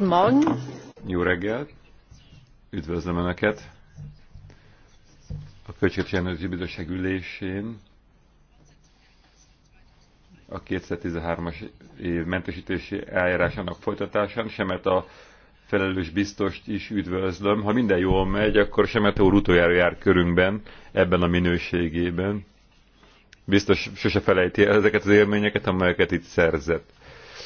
Morgen. Jó reggelt. Üdvözlöm Önöket. A Költségvetési Bizottság ülésén a 2013-as év mentesítési eljárásának folytatásán, semet a felelős biztost is üdvözlöm. Ha minden jól megy, akkor Semete úr utoljára jár körünkben, ebben a minőségében. Biztos sose felejti ezeket az élményeket, amelyeket itt szerzett.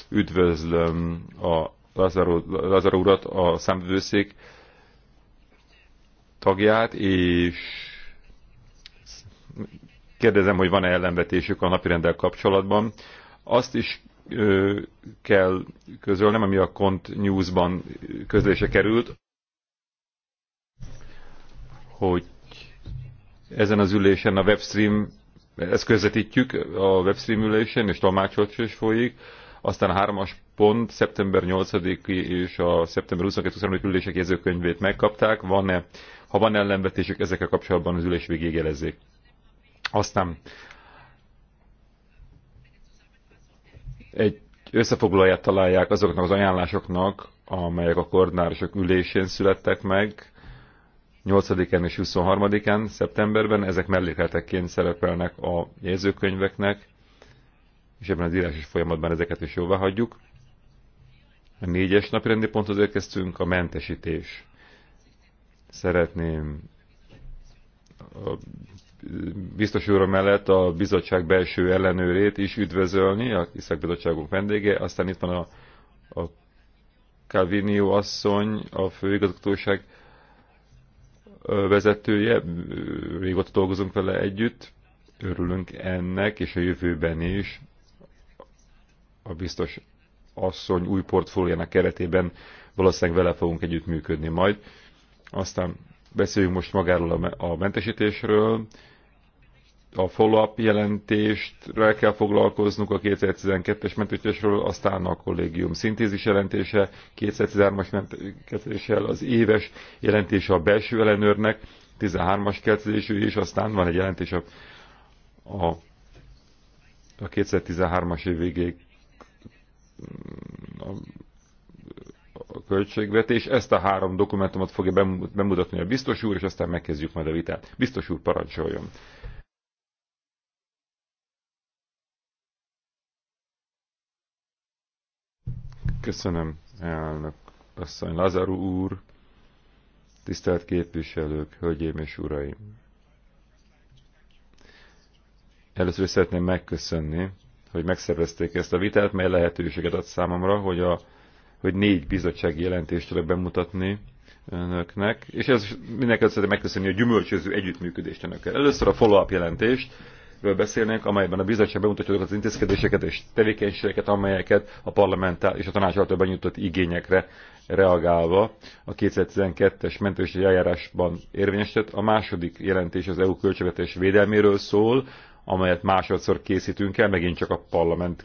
Üdvözlöm a Lázaro urat, a szemvőszék tagját, és kérdezem, hogy van-e ellenvetésük a napirendel kapcsolatban. Azt is ö, kell közölnem, ami a Kont News-ban közlése került, hogy ezen az ülésen a webstream, ezt közvetítjük a webstream ülésen, és tolmácsolt is folyik, aztán a hármas pont, szeptember 8-i és a szeptember 22 i ülések jegyzőkönyvét megkapták. Van-e, ha van ellenvetésük, ezekkel kapcsolatban az ülés végéig jelezzék. Aztán egy összefoglalóját találják azoknak az ajánlásoknak, amelyek a koordinárosok ülésén születtek meg, 8 és 23-án szeptemberben, ezek mellékletekként szerepelnek a jegyzőkönyveknek, és ebben az írásos folyamatban ezeket is jóvá hagyjuk. A négyes napi rendi ponthoz érkeztünk, a mentesítés. Szeretném a biztos úr mellett a bizottság belső ellenőrét is üdvözölni, a ISZAK bizottságunk vendége, aztán itt van a, a Calvinio asszony, a főigazgatóság vezetője, régóta dolgozunk vele együtt, örülünk ennek, és a jövőben is a biztos asszony új portfóliának keretében valószínűleg vele fogunk együttműködni majd. Aztán beszéljünk most magáról a mentesítésről. A follow-up jelentéstre kell foglalkoznunk a 2012-es mentesítésről, aztán a kollégium szintézis jelentése, 2013-as mentesítéssel az éves jelentése a belső ellenőrnek, 13-as kezdésű, és aztán van egy jelentés a, a, a 2013-as év végéig a, a költségvetés. Ezt a három dokumentumot fogja bemutatni a biztos úr, és aztán megkezdjük majd a vitát. Biztos úr, parancsoljon! Köszönöm, elnök asszony Lazaru úr, tisztelt képviselők, hölgyeim és uraim! Először is szeretném megköszönni hogy megszervezték ezt a vitát, mely lehetőséget ad számomra, hogy, a, hogy négy bizottsági jelentést tudok bemutatni önöknek, és ez mindenkit szeretném megköszönni a gyümölcsöző együttműködést önökkel. Először a follow-up jelentést, beszélnénk, amelyben a bizottság bemutatja az intézkedéseket és tevékenységeket, amelyeket a parlament és a tanács által benyújtott igényekre reagálva a 2012-es mentősi eljárásban érvényesített. A második jelentés az EU költségvetés védelméről szól, amelyet másodszor készítünk el, megint csak a parlament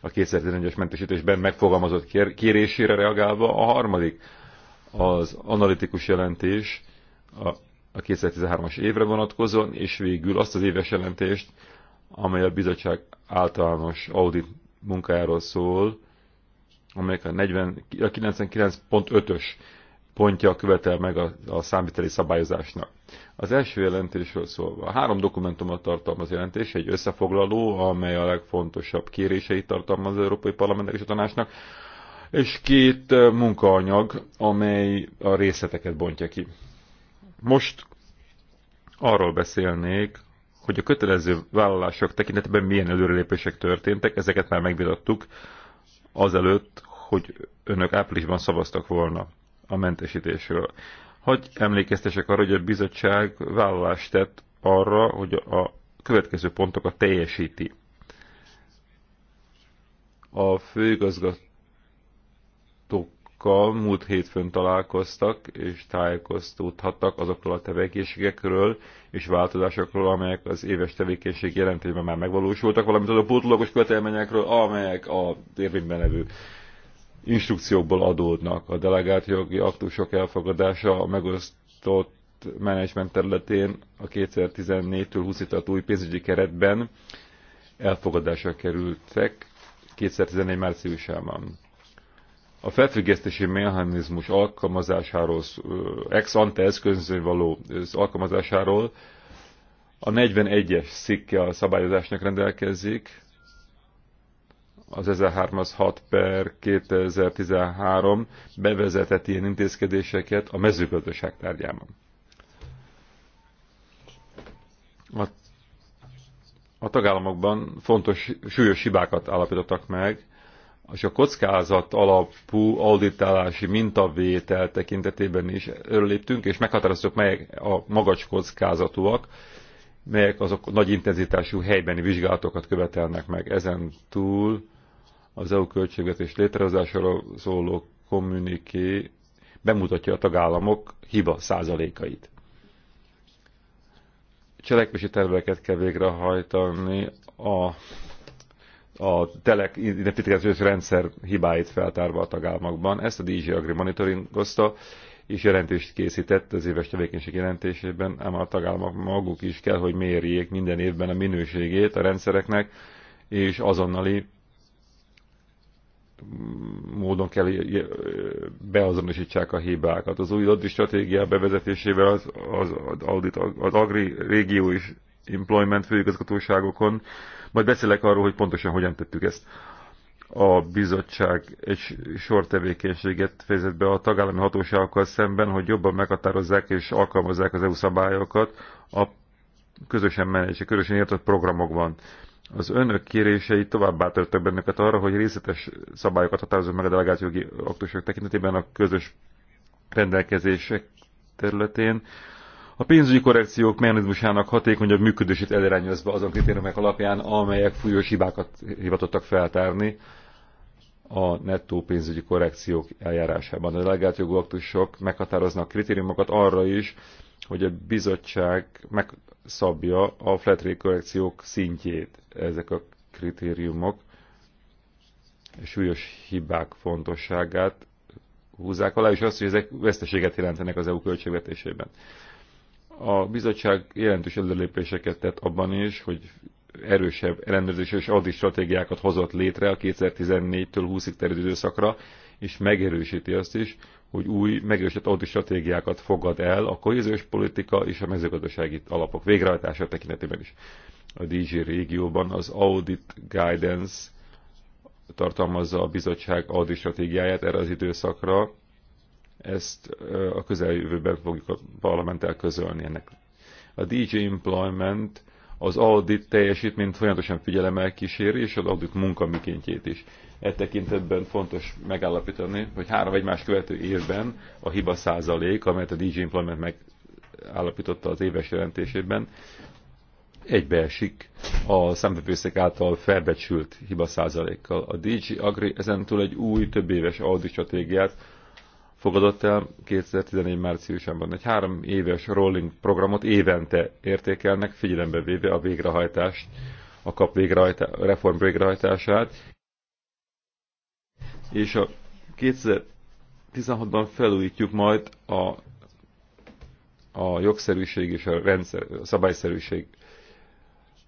a 2011-es mentesítésben megfogalmazott kérésére reagálva. A harmadik az analitikus jelentés a, a 2013-as évre vonatkozóan, és végül azt az éves jelentést, amely a bizottság általános audit munkájáról szól, amelyek a, a 99.5-ös pontja követel meg a, a számviteli szabályozásnak. Az első jelentésről szólva, három dokumentumot tartalmaz jelentés, egy összefoglaló, amely a legfontosabb kéréseit tartalmaz az Európai Parlamentnek és a Tanácsnak, és két munkaanyag, amely a részleteket bontja ki. Most arról beszélnék, hogy a kötelező vállalások tekintetében milyen előrelépések történtek, ezeket már megvitattuk azelőtt, hogy önök áprilisban szavaztak volna a mentesítésről. Hogy emlékeztesek arra, hogy a bizottság vállalást tett arra, hogy a következő pontokat teljesíti. A főigazgatókkal múlt hétfőn találkoztak és tájékoztódhattak azokról a tevékenységekről és változásokról, amelyek az éves tevékenység jelentésben már megvalósultak, valamint az a pótlagos követelményekről, amelyek a érvényben levő instrukciókból adódnak. A delegált jogi aktusok elfogadása a megosztott menedzsment területén a 2014-től 20 új pénzügyi keretben elfogadásra kerültek 2014 márciusában. A felfüggesztési mechanizmus alkalmazásáról, ex ante eszközön való alkalmazásáról a 41-es szikke a szabályozásnak rendelkezik, az 1306 per 2013 bevezetett ilyen intézkedéseket a mezőgazdaság tárgyában. A, a tagállamokban fontos, súlyos hibákat állapítottak meg, és a kockázat alapú auditálási mintavétel tekintetében is örüléptünk, és meghatároztuk, melyek a magas kockázatúak, melyek azok nagy intenzitású helybeni vizsgálatokat követelnek meg. Ezen túl az EU költségvetés létrehozásáról szóló kommuniké bemutatja a tagállamok hiba százalékait. Cselekvési terveket kell végrehajtani a, a telek identifikációs rendszer hibáit feltárva a tagállamokban. Ezt a DJ Agri monitoringozta, és jelentést készített az éves tevékenység jelentésében, ám a tagállamok maguk is kell, hogy mérjék minden évben a minőségét a rendszereknek, és azonnali módon kell eh, eh, beazonosítsák a hibákat. Az új addi stratégia bevezetésével az, az, audit, az agri régió és employment főigazgatóságokon, majd beszélek arról, hogy pontosan hogyan tettük ezt. A bizottság egy sor tevékenységet fejezett be a tagállami hatóságokkal szemben, hogy jobban meghatározzák és alkalmazzák az EU szabályokat a közösen menedzsé, közösen értett programokban. Az önök kérései tovább bátorítottak bennünket arra, hogy részletes szabályokat határozunk meg a delegációgi aktusok tekintetében a közös rendelkezések területén. A pénzügyi korrekciók mechanizmusának hatékonyabb működését elirányozva azon kritériumok alapján, amelyek fújós hibákat hivatottak feltárni a nettó pénzügyi korrekciók eljárásában. A delegációgi aktusok meghatároznak kritériumokat arra is, hogy a bizottság megszabja a flat rate korrekciók szintjét, ezek a kritériumok és súlyos hibák fontosságát húzzák alá, és azt, hogy ezek veszteséget jelentenek az EU költségvetésében. A bizottság jelentős előlépéseket tett abban is, hogy erősebb ellenőrzés és audit stratégiákat hozott létre a 2014-től 20-ig terjedő időszakra, és megerősíti azt is, hogy új, megősített audit stratégiákat fogad el a kohéziós politika és a mezőgazdasági alapok végrehajtása tekintetében is. A DG régióban az Audit Guidance tartalmazza a bizottság audit stratégiáját erre az időszakra. Ezt a közeljövőben fogjuk a parlamenttel közölni ennek. A DG Employment az audit teljesítményt folyamatosan figyelemmel kíséri, és az audit munkamikéntjét is. E tekintetben fontos megállapítani, hogy három egymás követő évben a hiba százalék, amelyet a DJ Implement megállapította az éves jelentésében, egybeesik a számvevőszék által felbecsült hiba százalékkal. A DJ Agri ezentúl egy új több éves audit stratégiát fogadott el 2014 márciusában. Egy három éves rolling programot évente értékelnek, figyelembe véve a végrehajtást, a kap végrehajtá reform végrehajtását, és a 2016-ban felújítjuk majd a, a jogszerűség és a, rendszer, a szabályszerűség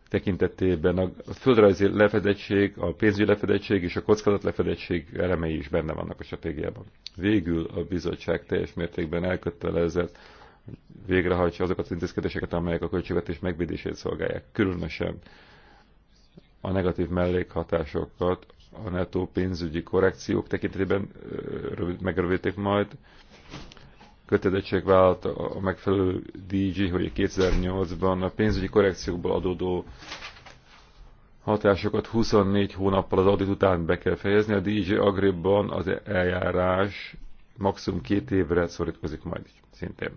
tekintetében a földrajzi lefedettség, a pénzügyi lefedettség és a kockázat lefedettség elemei is benne vannak a stratégiában. Végül a bizottság teljes mértékben elkötelezett végrehajtsa azokat az intézkedéseket, amelyek a költségvetés megvédését szolgálják. Különösen a negatív mellékhatásokat a netó pénzügyi korrekciók tekintetében megrövidítik majd. Kötelezettség vált a megfelelő DG, hogy 2008-ban a pénzügyi korrekciókból adódó hatásokat 24 hónappal az audit után be kell fejezni. A DG Agribban az eljárás maximum két évre szorítkozik majd szintén.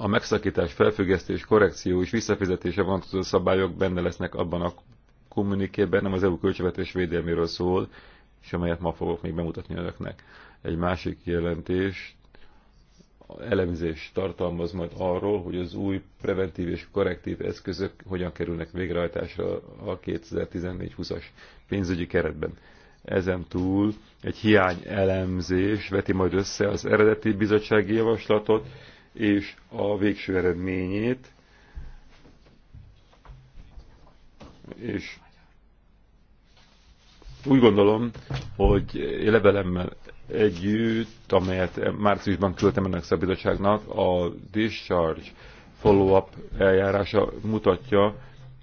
A megszakítás, felfüggesztés, korrekció és visszafizetése vonatkozó szabályok benne lesznek abban a kommunikében, nem az EU költségvetés védelméről szól, és amelyet ma fogok még bemutatni önöknek. Egy másik jelentés elemzés tartalmaz majd arról, hogy az új preventív és korrektív eszközök hogyan kerülnek végrehajtásra a 2014-20-as pénzügyi keretben. Ezen túl egy hiány elemzés veti majd össze az eredeti bizottsági javaslatot és a végső eredményét, és úgy gondolom, hogy levelemmel együtt, amelyet márciusban küldtem ennek bizottságnak, a discharge follow-up eljárása mutatja,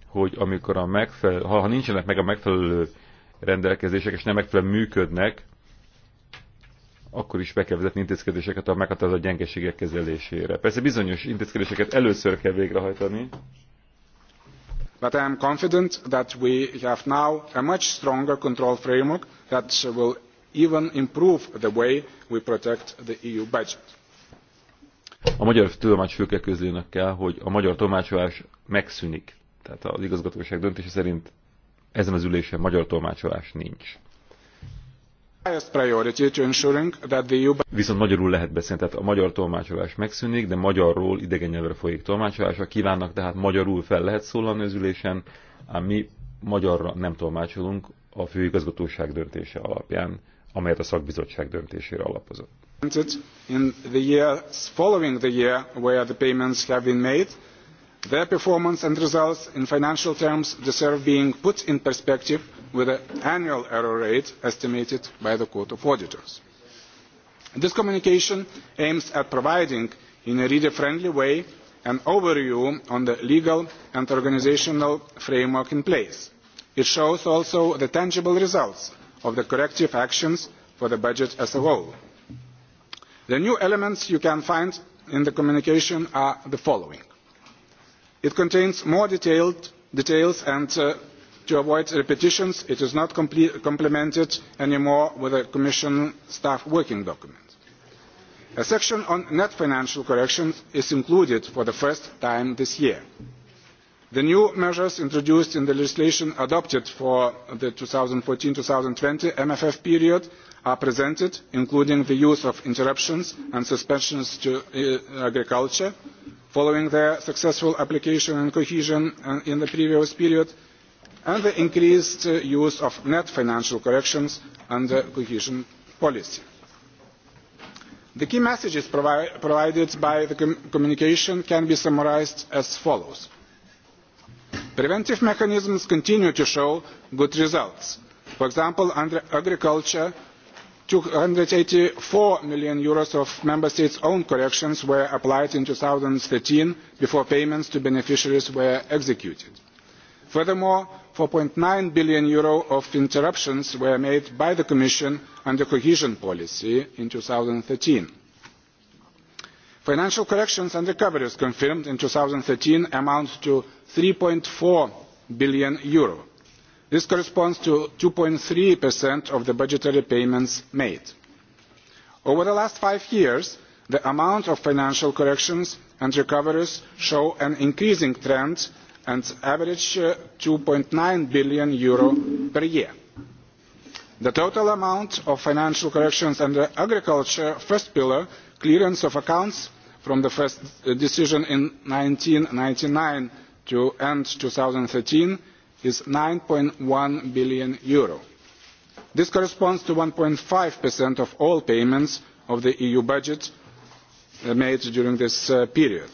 hogy amikor a megfelelő, ha, ha nincsenek meg a megfelelő rendelkezések, és nem megfelelően működnek, akkor is be kell vezetni intézkedéseket a meghatározott gyengeségek kezelésére. Persze bizonyos intézkedéseket először kell végrehajtani, but i am confident that we have now a much stronger control framework that will even improve the way we protect the eu budget. a magyar tudomány tolmács főkeközlének kell, hogy a magyar tolmácsolás megszűnik. Tehát az igazgatóság döntése szerint ezen az ülésen magyar tolmácsolás nincs. Viszont magyarul lehet beszélni, tehát a magyar tolmácsolás megszűnik, de magyarról idegen nyelvre folyik tolmácsolás. a kívánnak, tehát magyarul fel lehet szólalni az ülésen, ám mi magyarra nem tolmácsolunk a főigazgatóság döntése alapján, amelyet a szakbizottság döntésére alapozott. In the years following the year where the payments have been made, Their performance and results in financial terms deserve being put in perspective with the annual error rate estimated by the Court of Auditors. This communication aims at providing, in a reader-friendly way, an overview on the legal and organisational framework in place. It shows also the tangible results of the corrective actions for the budget as a whole. The new elements you can find in the communication are the following it contains more details and uh, to avoid repetitions it is not complemented any more with a commission staff working document. a section on net financial corrections is included for the first time this year. the new measures introduced in the legislation adopted for the two thousand and fourteen two thousand and twenty mff period are presented including the use of interruptions and suspensions to uh, agriculture following their successful application and cohesion uh, in the previous period and the increased uh, use of net financial corrections under cohesion policy. The key messages provi provided by the com communication can be summarised as follows. Preventive mechanisms continue to show good results. For example, under agriculture, hundred and eighty four million of member states' own corrections were applied in two thousand and thirteen before payments to beneficiaries were executed. Furthermore, four nine billion of interruptions were made by the Commission under cohesion policy in two thousand and thirteen Financial corrections and recoveries confirmed in two thousand and thirteen amount to eur. three four billion this corresponds to. 2.3% of the budgetary payments made. over the last five years the amount of financial corrections and recoveries show an increasing trend and average uh, 2.9 billion Euro per year. the total amount of financial corrections under agriculture first pillar clearance of accounts from the first uh, decision in 1999 to end 2013 is eur. nine one billion This corresponds to one five of all payments of the EU budget uh, made during this uh, period.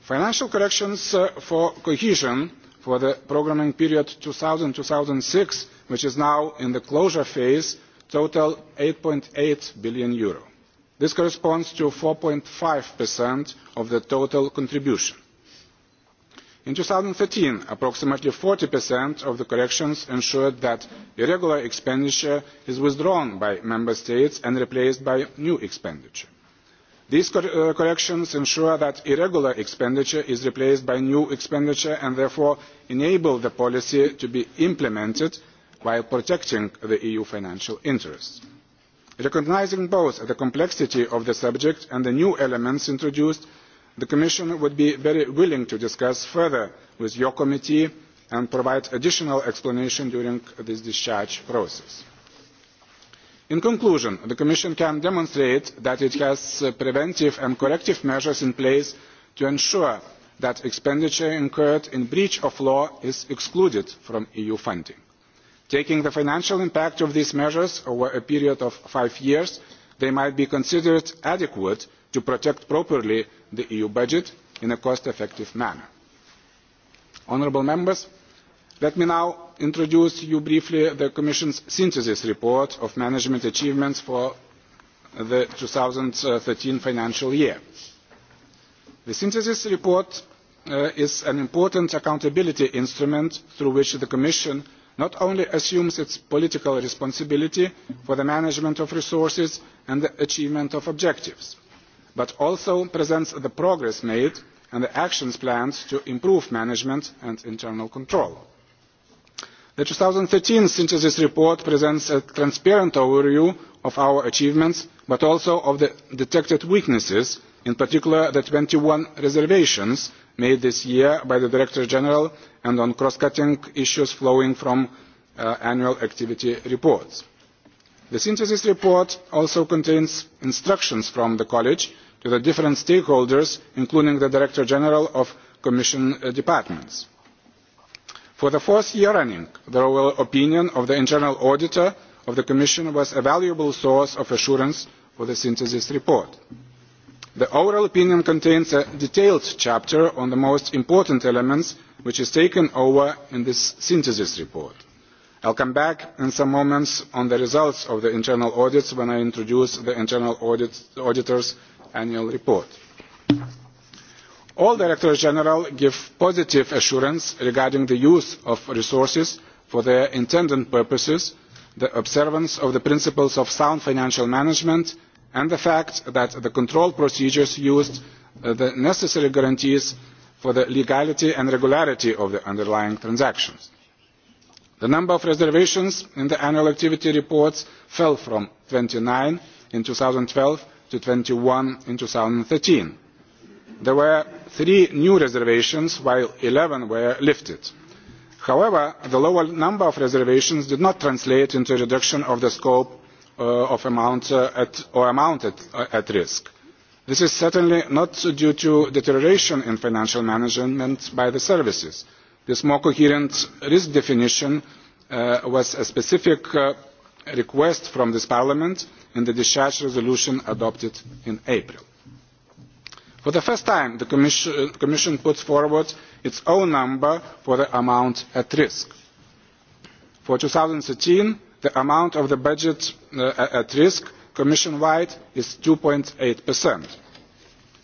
Financial corrections uh, for cohesion for the programming period two two thousand thousand and six which is now in the closure phase, total eur. eight eight billion This corresponds to four five of the total contribution in two thousand and thirteen approximately forty of the corrections ensured that irregular expenditure is withdrawn by member states and replaced by new expenditure. these uh, corrections ensure that irregular expenditure is replaced by new expenditure and therefore enable the policy to be implemented while protecting the eu financial interests. recognising both the complexity of the subject and the new elements introduced the commission would be very willing to discuss further with your committee and provide additional explanation during this discharge process. in conclusion the commission can demonstrate that it has preventive and corrective measures in place to ensure that expenditure incurred in breach of law is excluded from eu funding. taking the financial impact of these measures over a period of five years they might be considered adequate to protect properly the eu budget in a cost effective manner. honourable members let me now introduce to you briefly the commission's synthesis report of management achievements for the two thousand and thirteen financial year. the synthesis report uh, is an important accountability instrument through which the commission not only assumes its political responsibility for the management of resources and the achievement of objectives but also presents the progress made and the actions planned to improve management and internal control. The two thousand and thirteen synthesis report presents a transparent overview of our achievements, but also of the detected weaknesses, in particular the twenty one reservations made this year by the Director General and on cross-cutting issues flowing from uh, annual activity reports. The synthesis report also contains instructions from the College to the different stakeholders including the director general of commission uh, departments. for the fourth year running the royal opinion of the internal auditor of the commission was a valuable source of assurance for the synthesis report. the oral opinion contains a detailed chapter on the most important elements which is taken over in this synthesis report. i will come back in some moments on the results of the internal audits when i introduce the internal audit, auditor's annual report. all directors general give positive assurance regarding the use of resources for their intended purposes the observance of the principles of sound financial management and the fact that the control procedures used uh, the necessary guarantees for the legality and regularity of the underlying transactions. the number of reservations in the annual activity reports fell from twenty nine in two thousand and twelve to 21 in 2013. There were three new reservations, while 11 were lifted. However, the lower number of reservations did not translate into a reduction of the scope uh, of amount uh, at, or amount at, uh, at risk. This is certainly not due to deterioration in financial management by the services. This more coherent risk definition uh, was a specific uh, request from this parliament in the discharge resolution adopted in april. for the first time the commission, uh, put forward its own number for the amount at risk. for two thousand and thirteen the amount of the budget uh, at risk commission wide is. two eight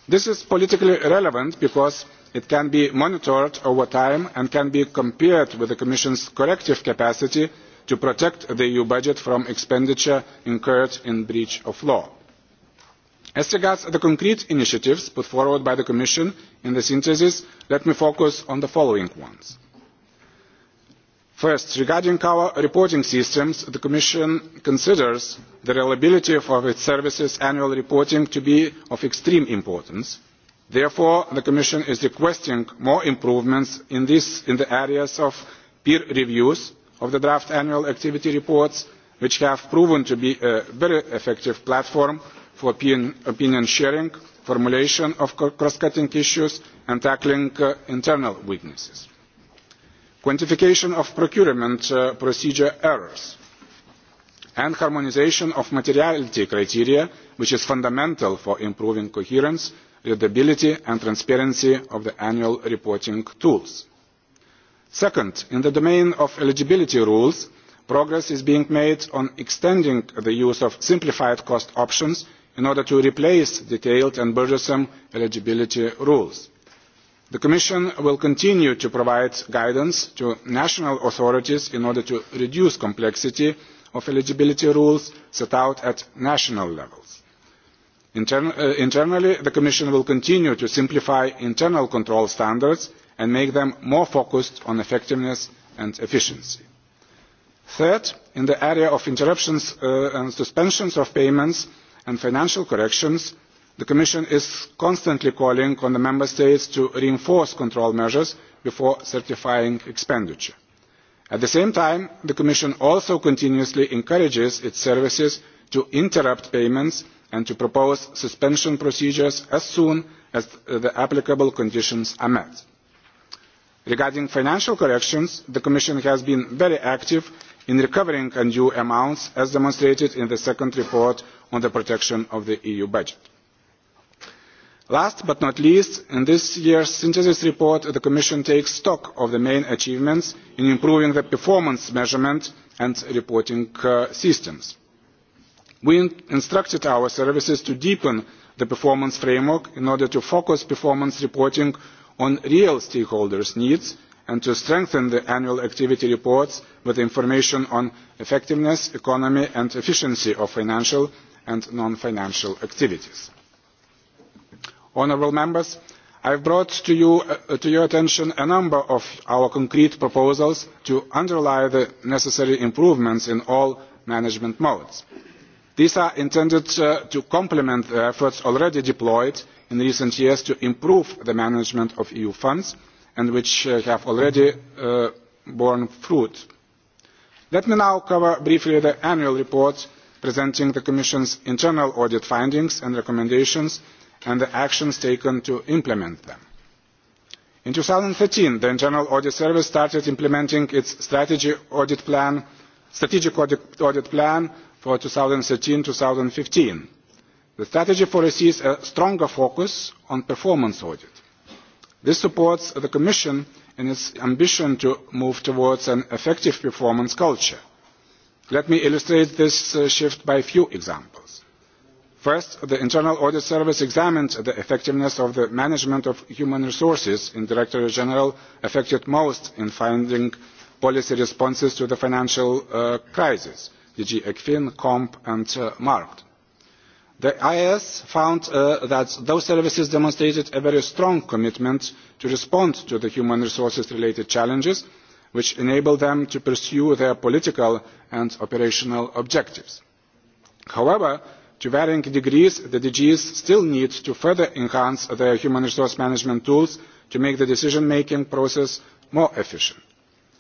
this is politically relevant because it can be monitored over time and can be compared with the commission's corrective capacity to protect the eu budget from expenditure incurred in breach of law. as regards the concrete initiatives put forward by the commission in the synthesis let me focus on the following ones first regarding our reporting systems the commission considers the reliability of its services' annual reporting to be of extreme importance. therefore the commission is requesting more improvements in, in the areas of peer reviews of the draft annual activity reports which have proven to be a very effective platform for opinion sharing formulation of cross cutting issues and tackling uh, internal weaknesses. quantification of procurement uh, procedure errors and harmonisation of materiality criteria which is fundamental for improving coherence readability and transparency of the annual reporting tools second in the domain of eligibility rules progress is being made on extending the use of simplified cost options in order to replace detailed and burdensome eligibility rules. the commission will continue to provide guidance to national authorities in order to reduce the complexity of eligibility rules set out at national level. Uh, internally the commission will continue to simplify internal control standards and make them more focused on effectiveness and efficiency. third in the area of interruptions uh, and suspensions of payments and financial corrections the commission is constantly calling on the member states to reinforce control measures before certifying expenditure. at the same time the commission also continuously encourages its services to interrupt payments and to propose suspension procedures as soon as the applicable conditions are met regarding financial corrections the commission has been very active in recovering undue amounts as demonstrated in the second report on the protection of the eu budget. last but not least in this year's synthesis report the commission takes stock of the main achievements in improving the performance measurement and reporting uh, systems. we in instructed our services to deepen the performance framework in order to focus performance reporting on real stakeholders' needs and to strengthen the annual activity reports with information on effectiveness economy and efficiency of financial and non financial activities. honourable members i have brought to, you, uh, uh, to your attention a number of our concrete proposals to underlie the necessary improvements in all management modes. these are intended uh, to complement the efforts already deployed in recent years to improve the management of eu funds and which uh, have already uh, borne fruit. let me now cover briefly the annual report presenting the commission's internal audit findings and recommendations and the actions taken to implement them. in two thousand and thirteen the internal audit service started implementing its strategic audit plan for two thousand and thirteen two thousand and fifteen The strategy foresees a stronger focus on performance audit. This supports the Commission in its ambition to move towards an effective performance culture. Let me illustrate this uh, shift by a few examples. First, the Internal Audit Service examined the effectiveness of the management of human resources in Directorate General affected most in finding policy responses to the financial uh, crisis, DG ECFIN, COMP and uh, MARCT the ias found uh, that those services demonstrated a very strong commitment to respond to the human resources related challenges which enable them to pursue their political and operational objectives. however to varying degrees the dgs still need to further enhance their human resource management tools to make the decision making process more efficient.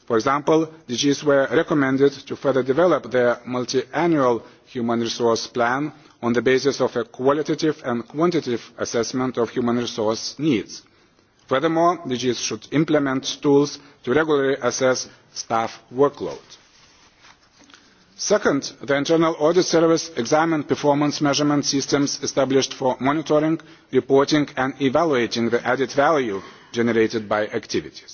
for example dgs were recommended to further develop their multiannual human resource plan on the basis of a qualitative and quantitative assessment of human resource needs. furthermore dgs should implement tools to regularly assess staff workload. second the internal audit service examined performance measurement systems established for monitoring reporting and evaluating the added value generated by activities.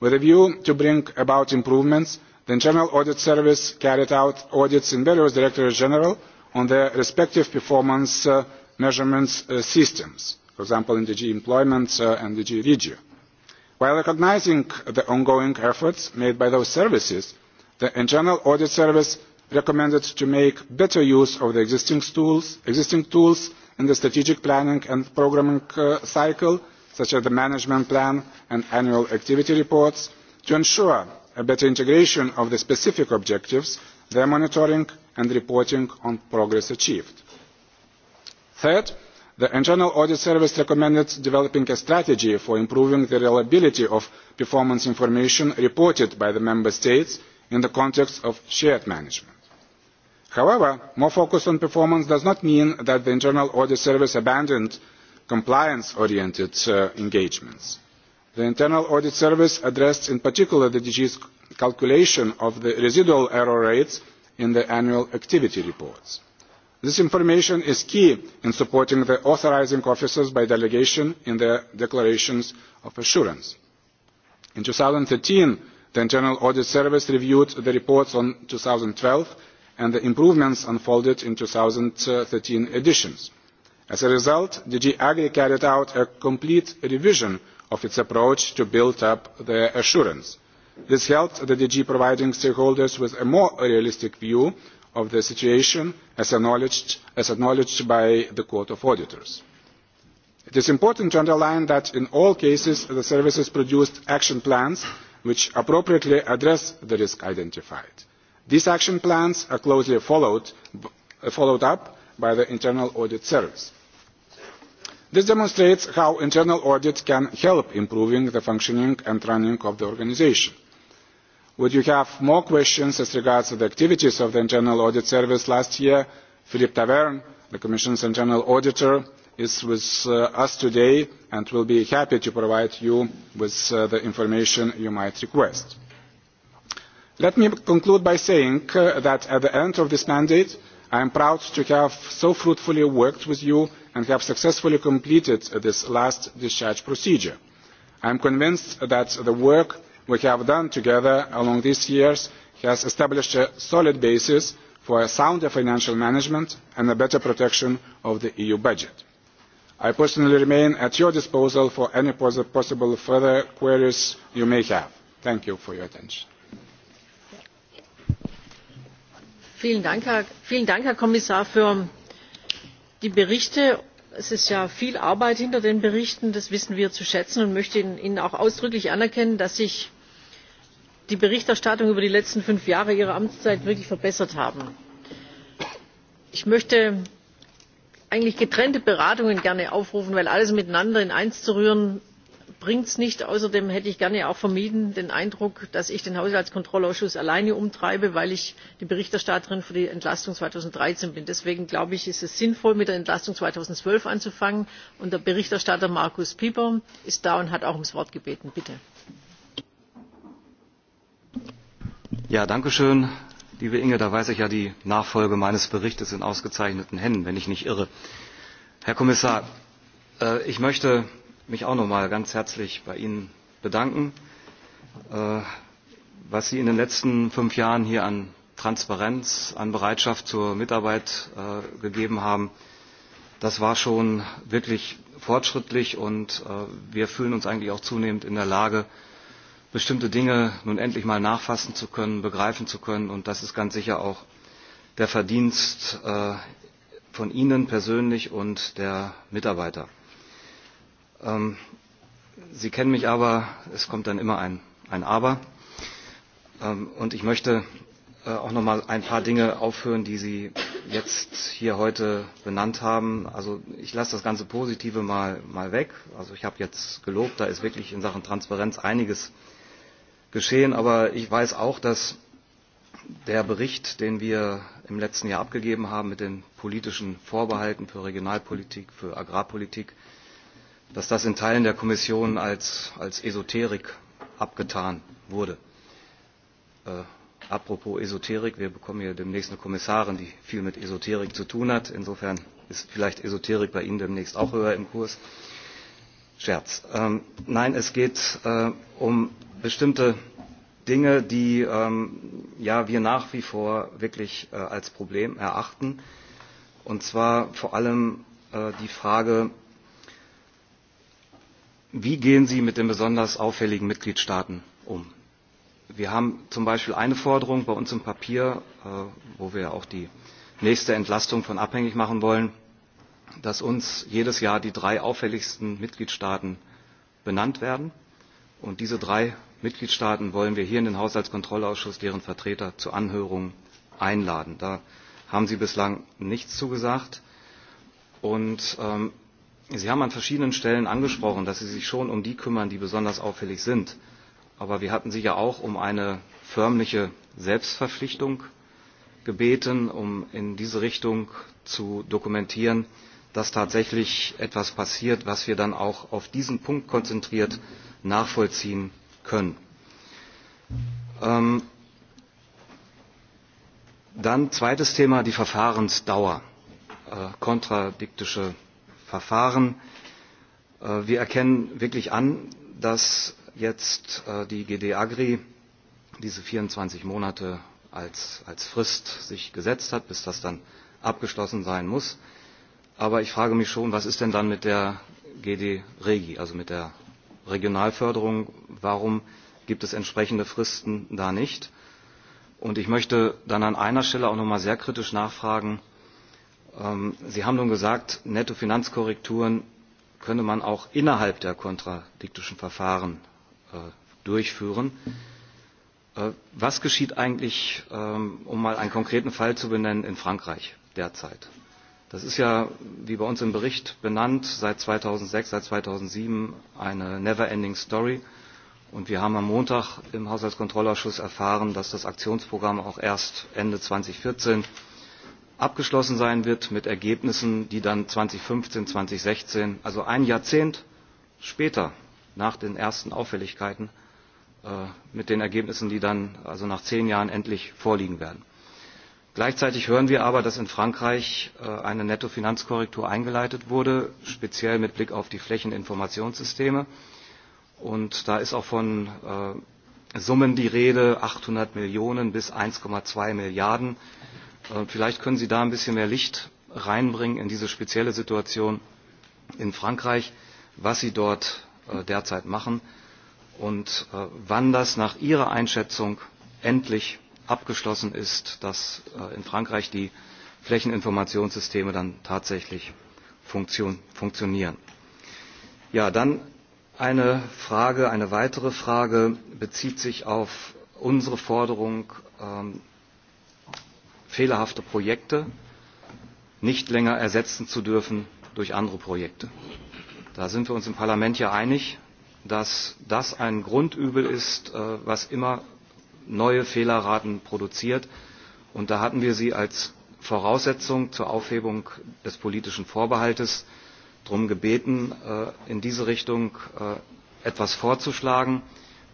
with a view to bringing about improvements the internal audit service carried out audits in various directorates general on their respective performance uh, measurements uh, systems, for example, in DG Employment uh, and DG Regio. While recognizing the ongoing efforts made by those services, the Internal Audit Service recommended to make better use of the existing tools, existing tools in the strategic planning and programming uh, cycle, such as the management plan and annual activity reports, to ensure a better integration of the specific objectives, their monitoring, and reporting on progress achieved. third the internal audit service recommended developing a strategy for improving the reliability of performance information reported by the member states in the context of shared management. however more focus on performance does not mean that the internal audit service abandoned compliance oriented uh, engagements. the internal audit service addressed in particular the dg's calculation of the residual error rates in the annual activity reports. this information is key in supporting the authorising officers by delegation in their declarations of assurance. in two thousand and thirteen the internal audit service reviewed the reports on two thousand and twelve and the improvements unfolded in two thousand and thirteen editions. as a result dg agri carried out a complete revision of its approach to build up the assurance this helped the dg providing stakeholders with a more realistic view of the situation as acknowledged, as acknowledged by the court of auditors. it is important to underline that in all cases the services produced action plans which appropriately address the risk identified. these action plans are closely followed, followed up by the internal audit service. This demonstrates how internal audit can help improving the functioning and running of the organisation would you have more questions as regards the activities of the internal audit service last year philippe taverne the commission's internal auditor is with uh, us today and will be happy to provide you with uh, the information you might request. Let me conclude by saying uh, that at the end of this mandate, I am proud to have so fruitfully worked with you and have successfully completed this last discharge procedure. I am convinced that the work we have done together along these years has established a solid basis for a sounder financial management and a better protection of the EU budget. I personally remain at your disposal for any possible further queries you may have. Thank you for your attention. vielen Dank, Herr Kommissar, für die Berichte. Es ist ja viel Arbeit hinter den Berichten, das wissen wir zu schätzen und möchte Ihnen auch ausdrücklich anerkennen, dass sich die berichterstattung über die letzten fünf jahre ihrer amtszeit wirklich verbessert haben. ich möchte eigentlich gerne getrennte beratungen aufrufen denn alles miteinander in eins zu rühren bringt es nicht. außerdem hätte ich gerne auch vermieden den eindruck dass ich den haushaltskontrollausschuss alleine umtreibe weil ich die berichterstatterin für die entlastung zweitausenddreizehn bin. deswegen glaube ich ist es sinnvoll mit der entlastung zweitausendzwölf anzufangen und der berichterstatter markus pieper ist da und hat auch ums wort gebeten. bitte. Ja, danke schön. Liebe Inge, da weiß ich ja die Nachfolge meines Berichtes in ausgezeichneten Händen, wenn ich nicht irre. Herr Kommissar, äh, ich möchte mich auch noch mal ganz herzlich bei Ihnen bedanken. Äh, was Sie in den letzten fünf Jahren hier an Transparenz, an Bereitschaft zur Mitarbeit äh, gegeben haben, das war schon wirklich fortschrittlich und wir fühlen uns eigentlich auch zunehmend in der Lage, bestimmte Dinge nun endlich mal nachfassen zu können, begreifen zu können. Und das ist ganz sicher auch der Verdienst äh, von Ihnen persönlich und der Mitarbeiter. Ähm, Sie kennen mich aber, es kommt dann immer ein, ein Aber. Ähm, und ich möchte äh, auch noch mal ein paar Dinge aufführen, die Sie jetzt hier heute benannt haben. Also ich lasse das ganze Positive mal, mal weg. Also ich habe jetzt gelobt, da ist wirklich in Sachen Transparenz einiges geschehen. Aber ich weiß auch, dass der Bericht, den wir im letzten Jahr abgegeben haben mit den politischen Vorbehalten für Regionalpolitik, für Agrarpolitik, dass das in Teilen der Kommission als, als Esoterik abgetan wurde. Äh, apropos Esoterik, wir bekommen hier demnächst eine Kommissarin, die viel mit Esoterik zu tun hat. Insofern ist vielleicht Esoterik bei Ihnen demnächst auch höher im Kurs. Scherz. Ähm, nein, es geht äh, um bestimmte Dinge, die ähm, ja, wir nach wie vor wirklich äh, als Problem erachten. Und zwar vor allem äh, die Frage, wie gehen Sie mit den besonders auffälligen Mitgliedstaaten um? Wir haben zum Beispiel eine Forderung bei uns im Papier, äh, wo wir auch die nächste Entlastung von abhängig machen wollen, dass uns jedes Jahr die drei auffälligsten Mitgliedstaaten benannt werden Und diese drei Mitgliedstaaten wollen wir hier in den Haushaltskontrollausschuss, deren Vertreter zu Anhörungen einladen. Da haben Sie bislang nichts zugesagt. Und ähm, Sie haben an verschiedenen Stellen angesprochen, dass Sie sich schon um die kümmern, die besonders auffällig sind. Aber wir hatten Sie ja auch um eine förmliche Selbstverpflichtung gebeten, um in diese Richtung zu dokumentieren, dass tatsächlich etwas passiert, was wir dann auch auf diesen Punkt konzentriert nachvollziehen können. Ähm, dann zweites Thema, die Verfahrensdauer, äh, kontradiktische Verfahren. Äh, wir erkennen wirklich an, dass jetzt äh, die GD Agri diese 24 Monate als, als Frist sich gesetzt hat, bis das dann abgeschlossen sein muss. Aber ich frage mich schon, was ist denn dann mit der GD Regi, also mit der Regionalförderung? Warum gibt es entsprechende Fristen da nicht? Und ich möchte dann an einer Stelle auch nochmal sehr kritisch nachfragen. Ähm, Sie haben nun gesagt, Nettofinanzkorrekturen könne man auch innerhalb der kontradiktischen Verfahren äh, durchführen. Äh, was geschieht eigentlich, ähm, um mal einen konkreten Fall zu benennen, in Frankreich derzeit? Das ist ja, wie bei uns im Bericht benannt, seit 2006, seit 2007 eine never-ending Story. Und wir haben am Montag im Haushaltskontrollausschuss erfahren, dass das Aktionsprogramm auch erst Ende 2014 abgeschlossen sein wird mit Ergebnissen, die dann 2015, 2016, also ein Jahrzehnt später nach den ersten Auffälligkeiten, äh, mit den Ergebnissen, die dann also nach zehn Jahren endlich vorliegen werden. Gleichzeitig hören wir aber, dass in Frankreich äh, eine Nettofinanzkorrektur eingeleitet wurde, speziell mit Blick auf die Flächeninformationssysteme. Und da ist auch von äh, Summen die Rede, achthundert Millionen bis eins zwei Milliarden. Äh, vielleicht können Sie da ein bisschen mehr Licht reinbringen in diese spezielle Situation in Frankreich, was Sie dort derzeit machen und wann das nach Ihrer Einschätzung endlich abgeschlossen ist, dass äh, in Frankreich die Flächeninformationssysteme dann tatsächlich funktion funktionieren. Ja, dann eine Frage, eine weitere Frage bezieht sich auf unsere Forderung, ähm, fehlerhafte Projekte nicht länger ersetzen zu dürfen durch andere Projekte. Da sind wir uns im Parlament ja einig, dass das ein Grundübel ist, äh, was immer neue Fehlerraten produziert. Und da hatten wir sie als Voraussetzung zur Aufhebung des politischen Vorbehaltes darum gebeten, äh, in diese Richtung äh, etwas vorzuschlagen,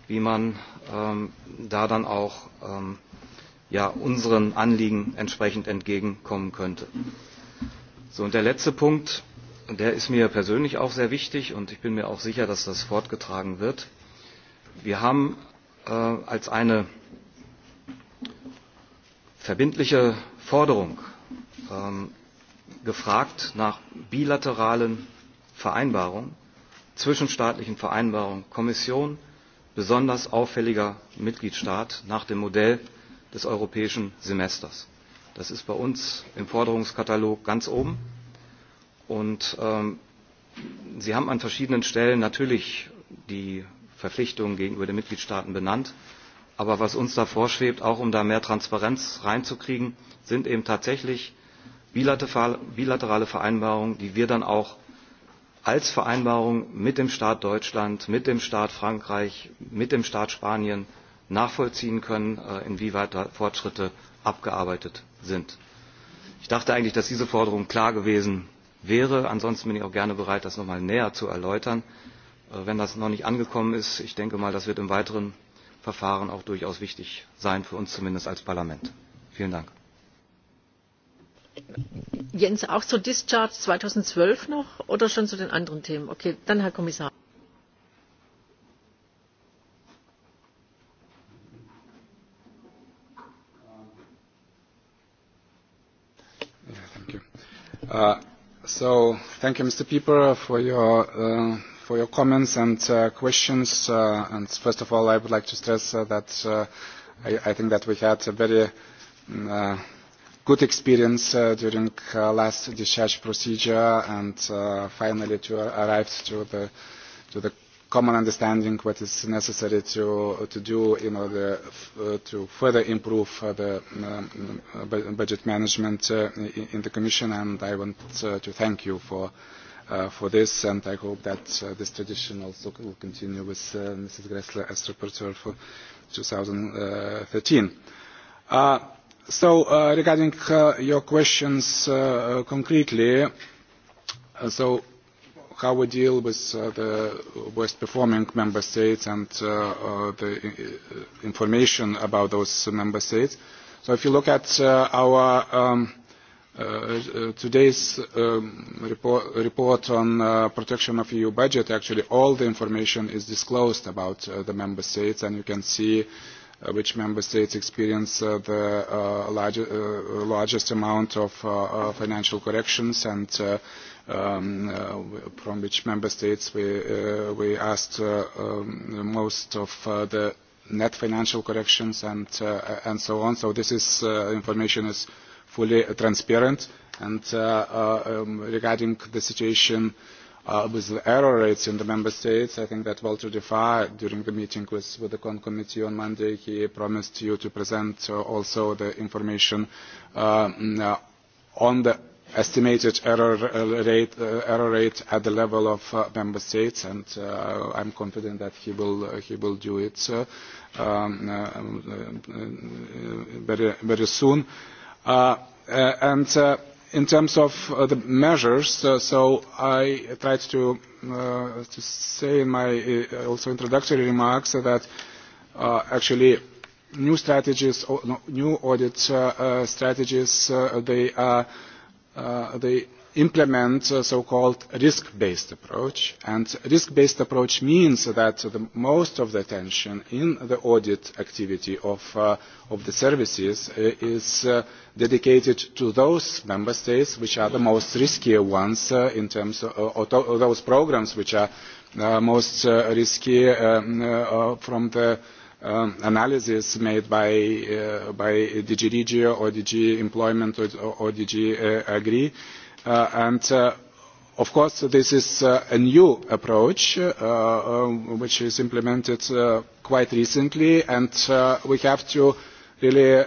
wie man ähm, da dann auch ähm, ja, unseren Anliegen entsprechend entgegenkommen könnte. So, und der letzte Punkt, der ist mir persönlich auch sehr wichtig und ich bin mir auch sicher, dass das fortgetragen wird. Wir haben Äh, als eine verbindliche Forderung ähm, gefragt nach bilateralen Vereinbarungen, zwischenstaatlichen Vereinbarungen Kommission, besonders auffälliger Mitgliedstaat nach dem Modell des europäischen Semesters. Das ist bei uns im Forderungskatalog ganz oben. Und ähm, Sie haben an verschiedenen Stellen natürlich die Verpflichtungen gegenüber den Mitgliedstaaten benannt. Aber was uns da vorschwebt, auch um da mehr Transparenz reinzukriegen, sind eben tatsächlich bilaterale Vereinbarungen, die wir dann auch als Vereinbarung mit dem Staat Deutschland, mit dem Staat Frankreich, mit dem Staat Spanien nachvollziehen können, äh, inwieweit da Fortschritte abgearbeitet sind. Ich dachte eigentlich, dass diese Forderung klar gewesen wäre. Ansonsten bin ich auch gerne bereit, das nochmal näher zu erläutern. Äh, wenn das noch nicht angekommen ist, ich denke mal, das wird im weiteren Verfahren auch durchaus wichtig sein, für uns zumindest als Parlament. Vielen Dank. Jens, auch zur Discharge 2012 noch oder schon zu den anderen Themen? Okay, dann Herr Kommissar. Uh, uh so, thank you, Mr. Pieper, for your uh, for your comments and uh, questions. Uh, and first of all, I would like to stress uh, that uh, I, I think that we had a very mm, uh, good experience uh, during uh, last discharge procedure and uh, finally to arrive to the, to the common understanding what is necessary to, to do in order uh, to further improve uh, the um, budget management uh, in the Commission and I want uh, to thank you for Uh, for this, and I hope that uh, this tradition also will continue with uh, Mrs. Gressler as rapporteur for 2013. Uh, so, uh, regarding uh, your questions uh, uh, concretely, uh, so how we deal with uh, the worst performing member states and uh, uh, the uh, information about those member states. So if you look at uh, our um, Uh, uh, today's um, report, report on uh, protection of EU budget, actually all the information is disclosed about uh, the member states, and you can see uh, which member states experience uh, the uh, large, uh, largest amount of uh, uh, financial corrections and uh, um, uh, from which member states we, uh, we asked uh, um, most of uh, the net financial corrections and, uh, and so on. So this is, uh, information is uh, fully transparent. And uh, uh, um, regarding the situation uh, with the error rates in the member states. I think that Walter de Faa, during the meeting with, the committee on Monday, he promised you to present also the information um, on the estimated error rate, at the level of member states, and I'm confident that he will, he will do it um, very, very soon. Uh, uh, and uh, in terms of the measures, so I tried to, to say in my also introductory remarks that actually new strategies, new audit strategies, they are they implement a so called risk based approach and risk based approach means that the most of the attention in the audit activity of, uh, of the services uh, is uh, dedicated to those member states which are the most riskier ones uh, in terms of uh, or uh, those programs which are uh, most uh, risky um, uh, from the um, analysis made by uh, by DG Regio or DG Employment or, or DG uh, Agri Uh, and uh, of course this is uh, a new approach which is implemented quite recently and we have to really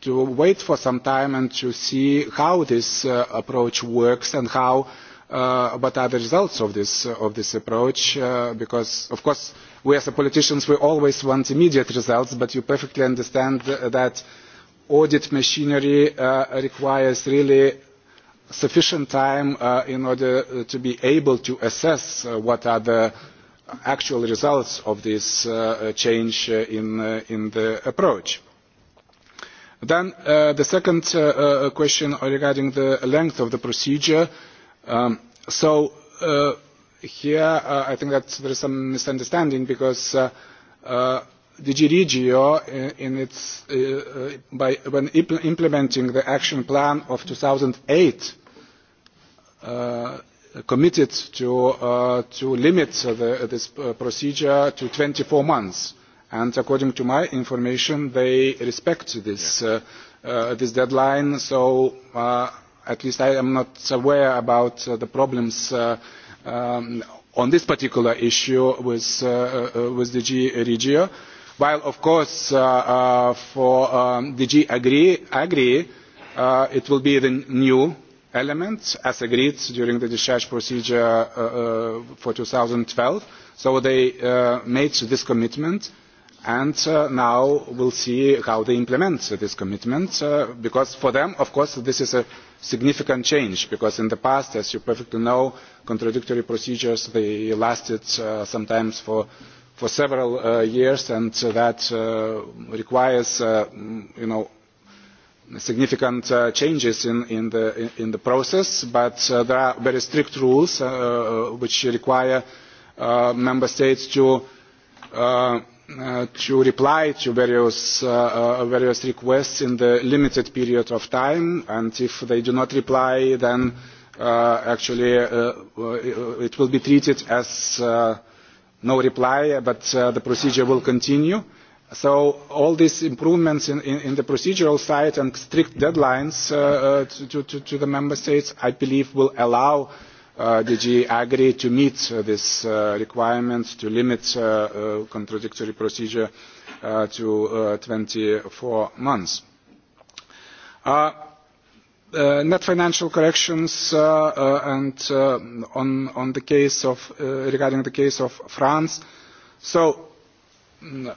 to wait for some time and to see how this approach works and how uh, what are the results of this of this approach uh, because of course we as politicians we always want immediate results but you perfectly understand that audit machinery uh, requires really sufficient time uh, in order uh, to be able to assess uh, what are the actual results of this uh, uh change uh, in, in the approach. Then the second question regarding the length of the procedure. Um, so here I think that there is some misunderstanding because DG Regio in its, by, when implementing the action plan of 2008 Uh, committed to, uh, to limit the, this uh, procedure to 24 months. And according to my information, they respect this, yeah. uh, uh, this deadline. So uh, at least I am not aware about uh, the problems uh, um, on this particular issue with, uh, uh, uh with DG Regio. While, of course, uh, uh, for um, DG Agri, Agri uh, it will be the new elements as agreed during the discharge procedure uh, uh, for 2012. So they uh, made this commitment and uh, now we'll see how they implement this commitment uh, because for them of course this is a significant change because in the past as you perfectly know contradictory procedures they lasted uh, sometimes for for several uh, years and that uh, requires uh, you know significant uh, changes in, in, the, in the process, but uh, there are very strict rules uh, uh, which require uh, member states to, uh, uh, to reply to various, uh, uh, various requests in the limited period of time, and if they do not reply, then uh, actually uh, uh it will be treated as uh, no reply, but uh, the procedure will continue So all these improvements in, in, in the procedural side and strict deadlines uh, uh to, to, to the member states, I believe, will allow uh, DG Agri to meet uh, these uh, requirements to limit uh, uh, contradictory procedure uh, to uh, 24 months. Uh, uh, net financial corrections uh, uh, and uh, on, on the case of, uh, regarding the case of France. So, mm,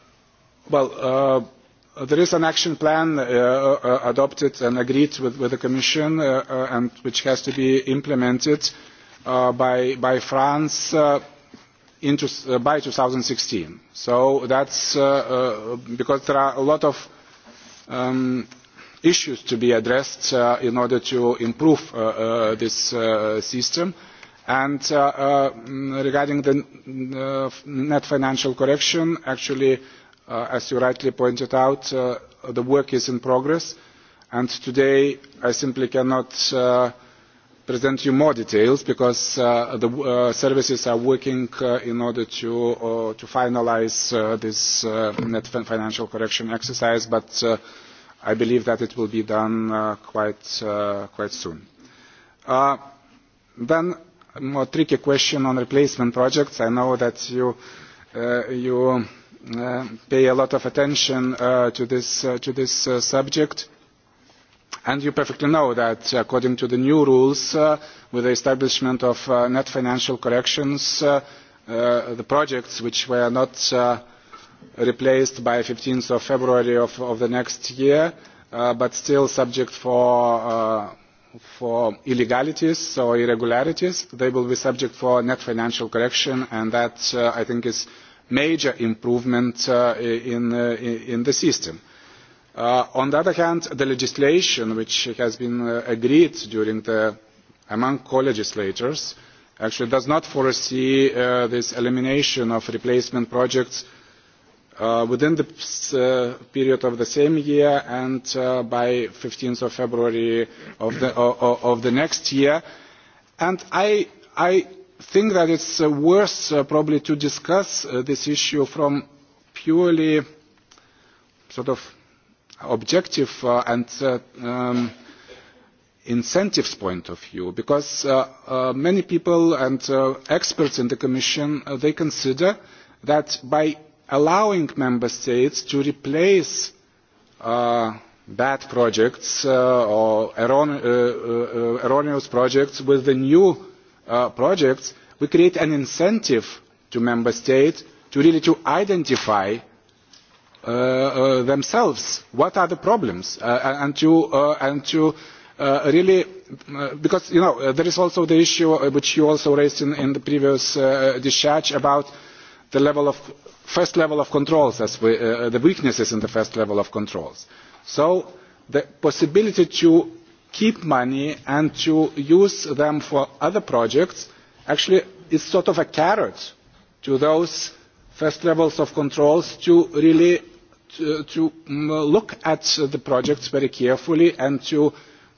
Well, uh, there is an action plan uh, uh, adopted and agreed with, with the Commission, uh, uh, and which has to be implemented uh, by, by France uh, into, uh, by 2016. So that's uh, uh, because there are a lot of um, issues to be addressed uh, in order to improve uh, uh, this uh, system. And uh, uh, regarding the uh, net financial correction, actually Uh, as you rightly pointed out, uh, the work is in progress, and today I simply cannot uh, present you more details because uh, the uh, services are working uh, in order to, to finalise this net financial correction exercise, but I believe that it will be done quite, quite soon. Then a more tricky question on replacement projects. I know that you, you Uh, pay a lot of attention uh, to this, uh, to this subject and you perfectly know that according to the new rules uh, with the establishment of uh, net financial corrections uh, the projects which were not replaced by fifteen february of, of the next year but still subject for, for illegalities or irregularities they will be subject for net financial correction and that i think is major improvement uh, in, uh, in the system. Uh, on the other hand, the legislation which has been uh, agreed during the, among co-legislators actually does not foresee uh, this elimination of replacement projects uh, within the uh, period of the same year and uh, by 15th of February of the, uh, of the next year. And I, I think that it's uh, worth uh, probably to discuss uh, this issue from purely sort of objective uh, and uh, um, incentives point of view because uh, uh, many people and uh, experts in the commission uh, they consider that by allowing member states to replace uh, bad projects uh, or uh, uh, uh, erroneous projects with the new uh, projects, we create an incentive to member states to really to identify uh, uh, themselves what are the problems uh, and to, uh, and to uh, really uh, because you know uh, there is also the issue uh, which you also raised in, in the previous uh, discharge about the level of first level of controls as we, uh, the weaknesses in the first level of controls so the possibility to keep money and to use them for other projects actually is sort of a carrot to those first levels of controls to really to, to mm, look at the projects very carefully and to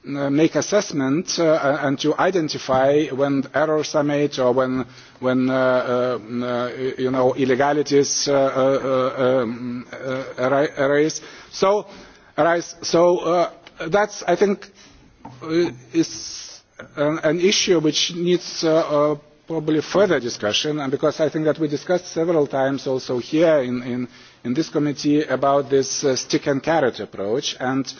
mm, make assessment uh, and to identify when errors are made or when, when uh, uh, uh you know, illegalities uh, uh, um, uh, arise. So, arise. So that's, I think, is an, an issue which needs uh, uh, probably further discussion, and because I think that we discussed several times also here in, in, in this committee about this uh, stick and carrot approach, and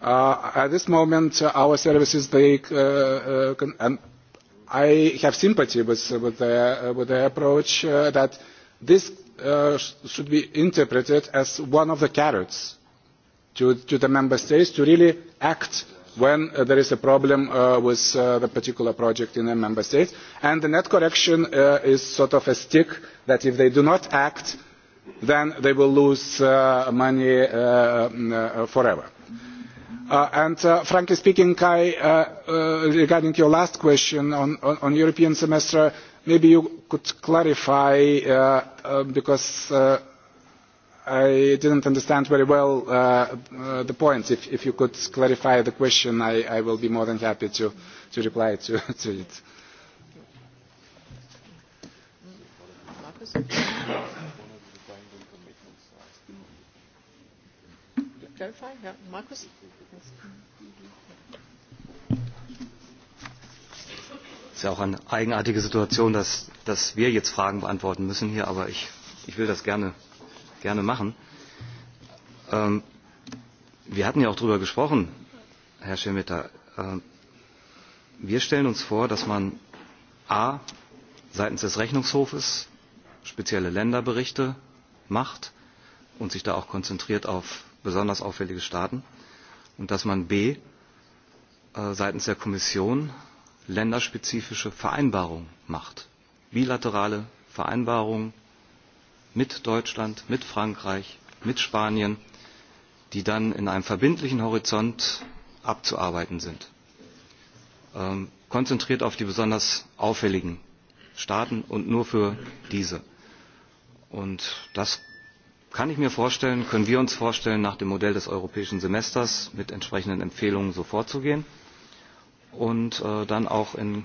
uh, at this moment uh, our services, they, uh, uh, can, and I have sympathy with, uh, with, their, uh, with their approach uh, that this uh, sh should be interpreted as one of the carrots to, to the member states to really act when uh, there is a problem uh, with uh, the particular project in a member state. And the net correction uh, is sort of a stick that if they do not act, then they will lose uh, money uh, mm, uh forever. Uh, and uh, frankly speaking, Kai, uh, uh, regarding your last question on, on, on European semester, maybe you could clarify, uh, uh, because uh, I didn't understand very well uh, uh, the point. If, if you could clarify the question, I, I will be more than happy to, to reply to, to it. Es ist auch eine eigenartige Situation, dass, dass wir jetzt Fragen beantworten müssen hier, aber ich, ich will das gerne gerne machen. Ähm, wir hatten ja auch darüber gesprochen, Herr Schemitter. Ähm, wir stellen uns vor, dass man a seitens des Rechnungshofes spezielle Länderberichte macht und sich da auch konzentriert auf besonders auffällige Staaten und dass man b äh, seitens der Kommission länderspezifische Vereinbarungen macht. Bilaterale Vereinbarungen mit Deutschland, mit Frankreich, mit Spanien, die dann in einem verbindlichen Horizont abzuarbeiten sind. Ähm, konzentriert auf die besonders auffälligen Staaten und nur für diese. Und das kann ich mir vorstellen, können wir uns vorstellen, nach dem Modell des europäischen Semesters mit entsprechenden Empfehlungen so vorzugehen und äh, dann auch in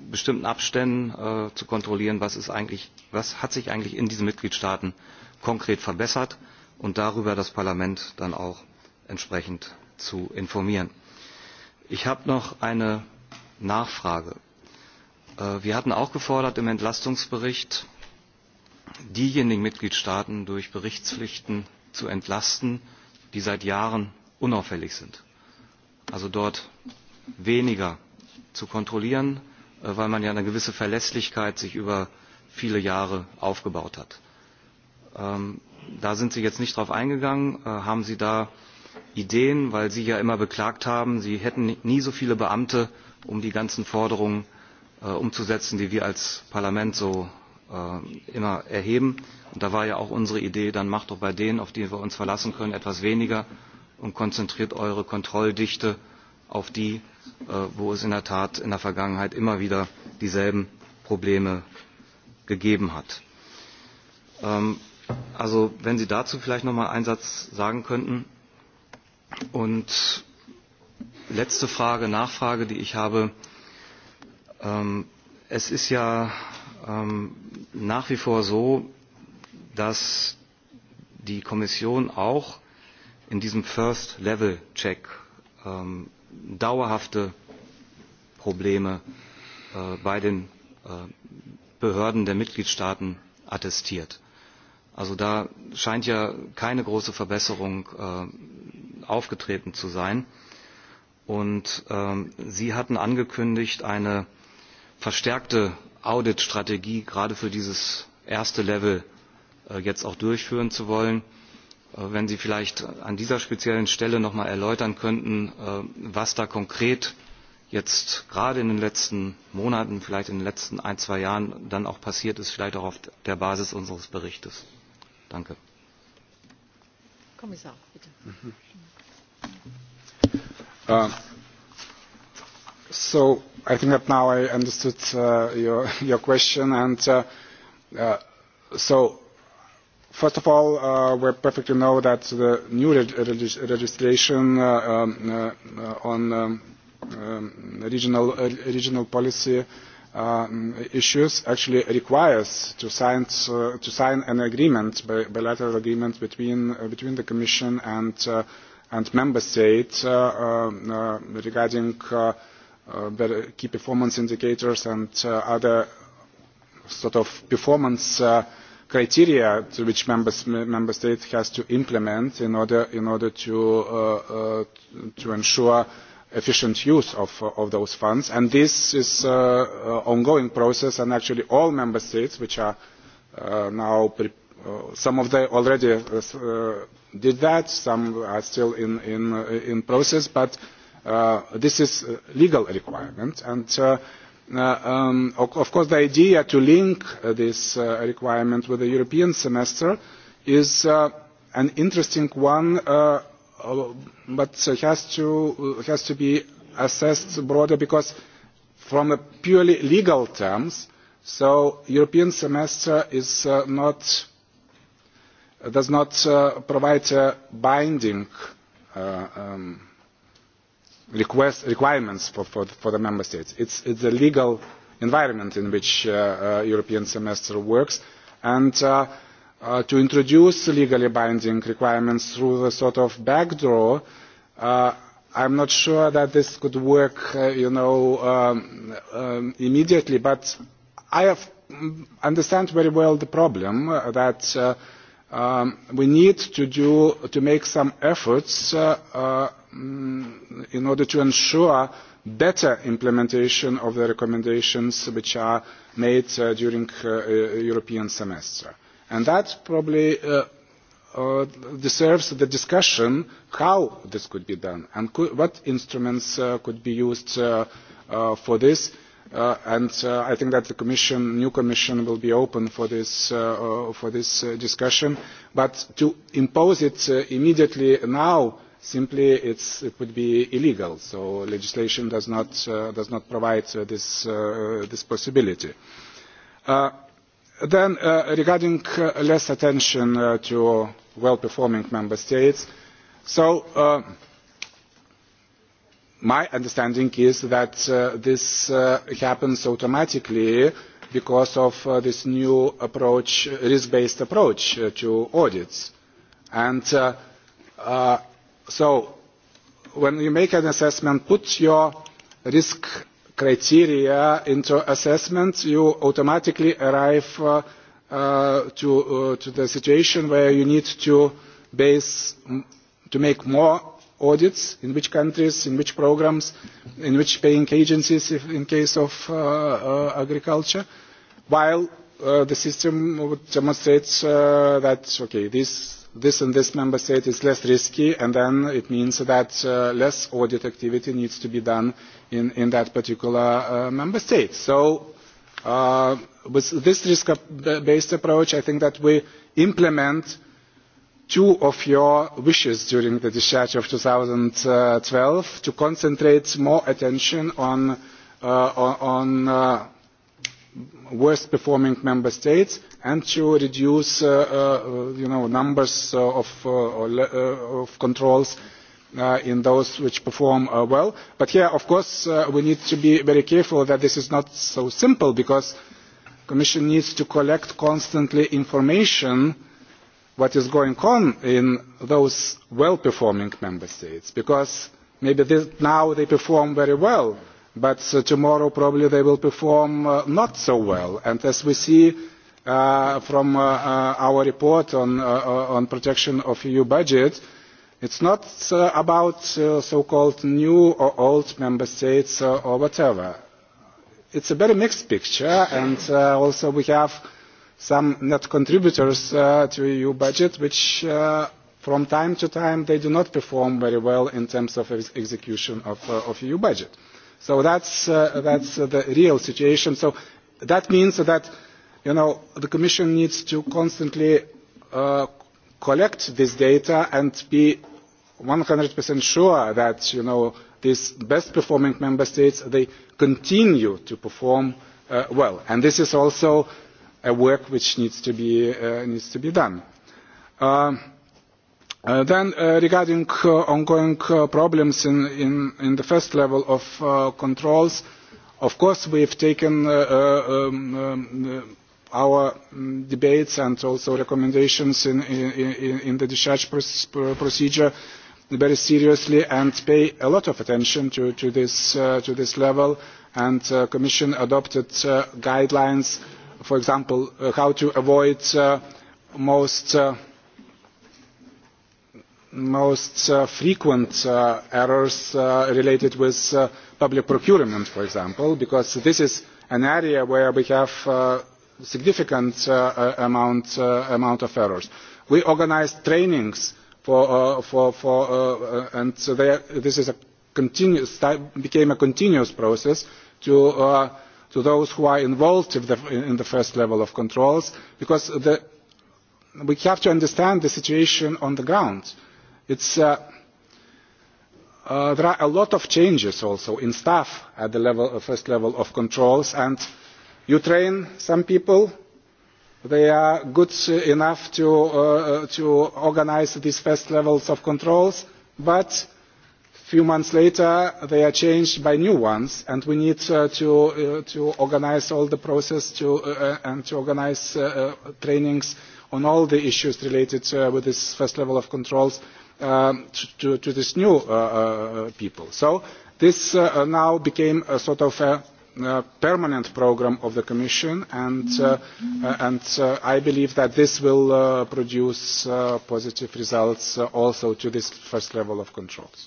bestimmten Abständen äh, zu kontrollieren, was, ist eigentlich, was hat sich eigentlich in diesen Mitgliedstaaten konkret verbessert und darüber das Parlament dann auch entsprechend zu informieren. Ich habe noch eine Nachfrage. Äh, wir hatten auch gefordert im Entlastungsbericht, diejenigen Mitgliedstaaten durch Berichtspflichten zu entlasten, die seit Jahren unauffällig sind. Also dort weniger zu kontrollieren, weil man ja eine gewisse Verlässlichkeit sich über viele Jahre aufgebaut hat. Ähm, da sind Sie jetzt nicht drauf eingegangen. Äh, haben Sie da Ideen, weil Sie ja immer beklagt haben, Sie hätten nie so viele Beamte, um die ganzen Forderungen äh, umzusetzen, die wir als Parlament so äh, immer erheben. Und da war ja auch unsere Idee, dann macht doch bei denen, auf die wir uns verlassen können, etwas weniger und konzentriert eure Kontrolldichte auf die, Äh, wo es in der Tat in der Vergangenheit immer wieder dieselben Probleme gegeben hat. Ähm, also wenn Sie dazu vielleicht noch mal einen Satz sagen könnten. Und letzte Frage, Nachfrage, die ich habe. Ähm, es ist ja ähm, nach wie vor so, dass die Kommission auch in diesem First-Level-Check dauerhafte Probleme äh, bei den äh, Behörden der Mitgliedstaaten attestiert. Also da scheint ja keine große Verbesserung äh, aufgetreten zu sein. Und ähm, Sie hatten angekündigt, eine verstärkte Audit-Strategie gerade für dieses erste Level jetzt auch durchführen zu wollen. Äh, wenn Sie vielleicht an dieser speziellen Stelle noch mal erläutern könnten, äh, was da konkret jetzt gerade in den letzten Monaten, vielleicht in den letzten ein, zwei Jahren dann auch passiert ist, vielleicht auch auf der Basis unseres Berichtes. Danke. Kommissar, bitte. Mhm. Uh, so, I think that now I understood uh, your, your question and uh, uh, so First of all, uh, we perfectly know that the new reg reg registration uh, um, uh, on um, um, regional, uh, regional policy uh, issues actually requires to sign, uh, to sign an agreement, bilateral agreement between, uh, between the Commission and, uh, and Member States uh, um, uh, regarding uh, uh, better key performance indicators and uh, other sort of performance uh, criteria to which members, member states have to implement in order, in order to, uh, uh, to ensure efficient use of, of those funds. And this is an uh, uh, ongoing process, and actually all member states, which are uh, now, pre uh, some of them already uh, uh, did that, some are still in, in, uh, in process, but uh, this is a legal requirement. And uh, Uh, um, of course the idea to link uh, this uh, requirement with the European semester is uh, an interesting one uh, uh but has to, uh, has to be assessed broader because from a purely legal terms so European semester is uh, not does not uh, provide a binding uh, um, request, requirements for, for, for the member states. It's, it's the legal environment in which uh, uh, European semester works, and uh, uh, to introduce legally binding requirements through the sort of backdoor, uh, I'm not sure that this could work, uh, you know, um, um, immediately. But I have mm, understand very well the problem uh, that. Uh, Um, we need to, make some efforts uh, uh, in order to ensure better implementation of the recommendations which are made uh, during the European semester. And that probably deserves the discussion how this could be done and what instruments could be used for this Uh, and uh, I think that the new Commission will be open to this, uh, discussion. But to impose it immediately now, simply would be illegal. So legislation does not, provide this, this possibility. then regarding less attention to well-performing member states, so my understanding is that uh, this uh, happens automatically because of uh, this new approach risk based approach to audits and so when you make an assessment put your risk criteria into assessment you automatically arrive uh, uh, to, uh, to the situation where you need to base to make more audits, in which countries, in which programs, in which paying agencies if in case of uh, uh, agriculture, while uh, the system would demonstrate uh, that, okay, this, this and this member state is less risky, and then it means that uh, less audit activity needs to be done in, in that particular uh, member state. So uh, with this risk-based approach, I think that we implement uh, two of your wishes during the discharge of 2012 to concentrate more attention on, uh, on uh, worst performing member states and to reduce uh, uh, you know, numbers uh, of, uh, uh, of controls Uh, in those which perform uh, well. But here, of course, uh, we need to be very careful that this is not so simple because the Commission needs to collect constantly information what is going on in those well performing member states because maybe this, now they perform very well but uh, tomorrow probably they will perform uh, not so well and as we see uh, from uh, uh, our report on, uh, on protection of eu budget it's not about so called new or old member states or whatever it's a very mixed picture and also we have some net contributors uh, to EU budget, which uh, from time to time they do not perform very well in terms of ex execution of, uh, of EU budget. So that's, uh, that's uh, the real situation. So that means that you know, the Commission needs to constantly uh, collect this data and be 100% sure that you know, these best performing member states they continue to perform uh, well. And this is also a work which needs to be, uh, needs to be done. Uh, Uh, then uh, regarding uh, ongoing uh, problems in, in, in the first level of uh, controls, of course we have taken uh, uh, um, um uh, our um, debates and also recommendations in, in in the discharge procedure very seriously and pay a lot of attention to, to, this, uh, to this level and the uh, Commission adopted uh, guidelines uh, for example, uh, how to avoid uh, most uh, most uh, frequent uh, errors uh, related with uh, public procurement, for example, because this is an area where we have a uh, significant uh, amount, amount, of errors. We organise trainings for, for, for and so this a continuous, became a continuous process to to those who are involved in the, first level of controls because the, we have to understand the situation on the ground. Uh, uh, there are a lot of changes also in staff at the level, uh, first level of controls and you train some people they are good enough to, uh, to organise these first levels of controls but few months later they are changed by new ones and we need uh, to, uh, to organise all the process to, uh, uh and to organise uh, uh, trainings on all the issues related with this first level of controls um, to, to these new people. so this now became a sort of a, a permanent programme of the commission and, and i believe that this will produce positive results also to this first level of controls.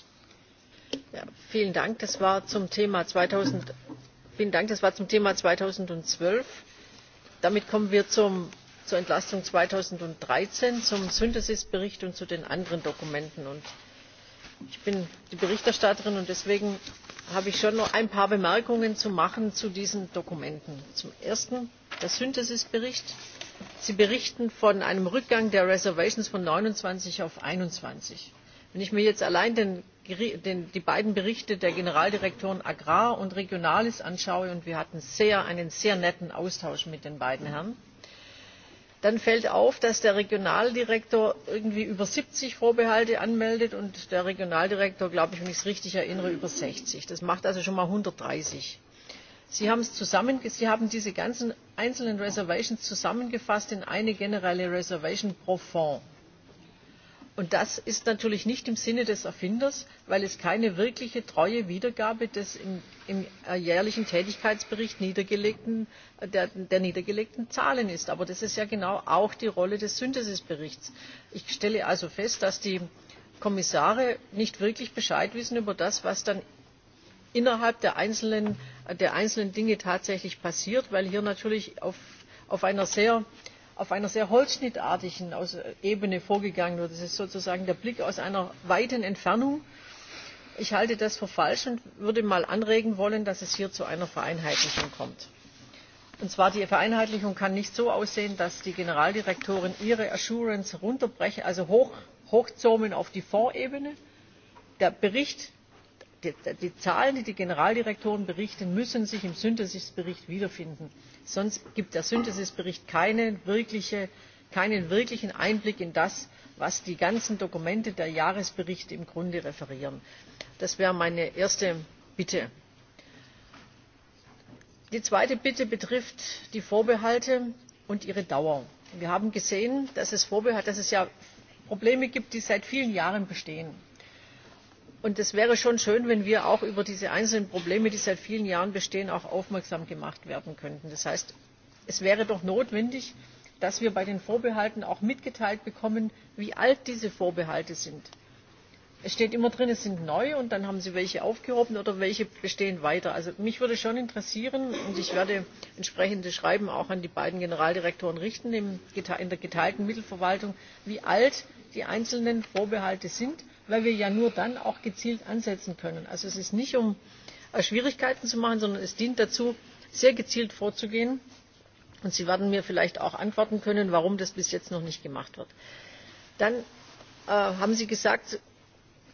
Das war zum Thema zweitausendzwölf Damit kommen wir zur Entlastung zweitausenddreizehn zum Synthesis-Bericht und zu den anderen Dokumenten. ich bin die Berichterstatterin und deswegen habe ich schon noch ein paar Bemerkungen zu machen zu diesen Dokumenten. Zum Ersten der Synthesis-Bericht. Sie berichten von einem Rückgang der Reservations von neunundzwanzig auf einundzwanzig Wenn ich mir jetzt allein den die beiden berichte der generaldirektoren agrar und regionales anschaue und wir hatten einen sehr netten austausch mit den beiden herren dann fällt auf dass der regionaldirektor irgendwie über siebzig vorbehalte anmeldet und der regionaldirektor glaube ich wenn ich es richtig erinnere über. sechzig das macht also schon mal. einhundertdreißig sie haben, zusammen, sie haben diese ganzen einzelnen reservations zusammengefasst in eine generelle reservation pro fonds und das ist natürlich nicht im sinne des erfinders weil es keine wirkliche treue wiedergabe des im äh, jährlichen tätigkeitsbericht äh, niedergelegten zahlen ist. aber das ist ja genau auch die rolle des synthesis berichts. ich stelle also fest dass die kommissare nicht wirklich bescheid wissen über das was dann innerhalb der einzelnen äh, dinge tatsächlich passiert weil hier natürlich auf einer sehr auf einer sehr holzschnittartigen äh, ebene vorgegangen wird. das ist sozusagen der blick aus einer weiten entfernung. ich halte das für falsch und würde mal anregen wollen dass es hier zu einer vereinheitlichung kommt. und zwar die vereinheitlichung kann nicht so aussehen dass die generaldirektoren ihre assurance runterbrechen also hoch, hochzoomen auf die fondsebene. der bericht die, die zahlen die die generaldirektoren berichten müssen sich im synthesisbericht wiederfinden sonst gibt der synthesis bericht keinen, wirkliche, keinen wirklichen einblick in das was die ganzen dokumente der jahresberichte im grunde referieren. das wäre meine erste bitte. die zweite bitte betrifft die vorbehalte und ihre dauer. wir haben gesehen dass es, dass es ja probleme gibt die seit vielen jahren bestehen und es wäre schon schön wenn wir auch über diese einzelnen probleme die seit vielen jahren bestehen aufmerksam gemacht werden könnten. das heißt es wäre doch notwendig dass wir bei den vorbehalten auch mitgeteilt bekommen wie alt diese vorbehalte sind. es steht immer drin es sind neu und dann haben sie welche aufgehoben oder welche bestehen weiter. also mich würde schon interessieren und ich werde entsprechende schreiben auch an die beiden generaldirektoren richten in der geteilten mittelverwaltung wie alt die einzelnen vorbehalte sind weil wir ja nur dann auch gezielt ansetzen können. also es ist nicht um äh, schwierigkeiten zu machen sondern es dient dazu sehr gezielt vorzugehen und sie werden mir vielleicht auch antworten können warum das bis jetzt noch nicht gemacht wird. dann äh, haben sie gesagt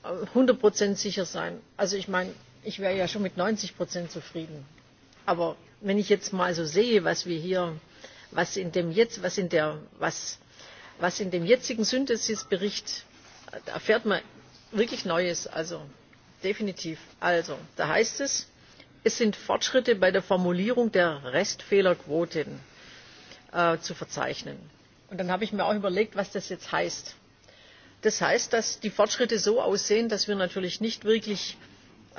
einhundert äh, sicher sein. also ich meine ich wäre ja schon mit neunzig zufrieden. aber wenn ich jetzt mal so sehe was wir hier was in dem, jetzt, was in der, was, was in dem jetzigen synthesisbericht äh, da erfährt man wirklich Neues, also definitiv. Also, da heißt es, es sind Fortschritte bei der Formulierung der Restfehlerquoten äh, zu verzeichnen. Und dann habe ich mir auch überlegt, was das jetzt heißt. Das heißt, dass die Fortschritte so aussehen, dass wir natürlich nicht wirklich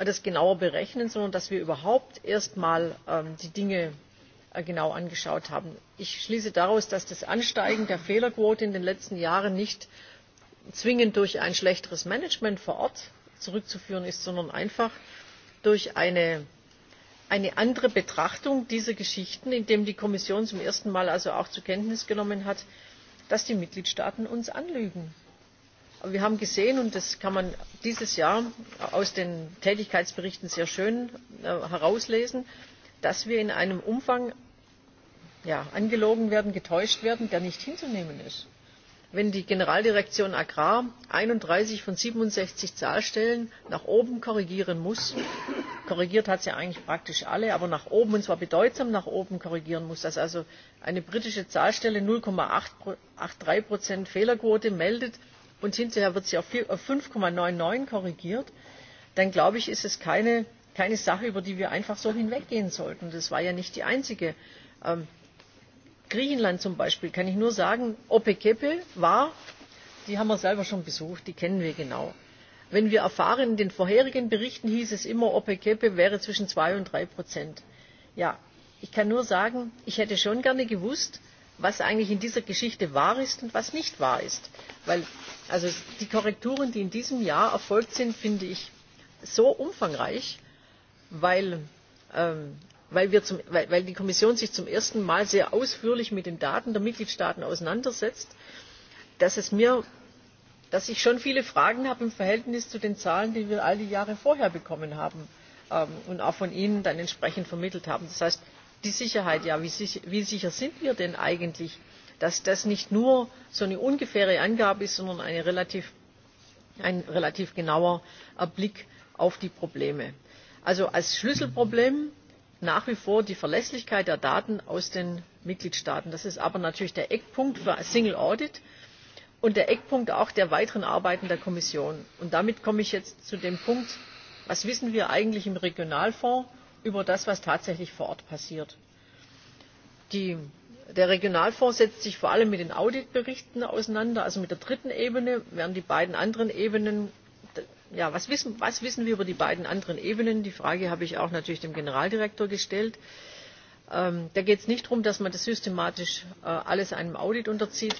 das genauer berechnen, sondern dass wir überhaupt erst mal ähm, die Dinge äh, genau angeschaut haben. Ich schließe daraus, dass das Ansteigen der Fehlerquote in den letzten Jahren nicht zwingend durch ein schlechteres management vor ort zurückzuführen ist sondern einfach durch eine, eine andere betrachtung dieser geschichten indem die kommission zum ersten mal also auch zur kenntnis genommen hat dass die mitgliedstaaten uns anlügen. aber wir haben gesehen und das kann man dieses jahr aus den tätigkeitsberichten sehr schön äh, herauslesen dass wir in einem umfang angelogen werden getäuscht werden der nicht hinzunehmen ist wenn die generaldirektion agrar einunddreißig von siebenundsechzig zahlstellen nach oben korrigieren muss korrigiert hat sie eigentlich praktisch alle aber nach oben und zwar bedeutsam nach oben korrigieren muss dass also eine britische zahlstelle null dreiundachtzig fehlerquote meldet und hinterher wird sie auf fünf neunundneunzig korrigiert dann glaube ich ist es keine sache über die wir einfach so hinweggehen sollten. das war ja nicht die einzige ähm, griechenland zum beispiel kann ich nur sagen ope kepe war die haben wir selber schon besucht die kennen wir genau. wenn wir erfahren in den vorherigen berichten hieß es immer ope kepe wäre zwischen zwei und drei prozent. ja ich kann nur sagen ich hätte schon gerne gewusst was eigentlich in dieser geschichte wahr ist und was nicht wahr ist. weil also die korrekturen die in diesem jahr erfolgt sind finde ich so umfangreich weil ähm, weil, die kommission sich zum ersten mal sehr ausführlich mit den daten der mitgliedstaaten auseinandersetzt dass, ich schon viele fragen habe im verhältnis zu den zahlen die wir all die jahre vorher bekommen haben ähm, und auch von ihnen dann entsprechend vermittelt haben. das heißt die sicherheit ja wie, sicher sind wir denn eigentlich dass das nicht nur so eine ungefähre angabe ist sondern ein relativ genauer äh, blick auf die probleme. also als schlüsselproblem nach wie vor die verlässlichkeit der daten aus den mitgliedstaaten. das ist aber natürlich der eckpunkt für single audit und der eckpunkt auch der weiteren arbeiten der kommission. und damit komme ich jetzt zu dem punkt was wissen wir eigentlich im regionalfonds über das was tatsächlich vor ort passiert? der regionalfonds setzt sich vor allem mit den auditberichten auseinander also mit der dritten ebene während die beiden anderen ebenen Ja, was wissen, was wissen wir über die beiden anderen Ebenen? Die Frage habe ich auch natürlich dem Generaldirektor gestellt. Ähm, da geht es nicht darum, dass man das systematisch äh, alles einem Audit unterzieht.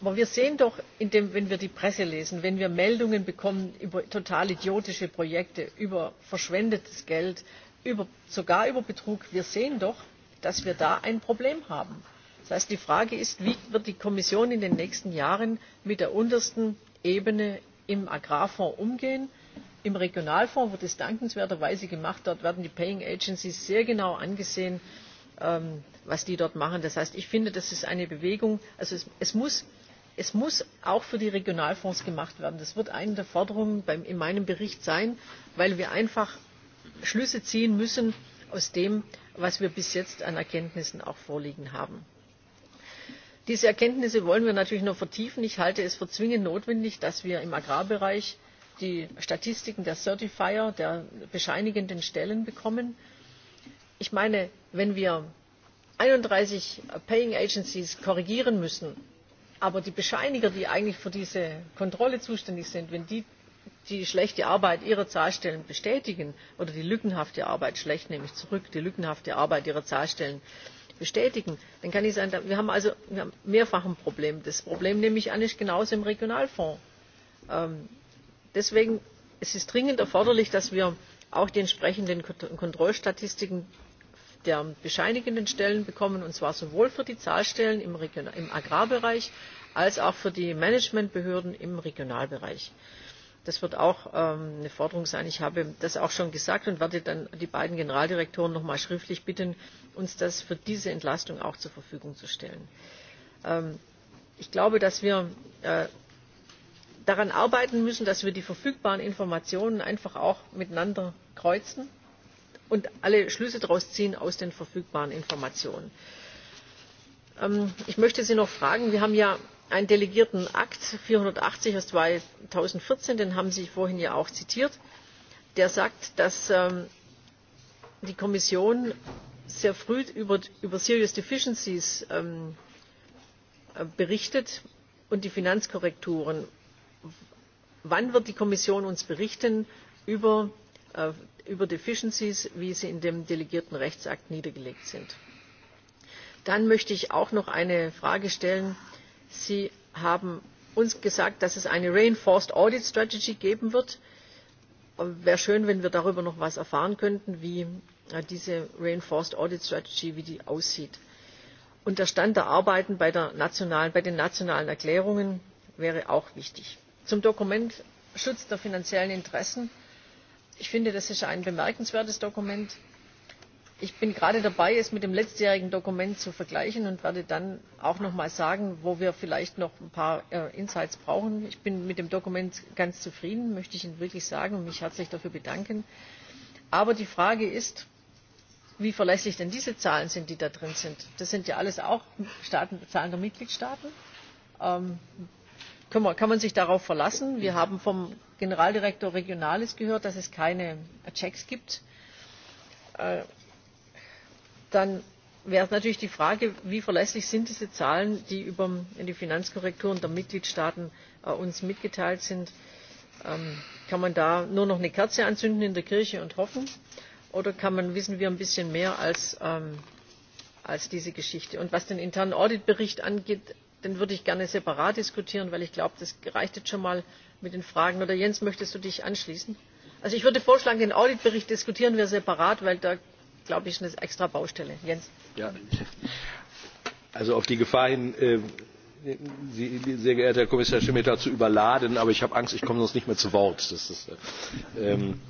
Aber wir sehen doch, dem, wenn wir die Presse lesen, wenn wir Meldungen bekommen über total idiotische Projekte, über verschwendetes Geld, über, sogar über Betrug, wir sehen doch, dass wir da ein Problem haben. Das heißt, die Frage ist, wie wird die Kommission in den nächsten Jahren mit der untersten Ebene im agrarfonds umgehen. im regionalfonds wird es dankenswerterweise gemacht dort werden die paying agencies sehr genau angesehen ähm, was die dort machen. das heißt ich finde das ist eine bewegung also es, muss, es muss auch für die regionalfonds gemacht werden. das wird eine der forderungen beim, in meinem bericht sein weil wir einfach schlüsse ziehen müssen aus dem was wir bis jetzt an erkenntnissen auch vorliegen haben diese erkenntnisse wollen wir natürlich noch vertiefen. ich halte es für zwingend notwendig dass wir im agrarbereich die statistiken der certifier der bescheinigenden stellen bekommen. ich meine wenn wir einunddreißig paying agencies korrigieren müssen aber die bescheiniger die eigentlich für diese kontrolle zuständig sind wenn die die schlechte arbeit ihrer zahlstellen bestätigen oder die lückenhafte arbeit schlecht nehme ich zurück die lückenhafte arbeit ihrer zahlstellen bestätigen dann kann ich sagen wir haben also wir haben mehrfach ein problem. das problem nehme ich an ist genauso im regionalfonds. Ähm, deswegen es ist es dringend erforderlich dass wir auch die entsprechenden kontrollstatistiken der bescheinigenden stellen bekommen und zwar sowohl für die zahlstellen im, Region, im agrarbereich als auch für die managementbehörden im regionalbereich das wird auch ähm, eine Forderung sein. Ich habe das auch schon gesagt und werde dann die beiden Generaldirektoren noch einmal schriftlich bitten, uns das für diese Entlastung auch zur Verfügung zu stellen. Ähm, ich glaube, dass wir äh, daran arbeiten müssen, dass wir die verfügbaren Informationen einfach auch miteinander kreuzen und alle Schlüsse daraus ziehen aus den verfügbaren Informationen. Ähm, ich möchte Sie noch fragen, wir haben einen delegierten akt vierhundertachtzig aus dem jahr zweitausendvierzehn den haben sie vorhin ja auch zitiert der sagt dass ähm, die kommission sehr früh über, serious deficiencies ähm, äh, berichtet und die finanzkorrekturen. wann wird die kommission uns berichten äh, über deficiencies wie sie in dem delegierten rechtsakt niedergelegt sind? dann möchte ich auch noch eine frage stellen sie haben uns gesagt dass es eine reinforced audit strategy geben wird. es wäre schön wenn wir darüber noch etwas erfahren könnten wie äh, diese reinforced audit strategy aussieht. der stand der arbeiten bei, bei den nationalen erklärungen wäre auch wichtig. zum dokument schutz der finanziellen interessen ich finde das ist ein bemerkenswertes dokument ich bin gerade dabei es mit dem letztjährigen dokument zu vergleichen und werde dann auch noch einmal sagen wo wir vielleicht noch ein paar äh, insights brauchen. ich bin mit dem dokument ganz zufrieden das möchte ich ihnen wirklich sagen und mich herzlich dafür bedanken. aber die frage ist wie verlässlich denn diese zahlen sind die da drin sind. das sind ja alles auch zahlen der mitgliedstaaten. Ähm, kann man sich darauf verlassen? wir haben vom generaldirektor regionales gehört dass es keine checks gibt. Äh, dann wäre natürlich die frage wie verlässlich sind diese zahlen die uns über die finanzkorrekturen der mitgliedstaaten äh, mitgeteilt sind? Ähm, kann man da nur noch eine kerze anzünden in der kirche und hoffen oder wissen wir ein bisschen mehr ähm, als, diese geschichte? und was den internen auditbericht angeht den würde ich gerne separat diskutieren weil ich glaube das reicht jetzt schon mal mit den fragen. oder jens möchtest du dich anschließen? ich würde vorschlagen den auditbericht diskutieren wir separat weil glaube ich, eine extra Baustelle. Jens. Ja, also auf die Gefahr hin, äh, Sie, sehr geehrter Herr Kommissar Schemeta, zu überladen, aber ich habe Angst, ich komme sonst nicht mehr zu Wort. Das ist, äh, ähm,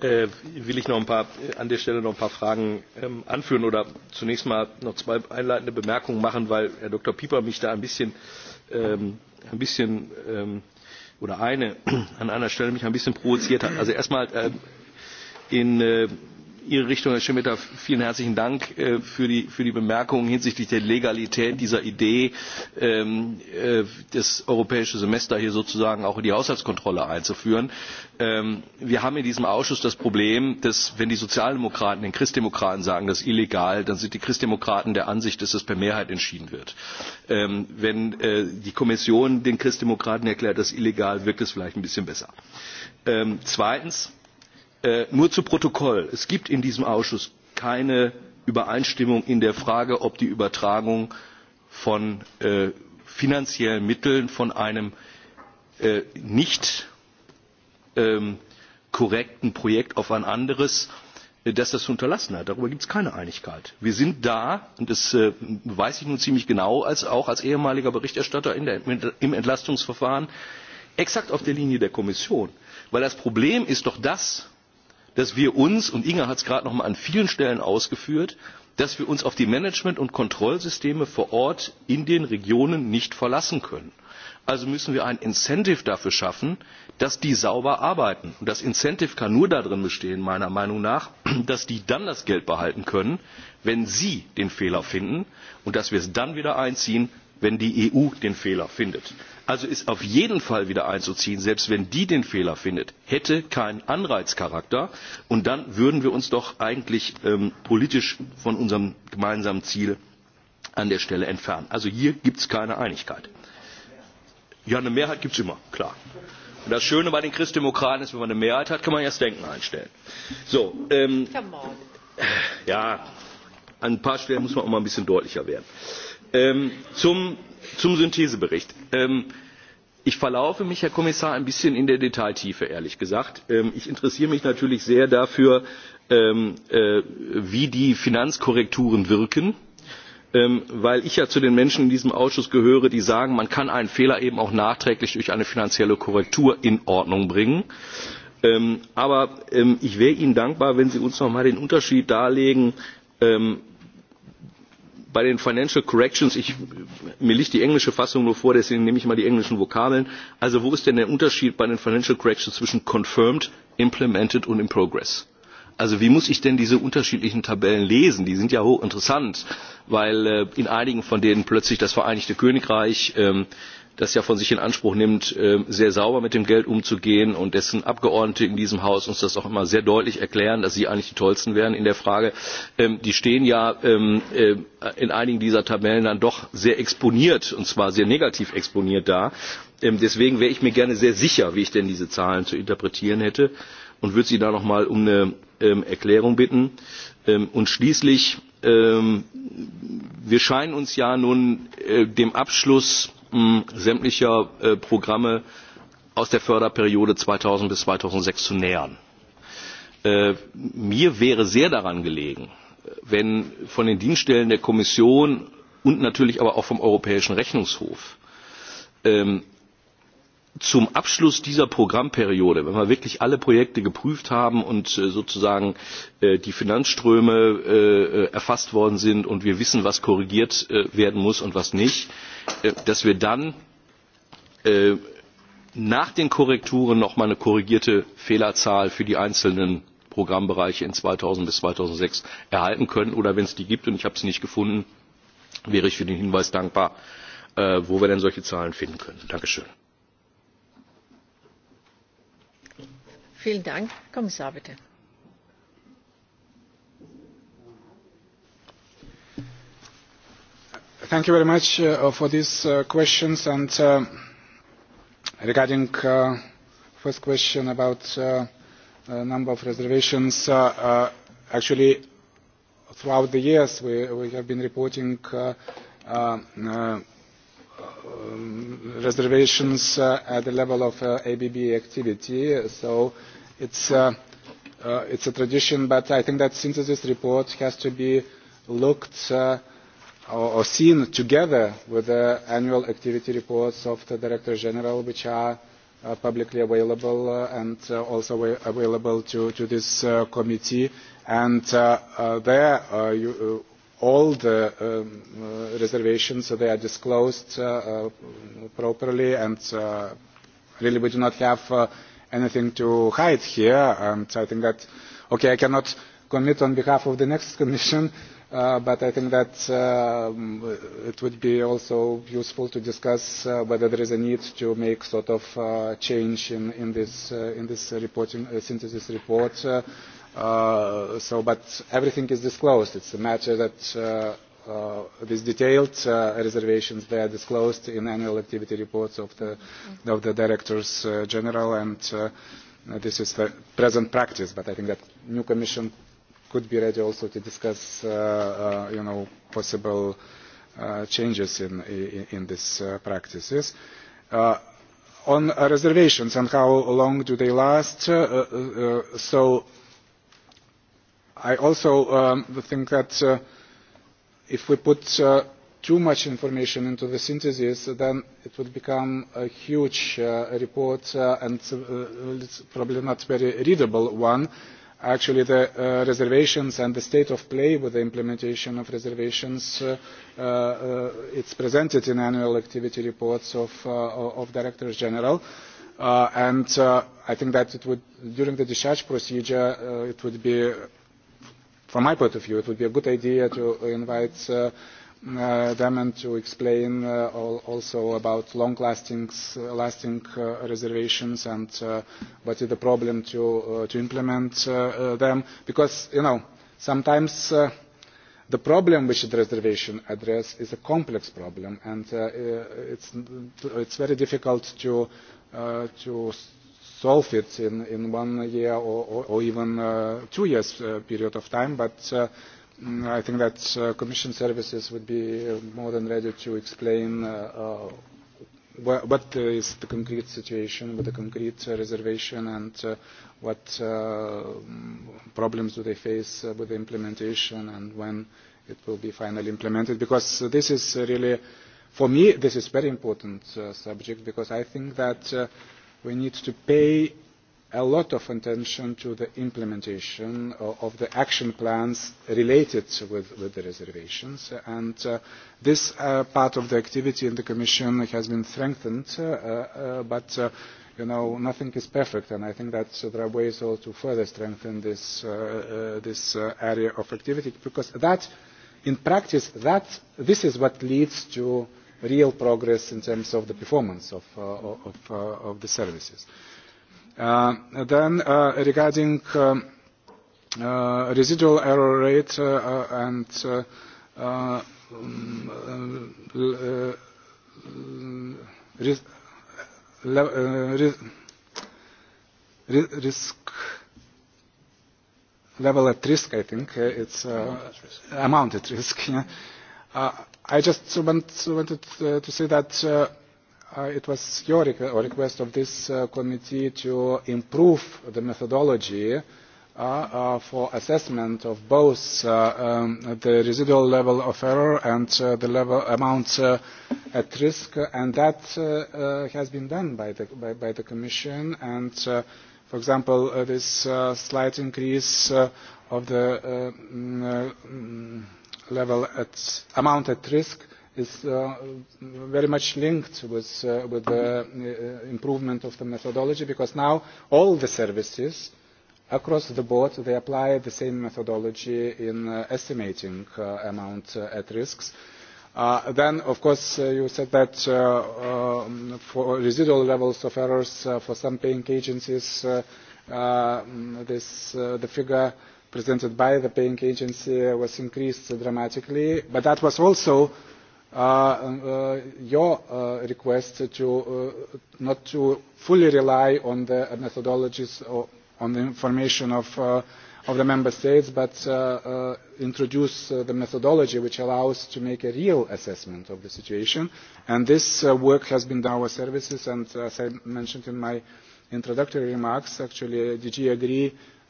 äh, äh, will ich noch ein paar, äh, an der Stelle noch ein paar Fragen ähm, anführen oder zunächst mal noch zwei einleitende Bemerkungen machen, weil Herr Dr. Pieper mich da ein bisschen, ähm, ein bisschen ähm, oder eine an einer Stelle mich ein bisschen provoziert hat. Also erstmal äh, in äh, Ihre Richtung, Herr emeta vielen herzlichen Dank äh, für die Bemerkungen hinsichtlich der Legalität dieser Idee, ähm, äh, das europäische Semester hier sozusagen auch in die Haushaltskontrolle einzuführen. Ähm, wir haben in diesem Ausschuss das Problem, dass wenn die Sozialdemokraten den Christdemokraten sagen, das ist illegal, dann sind die Christdemokraten der Ansicht, dass das per Mehrheit entschieden wird. Ähm, wenn äh, die Kommission den Christdemokraten erklärt, das ist illegal, wirkt es vielleicht ein bisschen besser. Zweitens Äh, nur zu protokoll es gibt in diesem ausschuss keine übereinstimmung in der frage ob die übertragung von äh, finanziellen mitteln von einem äh, nicht ähm, korrekten projekt auf ein anderes das das zu unterlassen hat. darüber gibt es keine einigkeit. wir sind da und das weiß ich nun ziemlich genau auch als ehemaliger berichterstatter im entlastungsverfahren exakt auf der linie der kommission. denn das problem ist doch dass wir uns und inge hat es gerade noch einmal an vielen stellen ausgeführt auf die management und kontrollsysteme vor ort in den regionen nicht verlassen können. also müssen wir ein incentive dafür schaffen dass die sauber arbeiten. und das incentive kann nur darin bestehen meiner meinung nach dass die dann das geld behalten können wenn sie den fehler finden und dass wir es dann wieder einziehen wenn die eu den fehler findet also ist auf jeden fall wieder einzuziehen selbst wenn die den fehler findet hätte keinen anreizcharakter und dann würden wir uns doch eigentlich ähm, politisch von unserem gemeinsamen ziel an der stelle entfernen. also hier gibt es keine einigkeit. ja eine mehrheit gibt es immer klar. Und das Schöne bei den Christdemokraten ist, wenn man eine Mehrheit hat, kann man ja das Denken einstellen. So, ähm, ja, an ein paar Stellen muss man auch mal ein bisschen deutlicher werden. Ähm, zum zum synthesebericht ähm, ich verlaufe mich herr kommissar ein bisschen in der detailtiefe ehrlich gesagt. Ähm, ich interessiere mich natürlich sehr dafür ähm, äh, wie die finanzkorrekturen wirken weil ich ja zu den menschen in diesem ausschuss gehöre die sagen man kann einen fehler eben auch nachträglich durch eine finanzielle korrektur in ordnung bringen. aber ich wäre ihnen dankbar wenn sie uns noch einmal den unterschied darlegen bei den Financial Corrections, ich, mir liegt die englische Fassung nur vor, deswegen nehme ich mal die englischen Vokabeln. Also wo ist denn der Unterschied bei den Financial Corrections zwischen confirmed, implemented und in progress? Also wie muss ich denn diese unterschiedlichen Tabellen lesen? Die sind ja hochinteressant, weil äh, in einigen von denen plötzlich das Vereinigte Königreich ähm, das ja von sich in Anspruch nimmt, äh, sehr sauber mit dem Geld umzugehen und dessen Abgeordnete in diesem Haus uns das auch immer sehr deutlich erklären, dass sie eigentlich die Tollsten wären in der Frage. Ähm, die stehen ja ähm, äh, in einigen dieser Tabellen dann doch sehr exponiert und zwar sehr negativ exponiert da. Ähm, deswegen wäre ich mir gerne sehr sicher, wie ich denn diese Zahlen zu interpretieren hätte und würde Sie da noch mal um eine Erklärung bitten. Und schließlich, wir scheinen uns ja nun äh, dem Abschluss sämtlicher äh, programme aus der förderperiode zweitausend bis zweitausendsechs zu nähern. Äh, mir wäre sehr daran gelegen wenn von den dienststellen der kommission und natürlich aber auch vom europäischen rechnungshof ähm, zum abschluss dieser programmperiode wenn wir wirklich alle projekte geprüft haben und äh, sozusagen äh, die finanzströme äh, erfasst worden sind und wir wissen was korrigiert werden muss und was nicht dass wir dann nach den korrekturen noch mal eine korrigierte fehlerzahl für die einzelnen programmbereiche in zweitausend bis zweitausendsechs erhalten können oder wenn es die gibt und ich habe sie nicht gefunden wäre ich für den hinweis dankbar wo wir denn solche zahlen finden können. dankeschön. Vielen Dank. Kommissar, bitte. Thank you very much uh, for these uh, questions. And uh, regarding uh, first question about uh, uh, number of reservations, uh, uh, actually throughout the years we, we have been reporting uh, uh, uh Um, reservations uh, at the level of uh, ABB activity. So it's, uh, uh, it's a tradition, but I think that synthesis report has to be looked uh, or, or seen together with the annual activity reports of the Director General, which are uh, publicly available uh, and uh, also available to, to this uh, committee. And uh, uh, there uh, you, uh, all the um, uh, reservations so they are disclosed uh, uh, properly and uh, really we do not have uh, anything to hide here and I think that okay I cannot commit on behalf of the next commission uh, but I think that um, it would be also useful to discuss uh, whether there is a need to make sort of uh, change in, in, this, uh, in this reporting, uh, synthesis report uh, Uh, so, but everything is disclosed. It's a matter that uh, uh, these detailed uh, reservations they are disclosed in annual activity reports of the of the directors uh, general, and uh, this is the present practice. But I think that new commission could be ready also to discuss, uh, uh, you know, possible uh, changes in in, in these uh, practices. Uh, on reservations and how long do they last? Uh, uh, uh so I also um, think that uh, if we put uh, too much information into the synthesis, then it would become a huge uh, report and probably not very readable one. Actually, the reservations and the state of play with the implementation of reservations, is it's presented in annual activity reports of, of directors general. Uh, and uh, I think that it would, during the discharge procedure, uh, it would be from my point of view, it would be a good idea to invite uh, uh, them and to explain uh, all, also about long-lasting uh, lasting, uh, reservations and uh, what is the problem to, uh, to implement uh, uh, them. Because, you know, sometimes uh, the problem which the reservation address is a complex problem and uh, uh it's, it's very difficult to, uh, to solve it in, in one year or, or, or even uh, two years uh, period of time. But uh, mm, I think that uh, Commission services would be uh, more than ready to explain uh, uh, what is the concrete situation with the concrete uh, reservation and uh, what uh, problems do they face uh, with the implementation and when it will be finally implemented because this is really for me this is very important uh, subject because I think that uh, we need to pay a lot of attention to the implementation uh, of the action plans related with, the reservations. And uh, this uh, part of the activity in the Commission has been strengthened, but you know, nothing is perfect, and I think that there are ways also to further strengthen this, this area of activity, because that, in practice, that, this is what leads to real progress in terms of the performance of, uh, of, uh, of the services. Uh, then uh, regarding um, uh, residual error rate uh, uh, and uh, uh, um, uh, uh risk level at risk, I think uh, it's uh, amount at risk. Yeah. Uh, I just want, wanted uh, to say that uh, uh, it was your requ request of this uh, committee to improve the methodology uh, uh, for assessment of both uh, um, the residual level of error and uh, the level amounts uh, at risk, and that uh, uh, has been done by the, by, by the Commission. And, uh, for example, uh, this uh, slight increase uh, of the uh, mm, uh, mm level amount at risk is uh, very much linked with, uh, with the uh, improvement of the methodology because now all the services across the board they apply the same methodology in uh, estimating uh, amount uh, at risks. Uh, then, of course, uh, you said that uh, um, for residual levels of errors uh, for some paying agencies, uh, uh, this, uh, the figure presented by the paying agency was increased dramatically but that was also uh, uh your uh, request to uh, not to fully rely on the methodologies or on the information of, uh, of the member states but introduce the methodology which allows to make a real assessment of the situation and this work has been done by our services and as i mentioned in my introductory remarks actually dg agri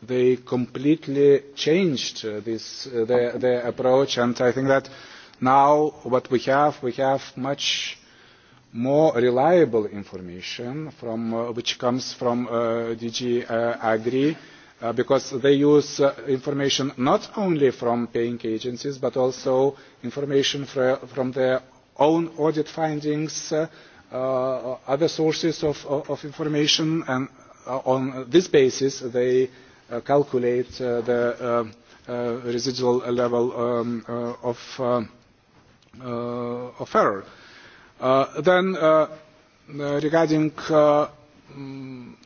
they completely changed uh, this, uh, their, their approach and I think that now what we have, we have much more reliable information from, uh, which comes from uh, DG uh, Agri uh, because they use uh, information not only from paying agencies but also information fra from their own audit findings, uh, uh, other sources of, of, of information and uh, on this basis they Uh, calculate uh, the uh, residual level um, of, of, error. then regarding um,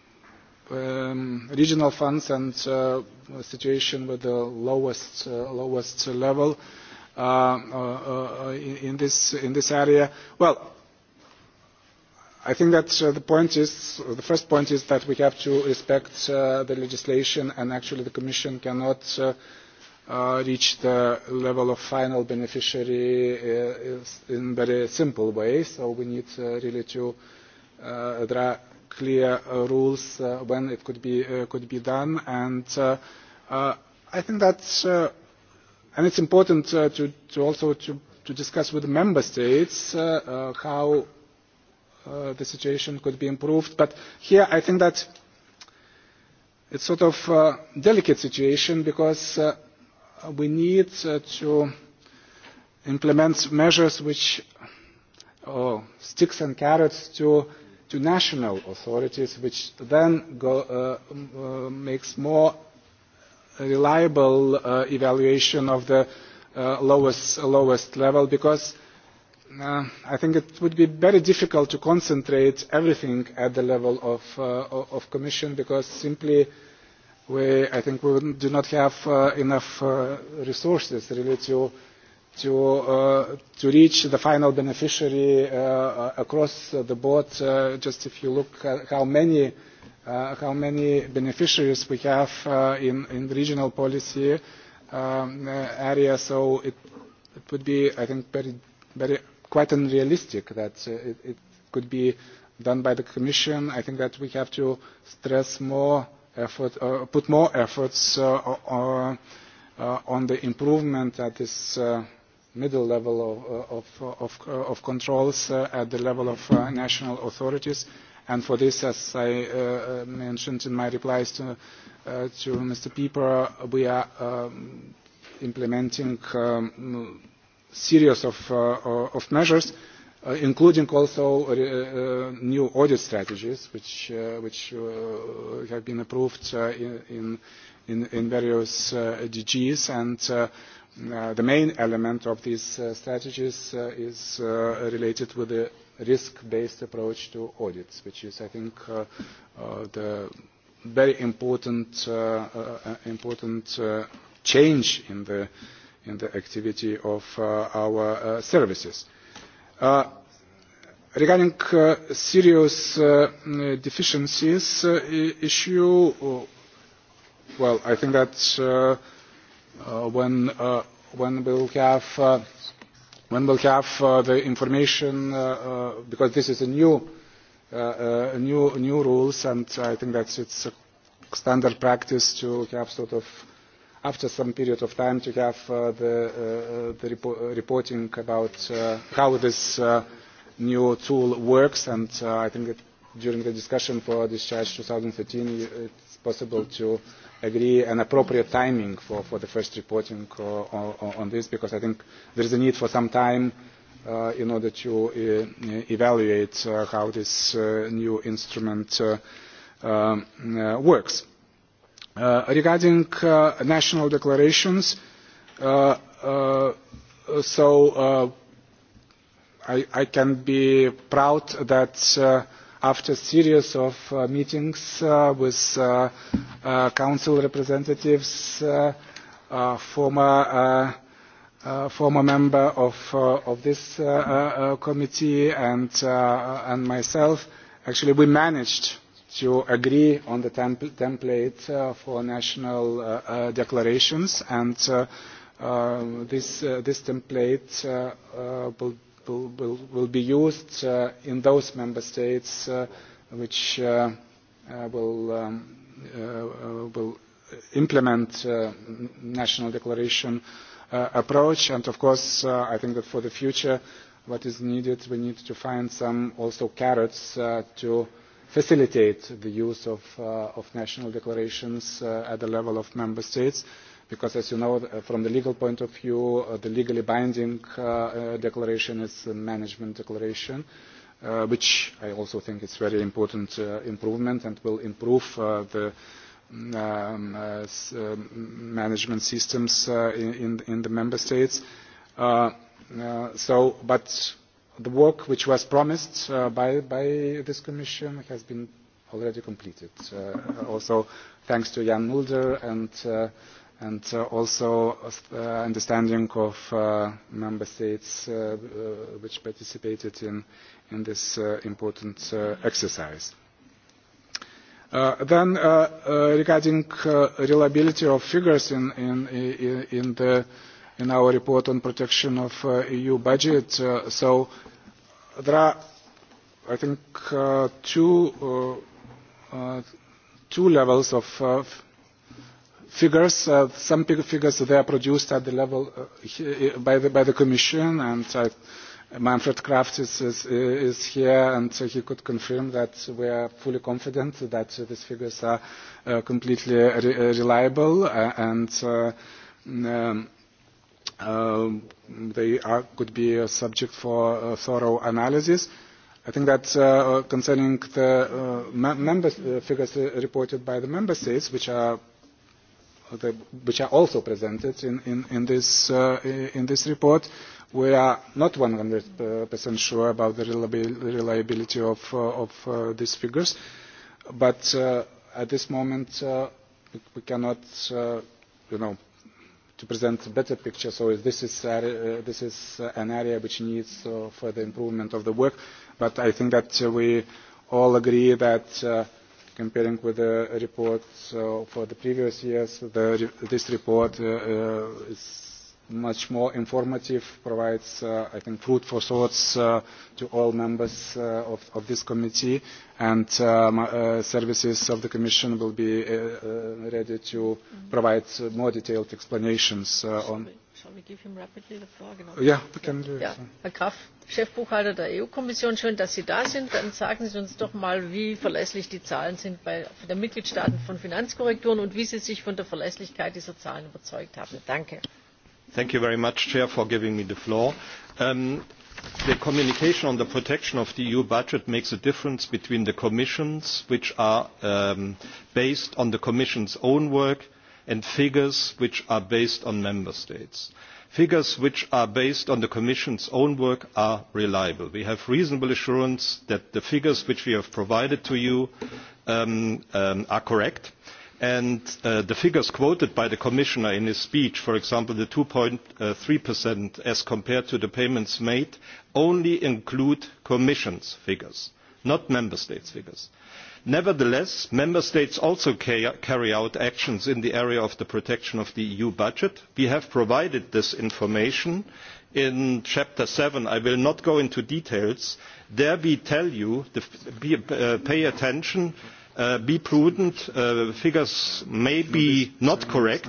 regional funds and uh, situation with the lowest uh, lowest level uh, uh, uh, in, in this in this area. Well, I think that uh, the first point is that we have to respect uh, the legislation and actually the Commission cannot uh, reach the level of final beneficiary in in very simple way. So we need really to draw clear rules when it could be, done. And I think that, and it's important to, also to, discuss with the member states how Uh, the situation could be improved. But here I think that it's sort of a delicate situation because uh, we need uh, to implement measures which oh, sticks and carrots to to national authorities, which then go, uh, uh, makes more reliable uh, evaluation of the uh, lowest, lowest level because Uh, I think it would be very difficult to concentrate everything at the level of, uh, of Commission because simply we, I think we do not have uh, enough uh, resources really to, to, uh, to reach the final beneficiary uh, across the board. Uh, just if you look at how many, uh, how many beneficiaries we have uh, in, in the regional policy um, uh, area, so it, it would be, I think, very, very quite unrealistic that uh, it, it could be done by the Commission. I think that we have to stress more effort, uh, put more efforts uh, uh, on the improvement at this uh, middle level of, uh, of, of, uh, of controls uh, at the level of uh, national authorities. And for this, as I uh, mentioned in my replies to, uh, to Mr. Pieper, we are um, implementing um, series of, uh, of measures, uh, including also uh, uh, new audit strategies, which, uh, which uh, have been approved uh, in, in, in various uh, DGs. And uh, uh, the main element of these uh, strategies uh, is uh, related with the risk-based approach to audits, which is, I think, uh, uh, the very important, uh, uh, uh important uh, change in the in the activity of uh, our uh, services. Uh, regarding serious mm, deficiencies issue, oh, well, I think that when when we'll have when we'll have uh, the information uh, uh, because this is a new uh, uh, new new rules and I think that it's a standard practice to have sort of after some period of time to have uh, the, uh, the repo uh, reporting about uh, how this uh, new tool works and uh, I think that during the discussion for discharge 2013 it's possible to agree an appropriate timing for, for the first reporting uh, on this because I think there is a need for some time uh, in order to uh, evaluate uh, how this uh, new instrument uh, um, uh, works. Uh, regarding uh, national declarations, uh, so I, I, can be proud that after a series of uh, meetings uh, with uh, council representatives, former, former member of, of this committee and, and myself, actually we managed to agree on the temp template uh, for national uh, uh, declarations and uh, uh, this, uh, this template uh, uh, will, will, will be used uh, in those member states uh, which uh, uh, will, um, uh, uh, will implement uh, national declaration uh, approach and of course uh, I think that for the future what is needed we need to find some also carrots uh, to uh, facilitate the use of, uh, of national declarations uh, at the level of member states because as you know uh, from the legal point of view the legally binding declaration is a management declaration Uh, which I also think is a very important uh, improvement and will improve uh, the um, um, um management systems in, in, the member states. so, but the work which was promised uh, by, by this commission has been already completed. Uh, also thanks to Jan Mulder and, uh, and uh, also uh, understanding of uh, member states uh, uh, which participated in, in this uh, important uh, exercise. Uh, then uh, uh, regarding uh, reliability of figures in, in, in, in the in our report on protection of uh, EU budget. Uh, so there are, I think, uh, two, uh, uh, two levels of uh, figures. Uh, some figures they are produced at the level uh, by, the, by the Commission, and I, uh, Manfred Kraft is, is, is here, and he could confirm that we are fully confident that these figures are uh, completely re reliable uh, and uh, um, Um, they are, could be a subject for a uh, thorough analysis. I think that uh, uh, concerning the uh, member uh, figures uh, reported by the member states, which are the, which are also presented in, in, in, this, uh, in this report, we are not 100% sure about the reliability of, uh, of uh, these figures, but uh, at this moment uh, we cannot, uh, you know, to present a better picture. So this is, uh, this is uh, an area which needs uh, further improvement of the work. But I think that uh, we all agree that uh, comparing with the reports uh, for the previous years, the, this report uh, uh, is much more informative, provides, uh, I think, food for thoughts uh, to all members uh, of, of this committee, and uh, my, uh, services of the Commission will be uh, uh, ready to mm-hmm. provide uh, more detailed explanations uh, on. Shall we give him rapidly the floor? Genau. Yeah, we can do it. Ja. Herr Graf, Chefbuchhalter der EU-Kommission, schön, dass Sie da sind. Dann sagen Sie uns doch mal, wie verlässlich die Zahlen sind bei den Mitgliedstaaten von Finanzkorrekturen und wie Sie sich von der Verlässlichkeit dieser Zahlen überzeugt haben. Danke the communication on the protection of the eu budget makes a difference between the commissions which are um, based on the commission's own work and figures which are based on member states. figures which are based on the commission's own work are reliable. we have reasonable assurance that the figures which we have provided to you um, um, are correct and uh, the figures quoted by the commissioner in his speech for example the. two three as compared to the payments made only include commission's figures not member states' figures. nevertheless member states also carry out actions in the area of the protection of the eu budget. we have provided this information in chapter seven i will not go into details. there we tell you to uh, pay attention Uh, be prudent uh, figures may be not correct.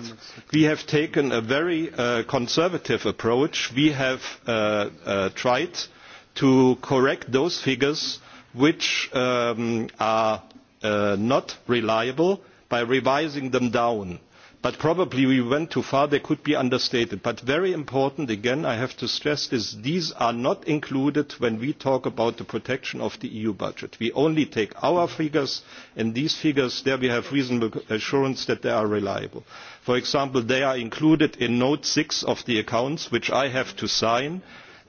we have taken a very uh, conservative approach. we have uh, tried to correct those figures which um, are not reliable by revising them down but probably we went too far they could be understated. but very important again i have to stress this these are not included when we talk about the protection of the eu budget. we only take our figures and these figures there we have reasonable assurance that they are reliable. for example they are included in note six of the accounts which i have to sign and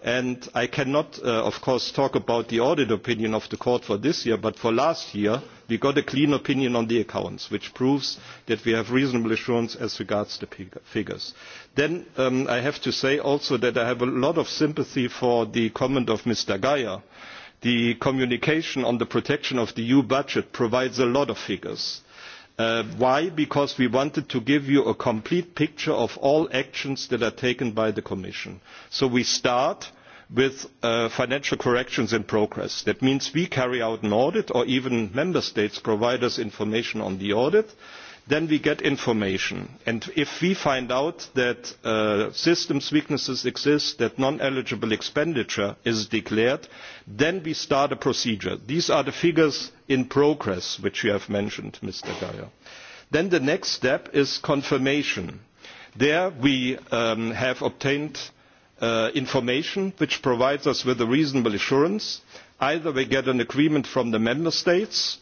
and i cannot uh, of course talk about the audit opinion of the court for this year but for last year we got a clean opinion on the accounts which proves that we have reasonable assurance as regards the figures. then um, i have to say also that i have a lot of sympathy for the comment of mr geier. the communication on the protection of the eu budget provides a lot of figures Uh, why? because we wanted to give you a complete picture of all actions that are taken by the commission. so we start with uh, financial corrections in progress. that means we carry out an audit or even member states provide us information on the audit then we get information and if we find out that system uh, systems weaknesses exist that non eligible expenditure is declared then we start a procedure. these are the figures in progress which you have mentioned mr geier. then the next step is confirmation. there we um, have obtained uh, information which provides us with a reasonable assurance either we get an agreement from the member states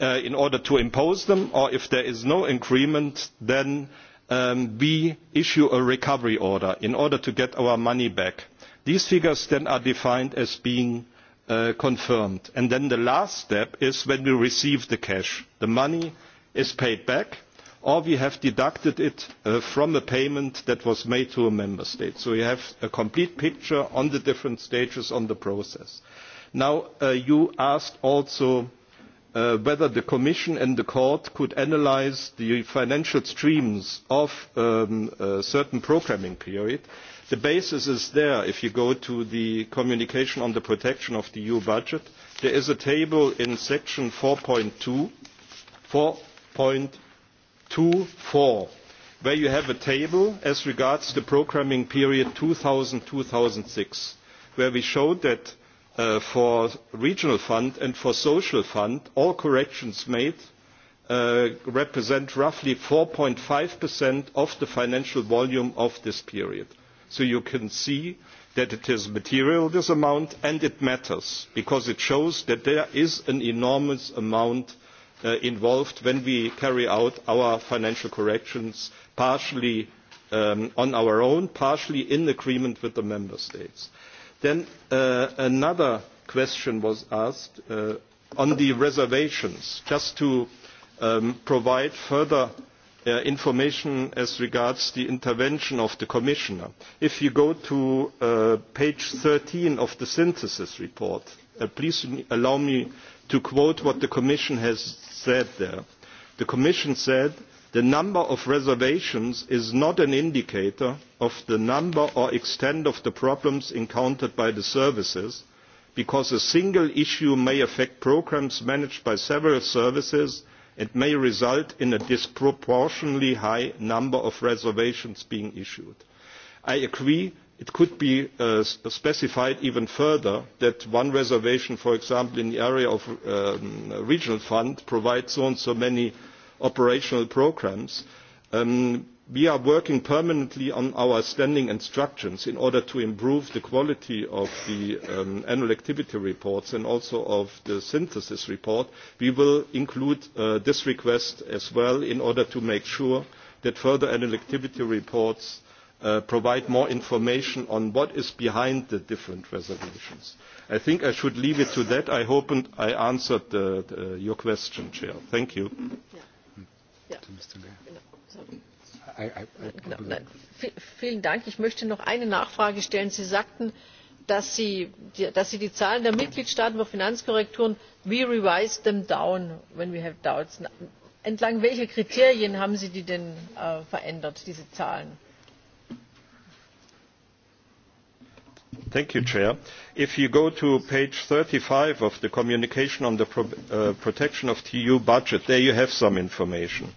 uh, in order to impose them or if there is no agreement then um, we issue a recovery order in order to get our money back. these figures then are defined as being uh, confirmed and then the last step is when we receive the cash the money is paid back or we have deducted it uh, from a payment that was made to a member state. so we have a complete picture on the different stages of the process. Now, uh, you asked also uh, whether the Commission and the Court could analyse the financial streams of um, a certain programming period. The basis is there. If you go to the communication on the protection of the EU budget, there is a table in section 4.2, 4.24, where you have a table as regards the programming period two two thousand thousand and six where we showed that for uh, for regional fund and for social fund, all corrections made uh, represent roughly 4.5% of the financial volume of this period. So you can see that it is material, this amount, and it matters because it shows that there is an enormous amount uh, involved when we carry out our financial corrections, partially um, on our own, partially in agreement with the member states. Then uh, another question was asked uh, on the reservations, just to um, provide further uh, information as regards the intervention of the Commissioner. If you go to uh, page 13 of the synthesis report, uh, please allow me to quote what the Commission has said there. The Commission said the number of reservations is not an indicator of the number or extent of the problems encountered by the services because a single issue may affect programmes managed by several services and may result in a disproportionately high number of reservations being issued. i agree it could be uh, specified even further that one reservation for example in the area of the um, regional fund provides so and so many operational programmes um, we are working permanently on our standing instructions in order to improve the quality of the um, annual activity reports and also of the synthesis report. we will include uh, this request as well in order to make sure that further annual activity reports uh, provide more information on what is behind the different resolutions. i think i should leave it to that. i hope i answered your question chair. thank you. Mm-hmm. Vielen Dank. Ich möchte noch eine Nachfrage stellen. Sie sagten, dass Sie, dass Sie die Zahlen der Mitgliedstaaten über Finanzkorrekturen, we revise them down when we have doubts. Entlang welcher Kriterien haben Sie die denn äh, verändert, diese Zahlen? If you go to page thirty five of the communication on the uh, protection of the EU budget, there you have some information.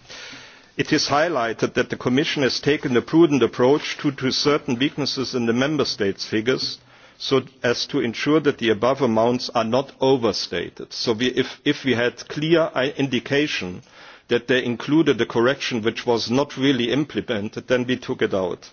It is highlighted that the Commission has taken a prudent approach due to, certain weaknesses in the Member States' figures, so as to ensure that the above amounts are not overstated. So if, we had clear uh, indication that they included a correction which was not really implemented, then we took it out.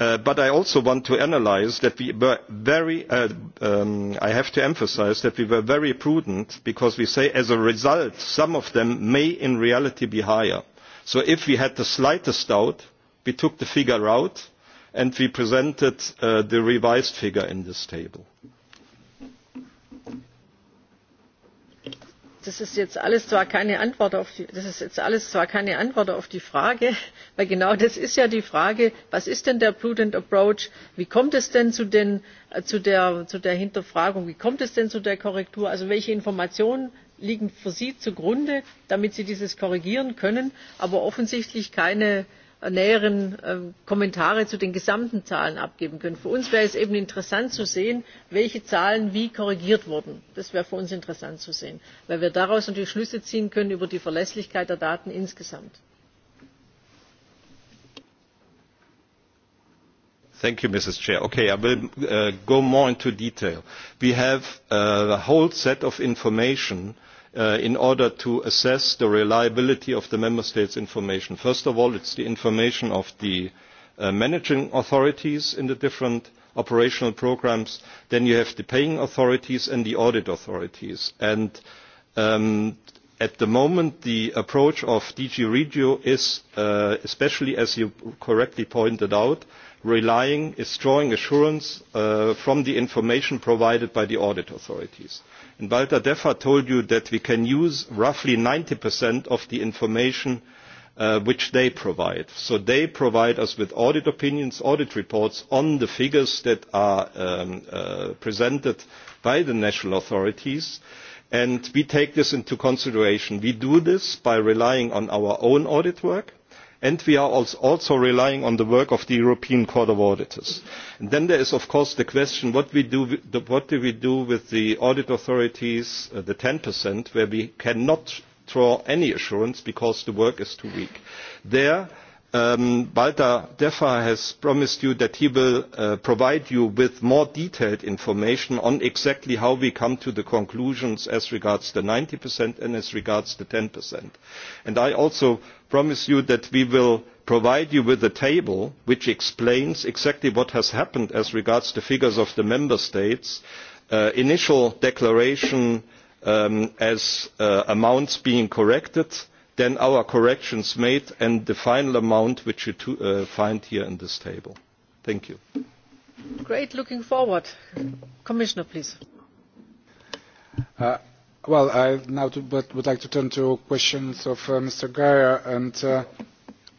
Uh, but i also want to analyse that we were very uh, um, i have to emphasise that we were very prudent because we say as a result some of them may in reality be higher so if we had the slightest doubt we took the figure out and we presented uh, the revised figure in this table. das ist jetzt alles zwar keine antwort auf die, das ist jetzt alles zwar keine antwort auf die frage weil genau das ist ja die frage was ist denn der prudent approach wie kommt es denn zu, äh, zu der hinterfragung wie kommt es denn zu der korrektur also welche informationen liegen für sie zugrunde damit sie dieses korrigieren können aber offensichtlich keine Äh, näheren äh, kommentare zu den gesamten zahlen abgeben können. für uns wäre es eben interessant zu sehen welche zahlen wie korrigiert wurden. das wäre für uns interessant zu sehen weil wir daraus natürlich schlüsse ziehen können über die verlässlichkeit der daten insgesamt. Thank you, Mrs. Chair. Okay, I will uh, go more into detail. We have uh, a whole set of information Uh, in order to assess the reliability of the member states' information. first of all it is the information of the uh, managing authorities in the different operational programmes then you have the paying authorities and the audit authorities. And, um, at the moment the approach of dg regio is uh, especially as you correctly pointed out relying drawing assurance from the information provided by the audit authorities and walter deffer told you that we can use roughly ninety of the information uh, which they provide. so they provide us with audit opinions audit reports on the figures that are um, uh, presented by the national authorities and we take this into consideration. we do this by relying on our own audit and we are also relying on the work of the european court of auditors. then there is of course the question what, do, what do we do with the audit authorities uh, the ten where we cannot draw any assurance because the work is too weak? there Um, walter defa has promised you that he will uh, provide you with more detailed information on exactly how we come to the conclusions as regards the ninety and as regards the. ten and i also promise you that we will provide you with a table which explains exactly what has happened as regards the figures of the member states uh, initial declaration um, as uh, amounts being corrected then our corrections made and the final amount which you uh, find here in this table. Thank you. Great, looking forward. Commissioner, please. Uh, well, I now to, but would like to turn to questions of uh, Mr. Gaia, and uh,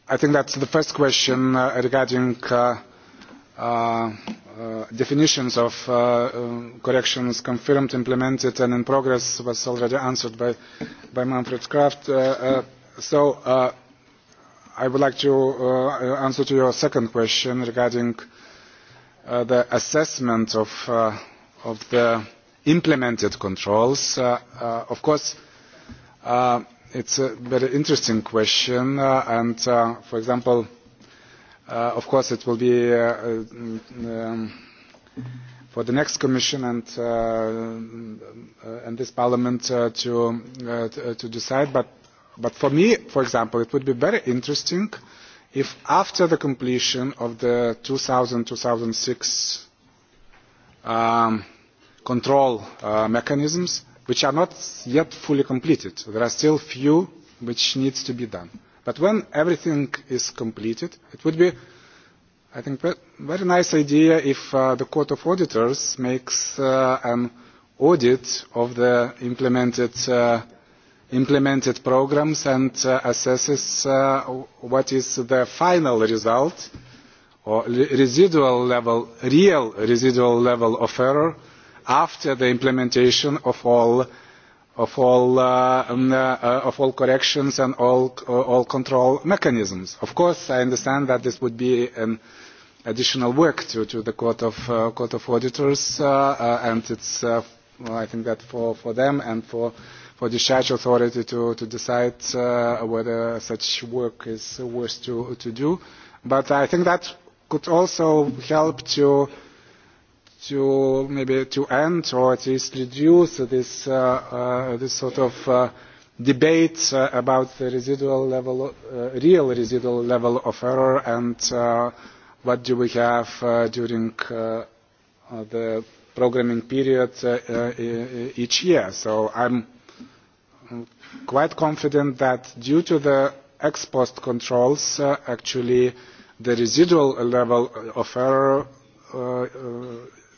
I think that's the first question uh, regarding uh, uh, Uh, definitions of uh, um, corrections confirmed, implemented, and in progress was already answered by, by Manfred Kraft. Uh, uh, so uh, I would like to uh, answer to your second question regarding uh, the assessment of, uh, of the implemented controls. Uh, uh, of course, uh, it's a very interesting question, uh, and uh, for example, Uh, of course, it will be uh, uh, um, for the next Commission and, uh, uh and this Parliament uh, to, uh, uh, to decide. But, but for me, for example, it would be very interesting if after the completion of the 2000-2006 um, control uh, mechanisms, which are not yet fully completed, there are still few which needs to be done But when everything is completed, it would be, I think, a very nice idea if uh, the Court of Auditors makes uh, an audit of the implemented, uh, implemented programs and uh, assesses uh, what is the final result or residual level, real residual level of error after the implementation of all of all, uh, um, uh, uh, of all corrections and all, uh, all control mechanisms. Of course, I understand that this would be an additional work to, to the Court of, uh, Court of Auditors, uh, uh, and it's, uh, well, I think that for, for them and for, for the discharge authority to, to decide uh, whether such work is worth to, to do. But I think that could also help to to maybe to end or at least reduce this, uh, uh, this sort of uh, debate uh, about the residual level, uh, real residual level of error and uh, what do we have uh, during uh, uh the programming period uh, uh, e-, each year. So I'm uh, quite confident that due to the ex post controls, uh, actually the residual level of error uh, uh,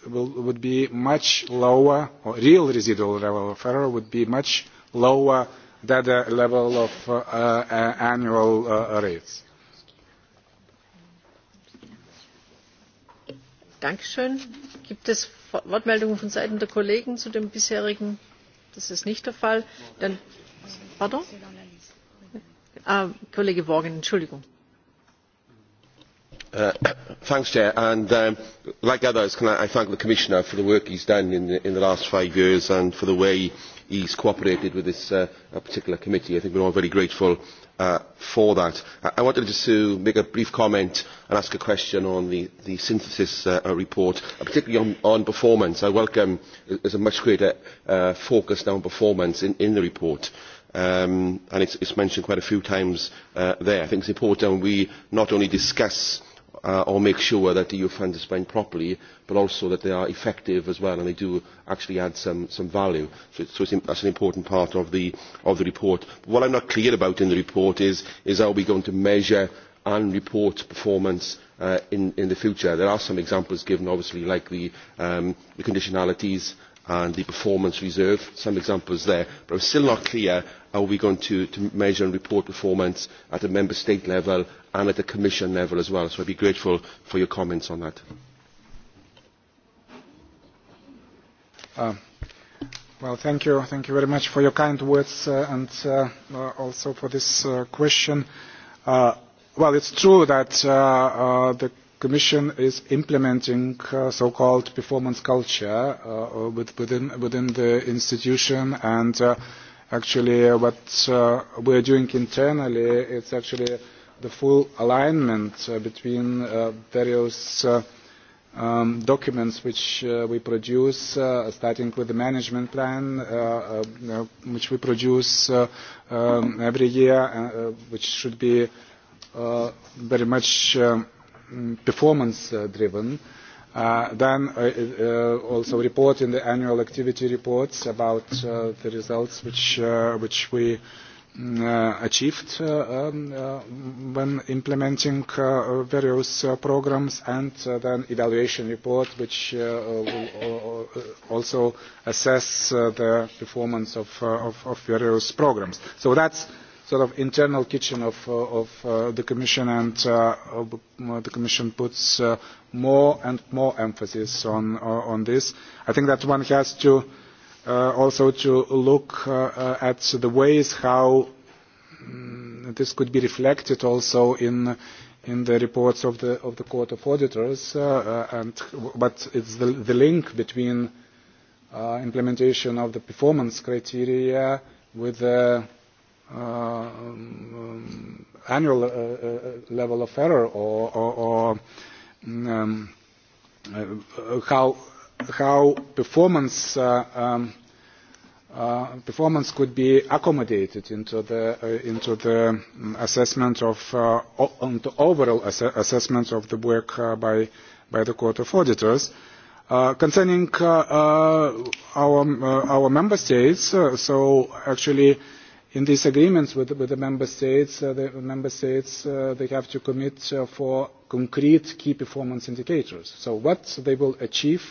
will, would be much lower, or real residual level of error would be much lower than the level of uh, uh, annual uh, rates. Dankeschön. Gibt es Wortmeldungen von Seiten der Kollegen zu dem bisherigen? Das ist nicht der Fall. Dann, pardon? Ah, Kollege Worgen, Entschuldigung mr uh, president um, like others can i thank the commissioner for the work he has done in the last five years and for the way he has cooperated with this uh, particular committee. i think we are all very grateful uh, for that. i wanted just to make a brief comment and ask a question on the synthesis report particularly on performance. i welcome there is a much greater focus now on performance in the report um, and it is mentioned quite a few times there. i think it is important we not only discuss uh, or make sure that EU funds are spent properly, but also that they are effective as well and they do actually add some, some value. So, so it's, that's an important part of the, of the report. But what I'm not clear about in the report is, is how we're going to measure and report performance uh, in, in the future. There are some examples given, obviously, like the, um, the conditionalities and the performance reserve. Some examples there, but I'm still not clear how we're going to, to measure and report performance at a member state level and at the commission level as well. So I'd be grateful for your comments on that. Uh, well, thank you. Thank you very much for your kind words uh, and uh, uh, also for this uh, question. Uh, well, it's true that uh, uh, the Commission is implementing uh, so-called performance culture uh, uh within, within the institution and uh, actually uh, what uh, we're doing internally is actually the full alignment uh, between uh, various uh, um, documents which uh, we produce, uh, starting with the management plan, uh, uh, uh which we produce uh, um, every year, uh, which should be uh, very much um, performance uh, driven Uh, then uh, uh, also report in the annual activity reports about uh, the results which, uh, which we mm, achieved um, when implementing various programs, and then evaluation report which will also assess the performance of, of, of various programs. So that's sort of internal kitchen of, uh, of uh, the Commission and uh, uh, the Commission puts uh, more and more emphasis on, uh, on this. I think that one has to uh, also to look uh, at the ways how um, this could be reflected also in in the reports of the of the Court of Auditors, uh, uh and but it's the, the link between uh, implementation of the performance criteria with the uh, Uh, um, annual uh, uh, level of error or, or, or um, uh, how how performance uh, um, uh, performance could be accommodated into the uh, into the assessment of uh, on the overall ass assessment of the work uh, by by the court of auditors uh, concerning uh, uh, our uh, our member states uh, so actually uh, in these agreements with, with the member states, uh, the member states uh, they have to commit uh, for concrete key performance indicators. So what they will achieve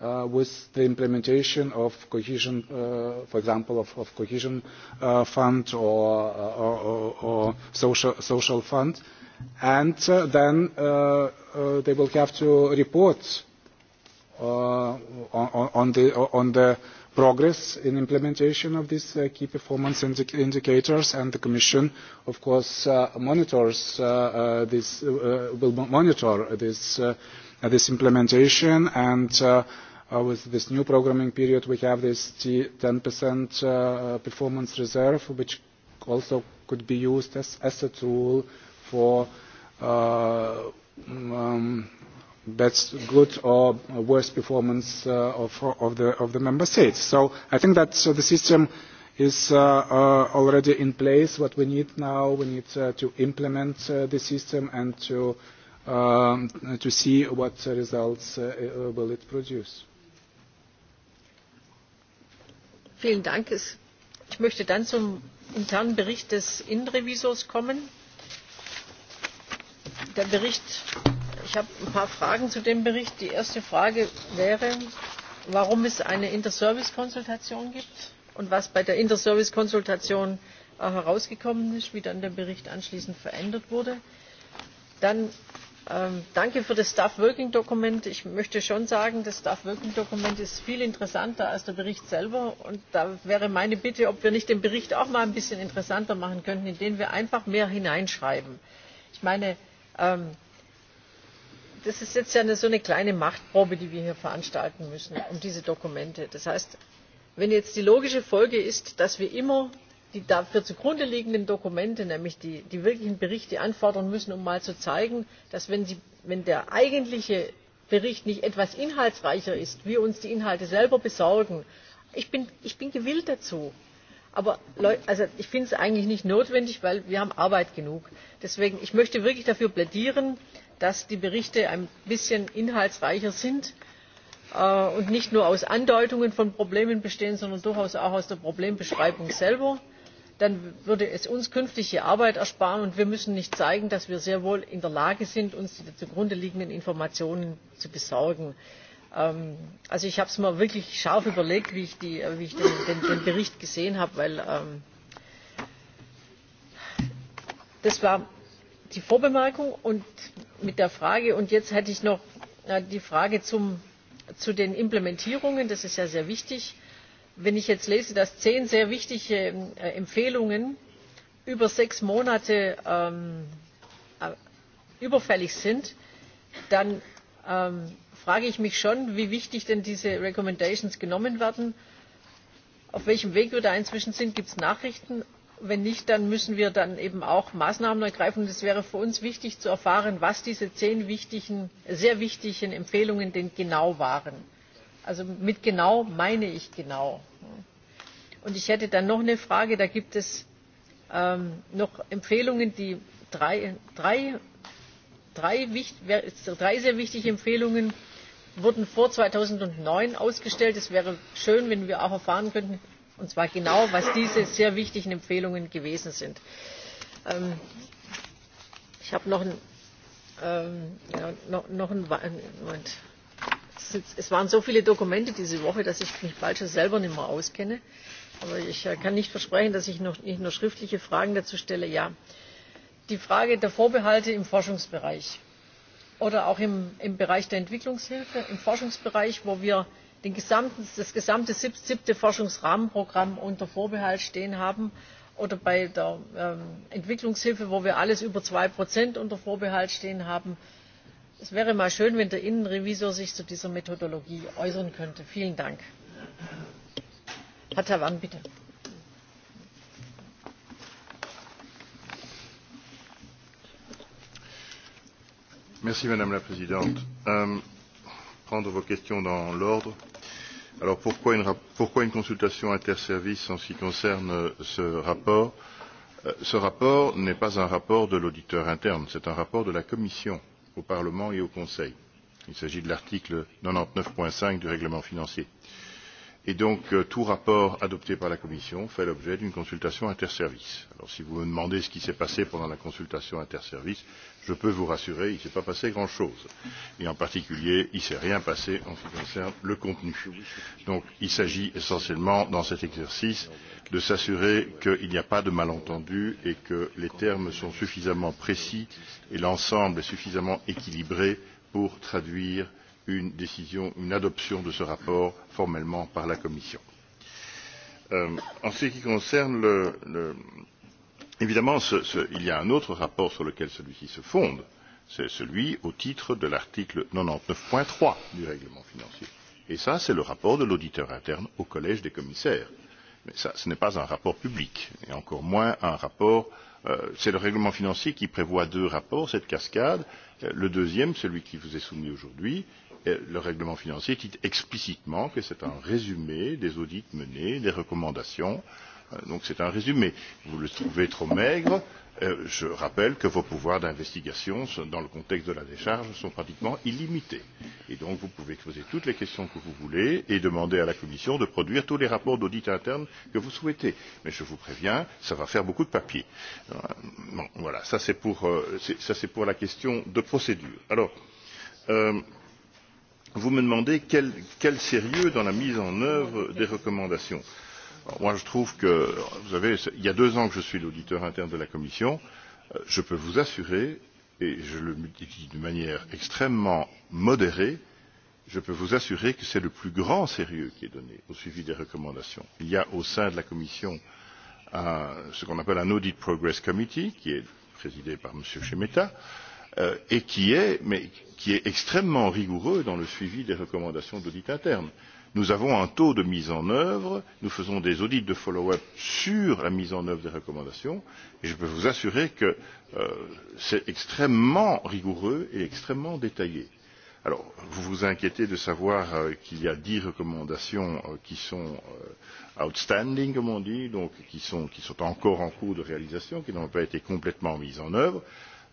uh, with the implementation of cohesion, uh, for example, of, of cohesion uh, fund or, uh, or, or, or social, social fund, and uh, then uh, uh, they will have to report uh, on, on the, on the progress in implementation of these uh, key performance indicators and the commission of course uh, monitors uh, this will monitor this implementation and with this new programming period we have this 10% performance reserve which also could be used as, a tool for um, that's good or worse performance uh, of, of, the, of the member states. So I think that uh, the system is uh, uh, already in place. What we need now, we need uh, to implement uh, the system and to, um, to see what results uh, uh, will it produce. Vielen Dank. Ich möchte dann zum internen Bericht des Innenrevisors kommen. Der Bericht ich habe ein paar fragen zu dem bericht. die erste frage wäre warum es eine interservice konsultation gibt und was bei der interservice konsultation herausgekommen ist wie dann der bericht anschließend verändert wurde. dann ähm, danke für das staff working dokument. ich möchte schon sagen das staff working dokument ist viel interessanter als der bericht selber und da wäre meine bitte ob wir nicht den bericht auch mal ein bisschen interessanter machen könnten indem wir einfach mehr hineinschreiben. ich meine ähm, das ist jetzt ja so eine kleine machtprobe die wir hier veranstalten müssen um diese dokumente. das heißt wenn jetzt die logische folge ist dass wir immer die dafür zugrunde liegenden dokumente nämlich die, die wirklichen berichte anfordern müssen um mal zu zeigen dass wenn, sie, wenn der eigentliche bericht nicht etwas inhaltsreicher ist wir uns die inhalte selber besorgen ich bin, ich bin gewillt dazu aber also ich finde es eigentlich nicht notwendig weil wir haben arbeit genug. deswegen ich möchte wirklich dafür plädieren dass die berichte ein bisschen inhaltsreicher sind äh, und nicht nur aus andeutungen von problemen bestehen sondern durchaus auch aus der problembeschreibung selber dann würde es uns künftig hier arbeit ersparen und wir müssten nicht zeigen dass wir sehr wohl in der lage sind uns die zugrunde liegenden informationen zu besorgen. Ähm, also ich habe es mir wirklich scharf überlegt wie ich, die, äh, wie ich den, den, den bericht gesehen habe weil ähm, das war die vorbemerkung und mit der frage und jetzt hätte ich noch äh, die frage zu den implementierungen das ist ja sehr wichtig wenn ich jetzt lese dass zehn sehr wichtige äh, empfehlungen über sechs monate ähm, äh, überfällig sind dann ähm, frage ich mich schon wie wichtig denn diese empfehlungen genommen werden auf welchem weg wir da inzwischen sind gibt es nachrichten? wenn nicht dann müssen wir dann eben auch maßnahmen ergreifen. es wäre für uns wichtig zu erfahren was diese zehn sehr wichtigen empfehlungen denn genau waren. also mit genau meine ich genau. und ich hätte dann noch eine frage da gibt es ähm, noch empfehlungen drei sehr wichtige empfehlungen wurden vor zweitausendneun ausgestellt. es wäre schön wenn wir auch erfahren könnten und zwar genau was diese sehr wichtigen empfehlungen gewesen sind. Ähm, ich habe noch einen ähm, noch einen Moment. Es waren so viele Dokumente diese Woche, dass ich mich bald schon selber nicht mehr auskenne. Aber ich äh, kann nicht versprechen, dass ich noch, nicht nur schriftliche Fragen dazu stelle. Ja, die Frage der Vorbehalte im Forschungsbereich oder auch im, im Bereich der Entwicklungshilfe, im Forschungsbereich, wo wir das gesamte siebte Forschungsrahmenprogramm unter Vorbehalt stehen haben oder bei der ähm, Entwicklungshilfe, wo wir alles über 2% unter Vorbehalt stehen haben. Es wäre mal schön, wenn der Innenrevisor sich zu dieser Methodologie äußern könnte. Vielen Dank. Herr Tavan, bitte. Madame la Présidente. Ähm, um prendre vos questions dans l'ordre. Alors pourquoi une, pourquoi une consultation interservices en ce qui concerne euh, ce rapport euh, Ce rapport n'est pas un rapport de l'auditeur interne, c'est un rapport de la Commission au Parlement et au Conseil. Il s'agit de l'article 99.5 du règlement financier. Euh, et donc euh, tout rapport adopté par la commission fait l'objet d'une consultation interservices. alors si vous me demandez ce qui s'est passé pendant la consultation interservices je peux vous rassurer il ne s'est pas passé grand chose et en particulier il ne s'est rien passé en ce qui concerne le contenu. donc il s'agit essentiellement dans cet exercice de s'assurer qu'il n'y a pas de malentendu et que les termes sont suffisamment précis et l'ensemble est suffisamment équilibré pour traduire une décision une adoption de ce rapport formellement par la commission. Euh, en ce qui concerne le, le... évidemment il y a un autre rapport sur lequel celui ci se fonde c'est celui au titre de l'article quatre vingt dix neuf paragraphe trois du règlement financier et ça c'est le rapport de l'auditeur interne au collège des commissaires. mais ce n'est pas un rapport public et encore moins un rapport euh, c'est le règlement financier qui prévoit deux rapports cette cascade euh, le deuxième celui qui vous est soumis aujourd'hui le règlement financier dit explicitement que c'est un résumé des audits menés des recommandations euh, donc c'est un résumé. vous le trouvez trop maigre euh, je rappelle que vos pouvoirs d'investigation dans le contexte de la décharge sont pratiquement illimités et donc vous pouvez poser toutes les questions que vous voulez et demander à la commission de produire tous les rapports d'audit interne que vous souhaitez mais je vous préviens ça va faire beaucoup de papier. Euh, bon, voilà ça c'est pour, pour la question de procédure. alors euh, vous me demandez quel, sérieux dans la mise en œuvre des recommandations. moi, je trouve que, vous savez, il y a deux ans que je suis l'auditeur interne de la Commission. Euh, je peux vous assurer, et je le dis de manière extrêmement modérée, je peux vous assurer que c'est le plus grand sérieux qui est donné au suivi des recommandations. Il y a au sein de la Commission un, ce qu'on appelle un Audit Progress Committee, qui est présidé par M. Chemeta, Euh, et qui est, extrêmement rigoureux dans le suivi des recommandations d'audit interne. Nous avons un taux de mise en œuvre, nous faisons des audits de follow-up sur la mise en œuvre des recommandations, et je peux vous assurer que euh, c'est extrêmement rigoureux et extrêmement détaillé. vous vous inquiétez de savoir euh, qu'il y a dix recommandations qui sont outstanding, comme on dit, donc qui sont, qui sont encore en cours de réalisation, qui n'ont pas été complètement mises en œuvre.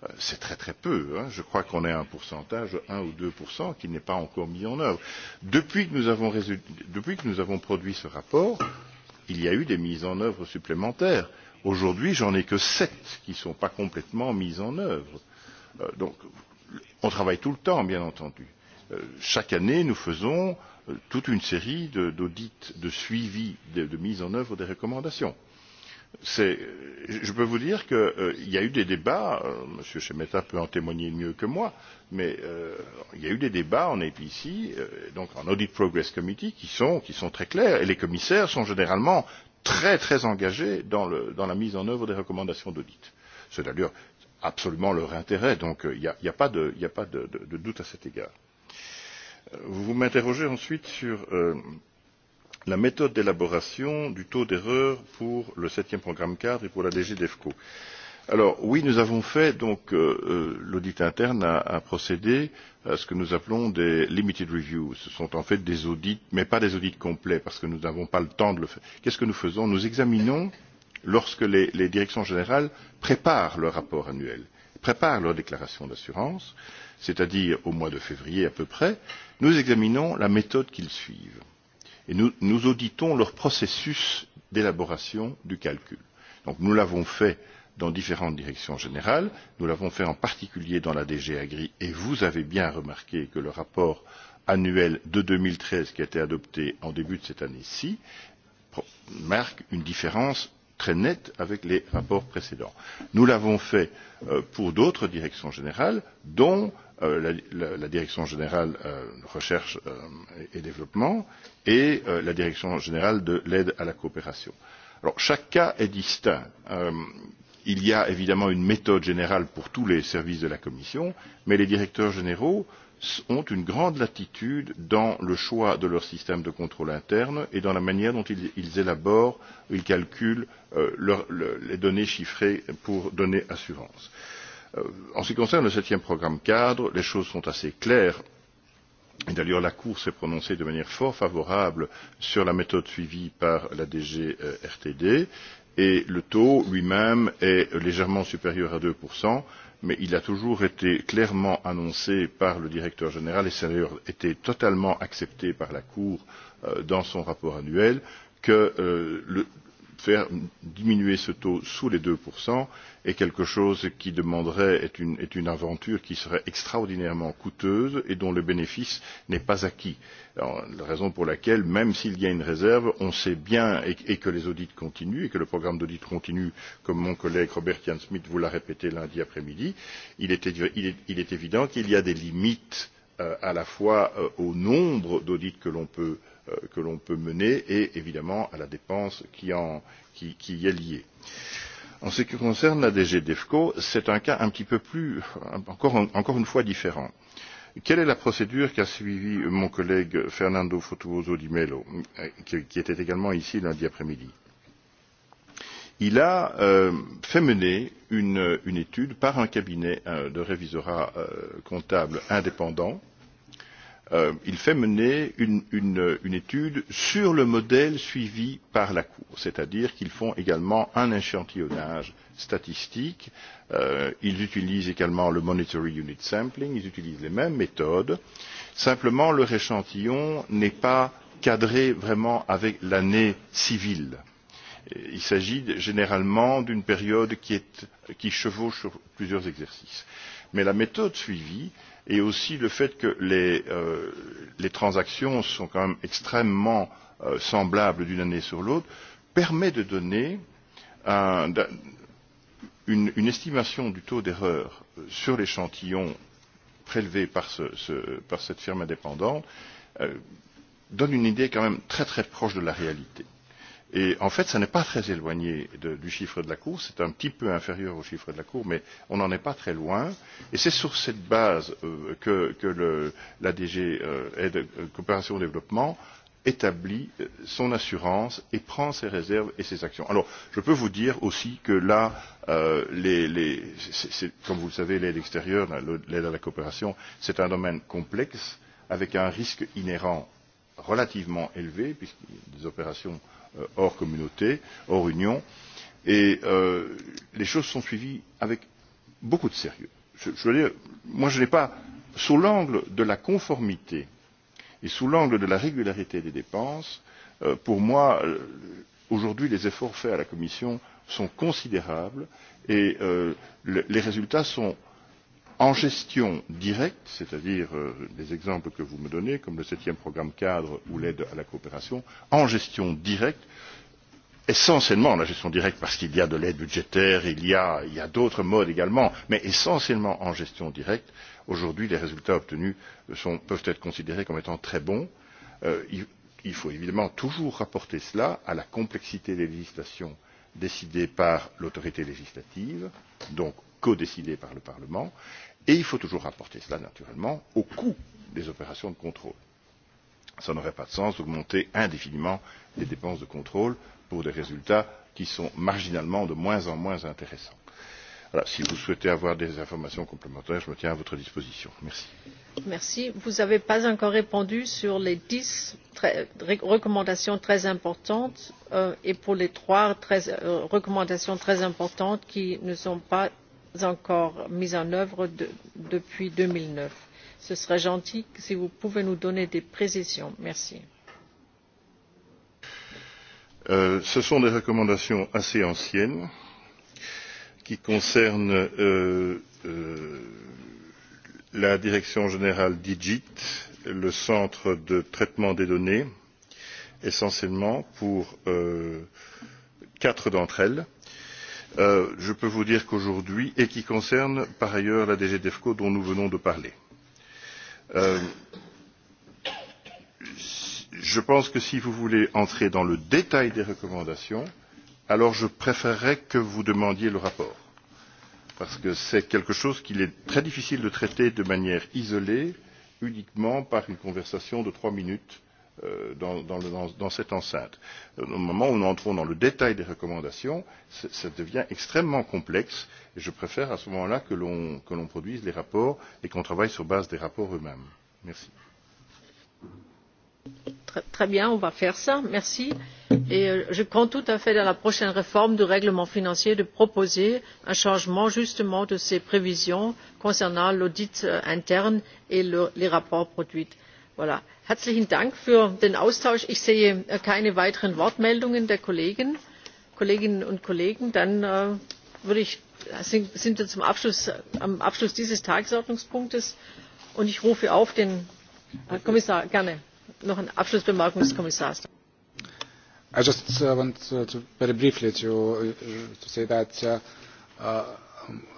Euh, c'est très très peu. Hein. Je crois qu'on est à un pourcentage, 1 ou 2 qui n'est pas encore mis en œuvre. Depuis que, nous avons résult... Depuis que nous avons produit ce rapport, il y a eu des mises en œuvre supplémentaires. Aujourd'hui, j'en ai que 7 qui ne sont pas complètement mises en œuvre. Euh, donc, on travaille tout le temps, bien entendu. Euh, chaque année, nous faisons euh, toute une série d'audits, de, de suivi, de, de mise en œuvre des recommandations je peux vous dire qu'il euh, y a eu des débats euh, m. emeta peut en témoigner mieux que moi mais euh, il y a eu des débats en apc euh, donc en audit progress committee qui sont, qui sont très clairs et les commissaires sont généralement très très engagés dans, le, dans la mise en œuvre des recommandations d'audit. c'est d'ailleurs absolument leur intérêt donc euh, il n'y a, a, pas, de, y a pas de, de, de doute à cet égard. Euh, vous m'interrogez ensuite sur la méthode d'élaboration du taux d'erreur pour le septième programme cadre et pour la dg devco. Alors, oui nous avons fait donc euh, euh l'audit interne a, a procédé à ce que nous appelons des limited reviews ce sont en fait des audits mais pas des audits complets parce que nous n'avons pas le temps de le faire. qu'est ce que nous faisons? nous examinons lorsque les, les directions générales préparent leur rapport annuel préparent leur déclaration d'assurance c'est à dire au mois de février à peu près nous examinons la méthode qu'ils suivent et nous, nous auditons leur processus d'élaboration du calcul. Donc, nous l'avons fait dans différentes directions générales nous l'avons fait en particulier dans la dg agri et vous avez bien remarqué que le rapport annuel de deux mille treize qui a été adopté en début de cette année ci marque une différence très net avec les rapports précédents. nous l'avons fait euh, pour d'autres directions générales dont euh, la, direction générale euh, recherche euh, et développement et la direction générale de l'aide à la coopération. Alors, chaque cas est distinct. il y a évidemment une méthode générale pour tous les services de la commission mais les directeurs généraux ont une grande latitude dans le choix de leur système de contrôle interne et dans la manière dont ils, ils élaborent, ils calculent euh, leur, le, les données chiffrées pour donner assurance. Euh, en ce qui concerne le septième programme cadre, les choses sont assez claires. Et d'ailleurs, la Cour s'est prononcée de manière fort favorable sur la méthode suivie par la DG euh, RTD et le taux lui-même est légèrement supérieur à 2%, mais il a toujours été clairement annoncé par le directeur général et ça a d'ailleurs été totalement accepté par la cour euh, dans son rapport annuel que euh, le faire diminuer ce taux sous les deux est quelque chose qui demanderait est une, est une aventure qui serait extraordinairement coûteuse et dont le bénéfice n'est pas acquis. Alors, la raison pour laquelle, même s'il y a une réserve, on sait bien et, et que les audits continuent et que le programme d'audit continue, comme mon collègue Robert Jan Smith vous l'a répété lundi après midi, il est, il est, il est évident qu'il y a des limites euh, à la fois euh, au nombre d'audits que l'on peut euh, Euh, que l'on peut mener et évidemment à la dépense qui, en, qui, qui y est liée. En ce qui concerne la DG DEFCO, c'est un cas un petit peu plus, encore, encore une fois, différent. Quelle est la procédure qu'a suivi mon collègue Fernando Fotuoso Di Mello, euh, qui, qui était également ici lundi après-midi il a euh, fait mener une, une étude par un cabinet euh, de révisorat euh, comptable indépendant euh, Euh, il fait mener une, étude sur le modèle suivi par la Cour, c'est-à-dire qu'ils font également un échantillonnage statistique, euh, ils utilisent également le Monetary Unit Sampling, ils utilisent les mêmes méthodes, simplement leur échantillon n'est pas cadré vraiment avec l'année civile. Il s'agit généralement d'une période qui, chevauche sur plusieurs exercices. Mais la méthode suivie et aussi le fait que les, euh, les transactions sont quand même extrêmement euh, semblables d'une année sur l'autre permet de donner un, une, une estimation du taux d'erreur euh, sur l'échantillon prélevé par, ce, ce, par cette firme indépendante euh, donne une idée quand même très très proche de la réalité. Et en fait, ce n'est pas très éloigné de, du chiffre de la Cour, c'est un petit peu inférieur au chiffre de la Cour, mais on n'en est pas très loin. Et c'est sur cette base euh, que, que le, la DG euh, Aide, euh, Coopération au Développement établit euh, son assurance et prend ses réserves et ses actions. Alors, je peux vous dire aussi que là, euh, les, les, c est, c est, comme vous le savez, l'aide extérieure, l'aide à la coopération, c'est un domaine complexe avec un risque inhérent relativement élevé, puisqu'il y a des opérations euh, Euh, hors communauté hors union et euh, les choses sont suivies avec beaucoup de sérieux. je, veux dire moi je n'ai pas sous l'angle de la conformité et sous l'angle de la régularité des dépenses euh, pour moi aujourd'hui les efforts faits à la commission sont considérables et les résultats sont en gestion directe c'est à dire les euh, exemples que vous me donnez comme le septième programme cadre ou l'aide à la coopération en gestion directe essentiellement la gestion directe parce qu'il y a de l'aide budgétaire il y a, d'autres modes également mais essentiellement en gestion directe aujourd'hui les résultats obtenus peuvent être considérés comme étant très bons. Euh, il, il faut évidemment toujours rapporter cela à la complexité des législations décidées par l'autorité législative donc codécidée par le Parlement, et il faut toujours rapporter cela naturellement au coût des opérations de contrôle. Ça n'aurait pas de sens d'augmenter indéfiniment les dépenses de contrôle pour des résultats qui sont marginalement de moins en moins intéressants. Voilà, si vous souhaitez avoir des informations complémentaires, je me tiens à votre disposition. Merci. Merci. Vous n'avez pas encore répondu sur les dix recommandations très importantes euh, et pour les trois euh, recommandations très importantes qui ne sont pas pas encore mis en œuvre depuis. deux mille neuf ce serait gentil si vous pouviez nous donner des précisions. merci. Euh, ce sont des recommandations assez anciennes qui concernent euh, euh, la direction générale digit le centre de traitement des données essentiellement pour euh, quatre d'entre elles Euh, je peux vous dire qu'aujourd'hui et qui concerne par ailleurs la dg devco dont nous venons de parler euh, je pense que si vous voulez entrer dans le détail des recommandations alors je préférerais que vous demandiez le rapport parce que c'est quelque chose qu'il est très difficile de traiter de manière isolée uniquement par une conversation de trois minutes Euh, dans, dans, le, dans, dans cette enceinte. Au moment où nous entrons dans le détail des recommandations, ça devient extrêmement complexe et je préfère à ce moment-là que l'on produise les rapports et qu'on travaille sur base des rapports eux-mêmes. Merci. Très, très bien, on va faire ça. Merci. Et euh, je compte tout à fait dans la prochaine réforme du règlement financier de proposer un changement justement de ces prévisions concernant l'audit euh, interne et le, les rapports produits herzlichen dank für den austausch. ich sehe äh, keine weiteren wortmeldungen der Kollegen, kolleginnen und kollegen. dann äh, ich, sind, sind wir abschluss, äh, am abschluss dieses tagesordnungspunktes und ich rufe auf den herr kommissar gerne noch eine abschlussbemerkung des kommissars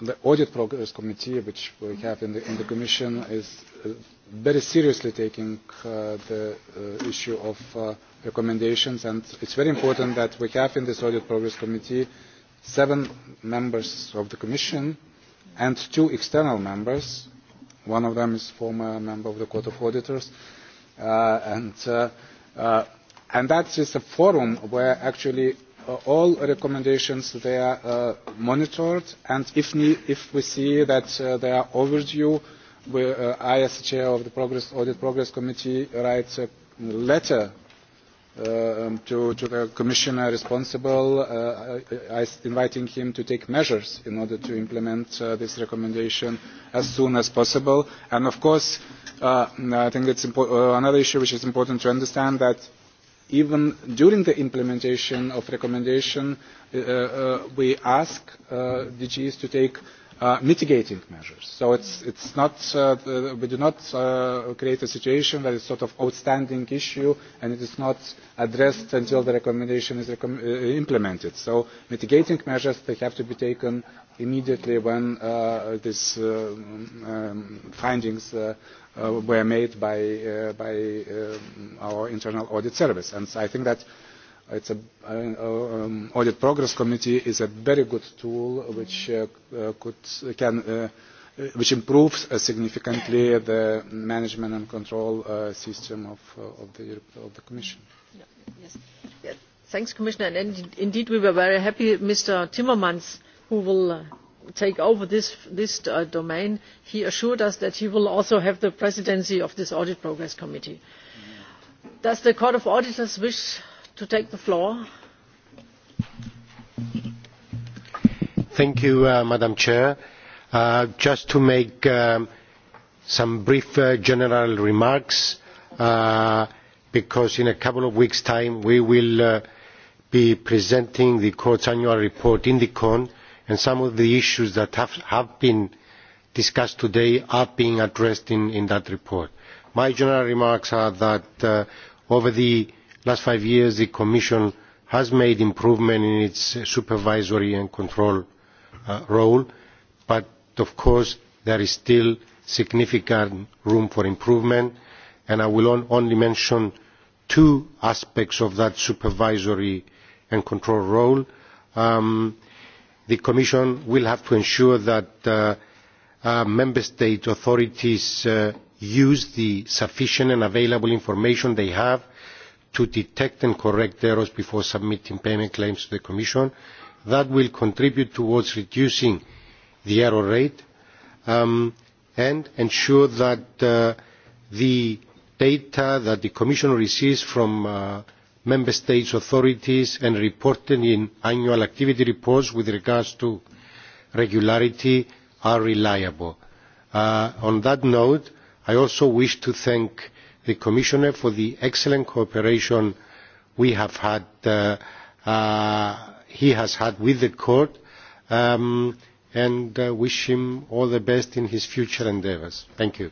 the audit progress uh, committee which we have in the, in the commission is uh, very seriously taking uh, the uh, issue of uh, recommendations and it's very important that we have in this audit progress committee seven members of the commission and two external members one of them is former member of the court of auditors uh, and uh, uh, and that is a forum where actually Uh, all recommendations they are uh, monitored and if, we see that uh, they are overdue, we, I as chair of the Audit Progress Committee write a letter um, to, the commissioner responsible inviting him to take measures in order to implement this recommendation as soon as possible. And of course, I think it's impo- another issue which is important to understand that even during the implementation of recommendation, uh, uh, we ask uh, DGs to take uh, mitigating measures. So it's, it's not, uh, we do not uh, create a situation that is sort of outstanding issue and it is not addressed until the recommendation is uh, implemented. So mitigating measures, they have to be taken immediately when uh, these uh, um, um, findings uh, uh, were made by, uh, by um, our internal audit service. And I think that it's a, uh, um, audit progress committee is a very good tool which uh, uh, could can uh, uh which improves uh, significantly the management and control uh, system of, uh, of, the, of the Commission. Yeah, yes. Yeah, thanks, Commissioner. And indeed, we were very happy, Mr. Timmermans, who will uh, take over this, uh, domain, he assured us that he will also have the presidency of this Audit Progress Committee. Does the Court of Auditors wish to take the floor? Thank you, uh, Madam Chair. Uh, just to make um, some brief uh, general remarks, uh, because in a couple of weeks' time we will uh, be presenting the Court's annual report in the CON and some of the issues that have, been discussed today are being addressed in, that report. my general remarks are that uh, over the last five years the commission has made improvement in its supervisory and control uh, role but of course there is still significant room for improvement and i will only mention two aspects of that supervisory and control role. firstly um, the commission will have to ensure that uh, uh, member state authorities uh, use the sufficient and available information they have to detect and correct errors before submitting payment claims to the commission. that will contribute towards reducing the error rate um, and ensure that the data that the commission receives from member states' authorities and reported in annual activity reports with regard to regularity are reliable. Uh, on that note i also wish to thank the commissioner for the excellent cooperation we have had, uh, uh, he has had with the court um, and wish him all the best in his future endeavours. thank you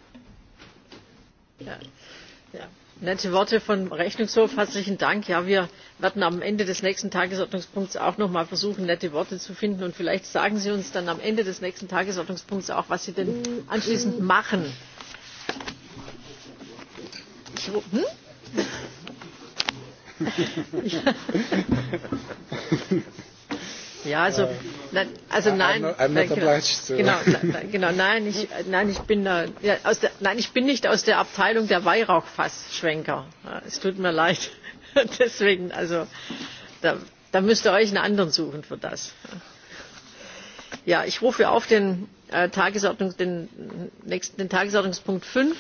nette worte vom rechnungshof herzlichen dank. ja wir werden am ende des nächsten tagesordnungspunkts auch noch einmal versuchen nette worte zu finden und vielleicht sagen sie uns dann am ende des nächsten tagesordnungspunkts auch was sie denn anschließend machen. Ja, also, äh, nein, also nein, I'm not, I'm not genau, äh. genau, nein, ich, nein, ich bin, äh, ja, aus der, nein, ich bin nicht aus der Abteilung der Weihrauchfassschwenker. Ja, es tut mir leid. Deswegen, also, da, da müsst ihr euch einen anderen suchen für das. Ja, ich rufe auf den, äh, Tagesordnung, den, nächsten, den Tagesordnungspunkt 5,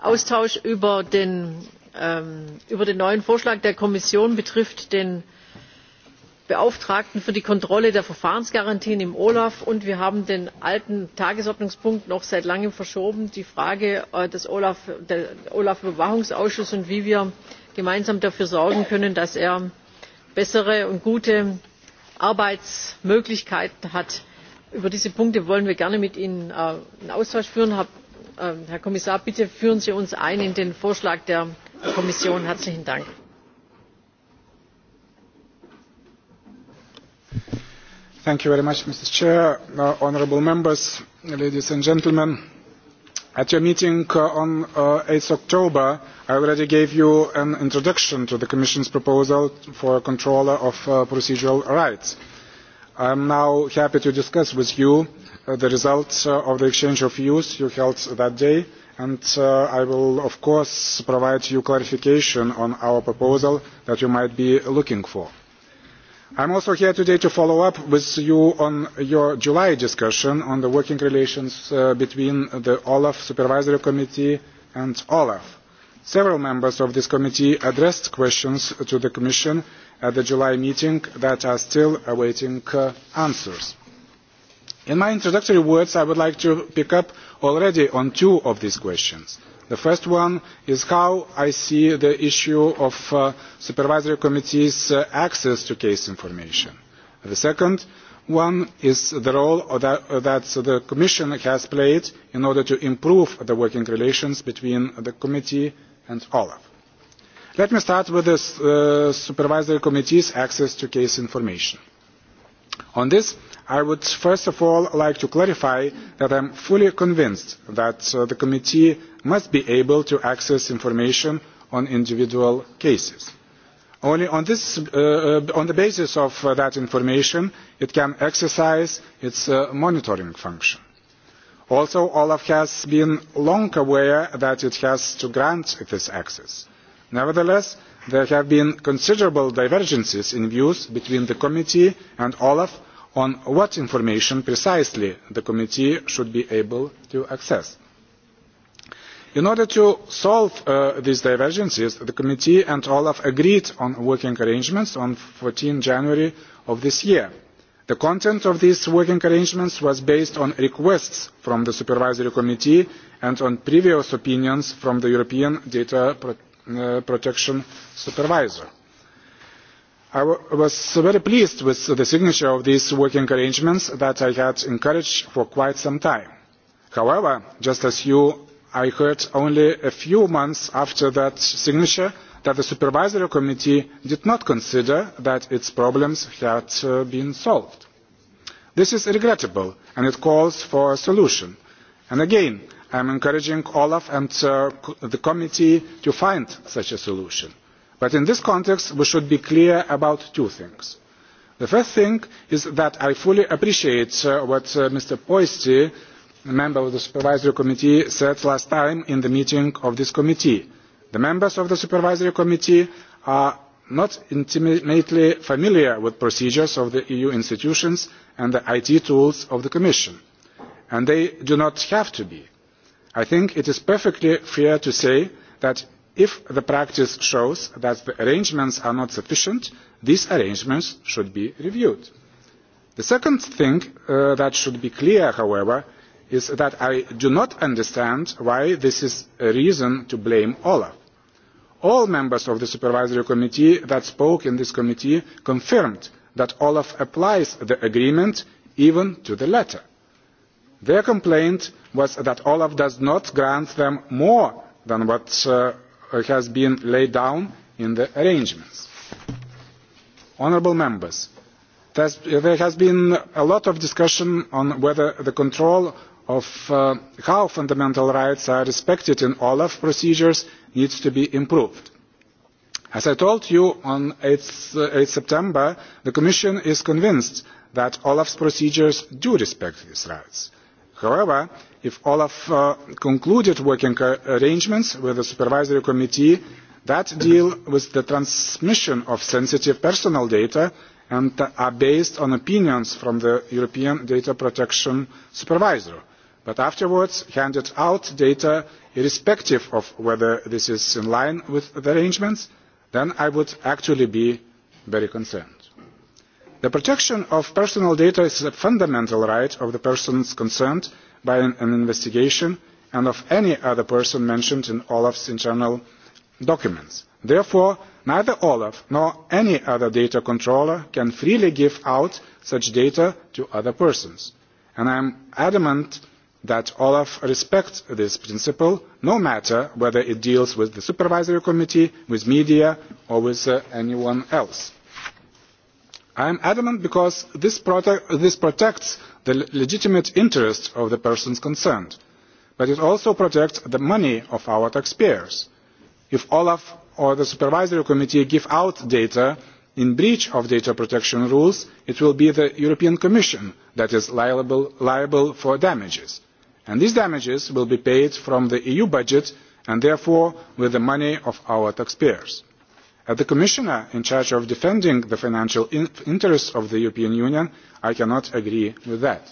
Austausch über den, ähm, über den neuen Vorschlag der Kommission betrifft den beauftragten für die kontrolle der verfahrensgarantien im olaf und wir haben den alten tagesordnungspunkt noch seit langem verschoben die frage äh, des olaf überwachungsausschusses und wie wir gemeinsam dafür sorgen können dass er bessere und gute arbeitsmöglichkeiten hat. über diese punkte wollen wir gerne mit ihnen äh, einen austausch führen. Äh, herr kommissar bitte führen sie uns in den vorschlag der kommission. herzlichen dank! Thank you very much, Mr. Chair, uh, honorable members, ladies and gentlemen. At your meeting uh, on uh, 8th October, I already gave you an introduction to the Commission's proposal for a controller of uh, procedural rights. I am now happy to discuss with you uh, the results uh, of the exchange of views you held that day, and uh, I will, of course, provide you clarification on our proposal that you might be looking for. I'm also here today to follow up with you on your july discussion on the working relations uh, between the olaf supervisory committee and olaf. several members of this committee addressed questions to the commission at the july meeting that are still awaiting uh, answers. in my introductory words i would like to pick up already on two of these questions. The first one is how I see the issue of uh, supervisory committees' uh, access to case information. The second one is the role that, uh, that the Commission has played in order to improve the working relations between the committee and Olaf. Let me start with the uh, supervisory committee's access to case information. On this, I would first of all like to clarify that I am fully convinced that uh, the committee must be able to access information on individual cases. Only on, uh, uh, the basis of that information it can exercise its monitoring function. Also, Olaf has been long aware that it has to grant this access. Nevertheless, there have been considerable divergences in views between the committee and Olaf on what information precisely the committee should be able to access. in order to solve uh, these divergences the committee and olaf agreed on working arrangements on fourteen january of this year. the content of these working arrangements was based on requests from the supervisory committee and on previous opinions from the european data uh, protection supervisor I was very pleased with the signature of these working arrangements that I had encouraged for quite some time. However, just as you, I heard only a few months after that signature that the Supervisory Committee did not consider that its problems had uh, been solved. This is regrettable and it calls for a solution. And again, I am encouraging Olaf and uh, the committee to find such a solution but in this context we should be clear about two things. the first thing is that i fully appreciate uh, what uh, mr poisty member of the supervisory committee said last time in the meeting of this committee the members of the supervisory committee are not intimately familiar with procedures of the eu institutions and the it tools of the commission and they do not have to be. i think it is perfectly fair to say that if the practice shows that the arrangements are not sufficient these arrangements should be reviewed. the second thing uh, that should be clear however is that i do not understand why this is a reason to blame olaf. all members of the supervisory committee that spoke in this committee confirmed that olaf applies the agreement even to the letter. their complaint was that olaf does not grant them more than what uh, has been laid down in the arrangements. Honourable members, there has been a lot of discussion on whether the control of uh, how fundamental rights are respected in olaf procedures needs to be improved. as i told you on 8 uh, september the commission is convinced that olaf's procedures do respect these rights. However, if Olaf uh, concluded working arrangements with the supervisory committee that deal with the transmission of sensitive personal data and are based on opinions from the European Data Protection Supervisor, but afterwards handed out data irrespective of whether this is in line with the arrangements, then I would actually be very concerned the protection of personal data is a fundamental right of the persons concerned by an, an investigation and of any other person mentioned in olaf's internal documents. therefore neither olaf nor any other data controller can freely give out such data to other persons and i am adamant that olaf respects this principle no matter whether it deals with the supervisory committee with the media or with uh, anyone else i am adamant because this, protects the legitimate interests of the persons concerned but it also protects the money of our taxpayers. if olaf or the supervisory committee give out data in breach of data protection rules it will be the european commission that is liable, liable for damages and these damages will be paid from the eu budget and therefore with the money of our taxpayers as the commissioner in charge of defending the financial interests of the european union i cannot agree with that.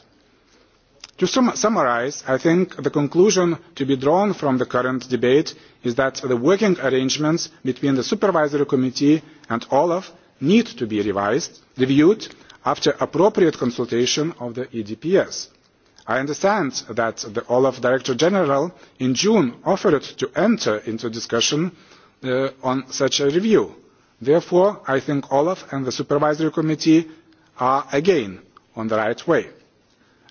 to sum summarise i think the conclusion to be drawn from the current debate is that the working arrangements between the supervisory committee and olaf need to be revised, reviewed after appropriate consultation of the edps. i understand that the olaf director general in june offered to enter into discussion uh, on such a review. Therefore, I think Olaf and the Supervisory Committee are again on the right way.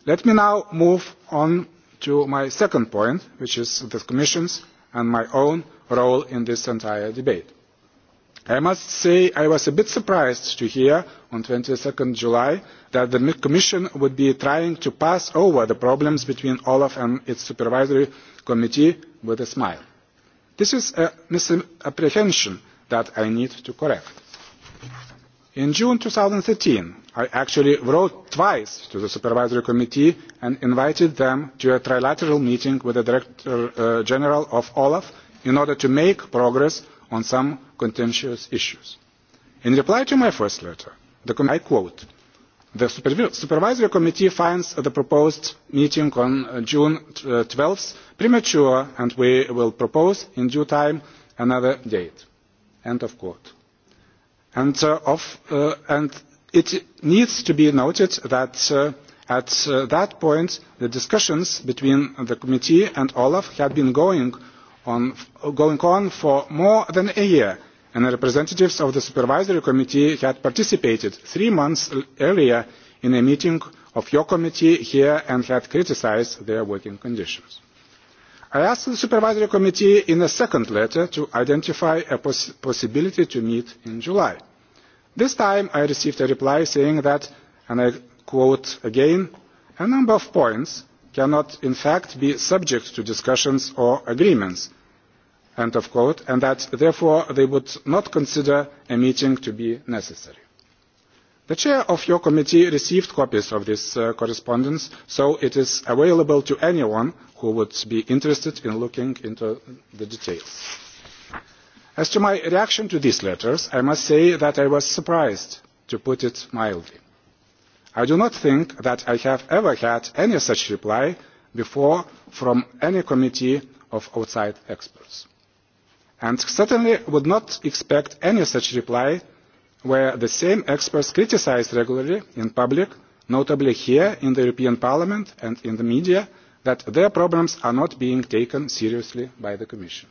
Let me now move on to my second point, which is the Commission's and my own role in this entire debate. I must say I was a bit surprised to hear on 22nd July that the Commission would be trying to pass over the problems between Olaf and its supervisory committee with a smile. This is a misapprehension that I need to correct. In June 2013, I actually wrote twice to the Supervisory Committee and invited them to a trilateral meeting with the Director uh, General of Olaf in order to make progress on some contentious issues. In reply to my first letter, the I quote, the supervisory committee finds the proposed meeting on uh, june 12th uh, premature and we will propose in due time another date. End of quote. And, uh, of, uh, and it needs to be noted that uh, at uh, that point the discussions between the committee and olaf had been going on, going on for more than a year and representatives of the supervisory committee had participated three months earlier in a meeting of your committee here and had criticised their working conditions. i asked the supervisory committee in a second letter to identify a poss possibility to meet in july. this time i received a reply saying that and i quote again a number of points cannot in fact be subject to discussions or agreements End of quote, and that therefore they would not consider a meeting to be necessary. The chair of your committee received copies of this uh, correspondence, so it is available to anyone who would be interested in looking into the details. As to my reaction to these letters, I must say that I was surprised, to put it mildly. I do not think that I have ever had any such reply before from any committee of outside experts and certainly would not expect any such reply where the same experts criticised regularly in public, notably here in the European Parliament and in the media, that their problems are not being taken seriously by the Commission.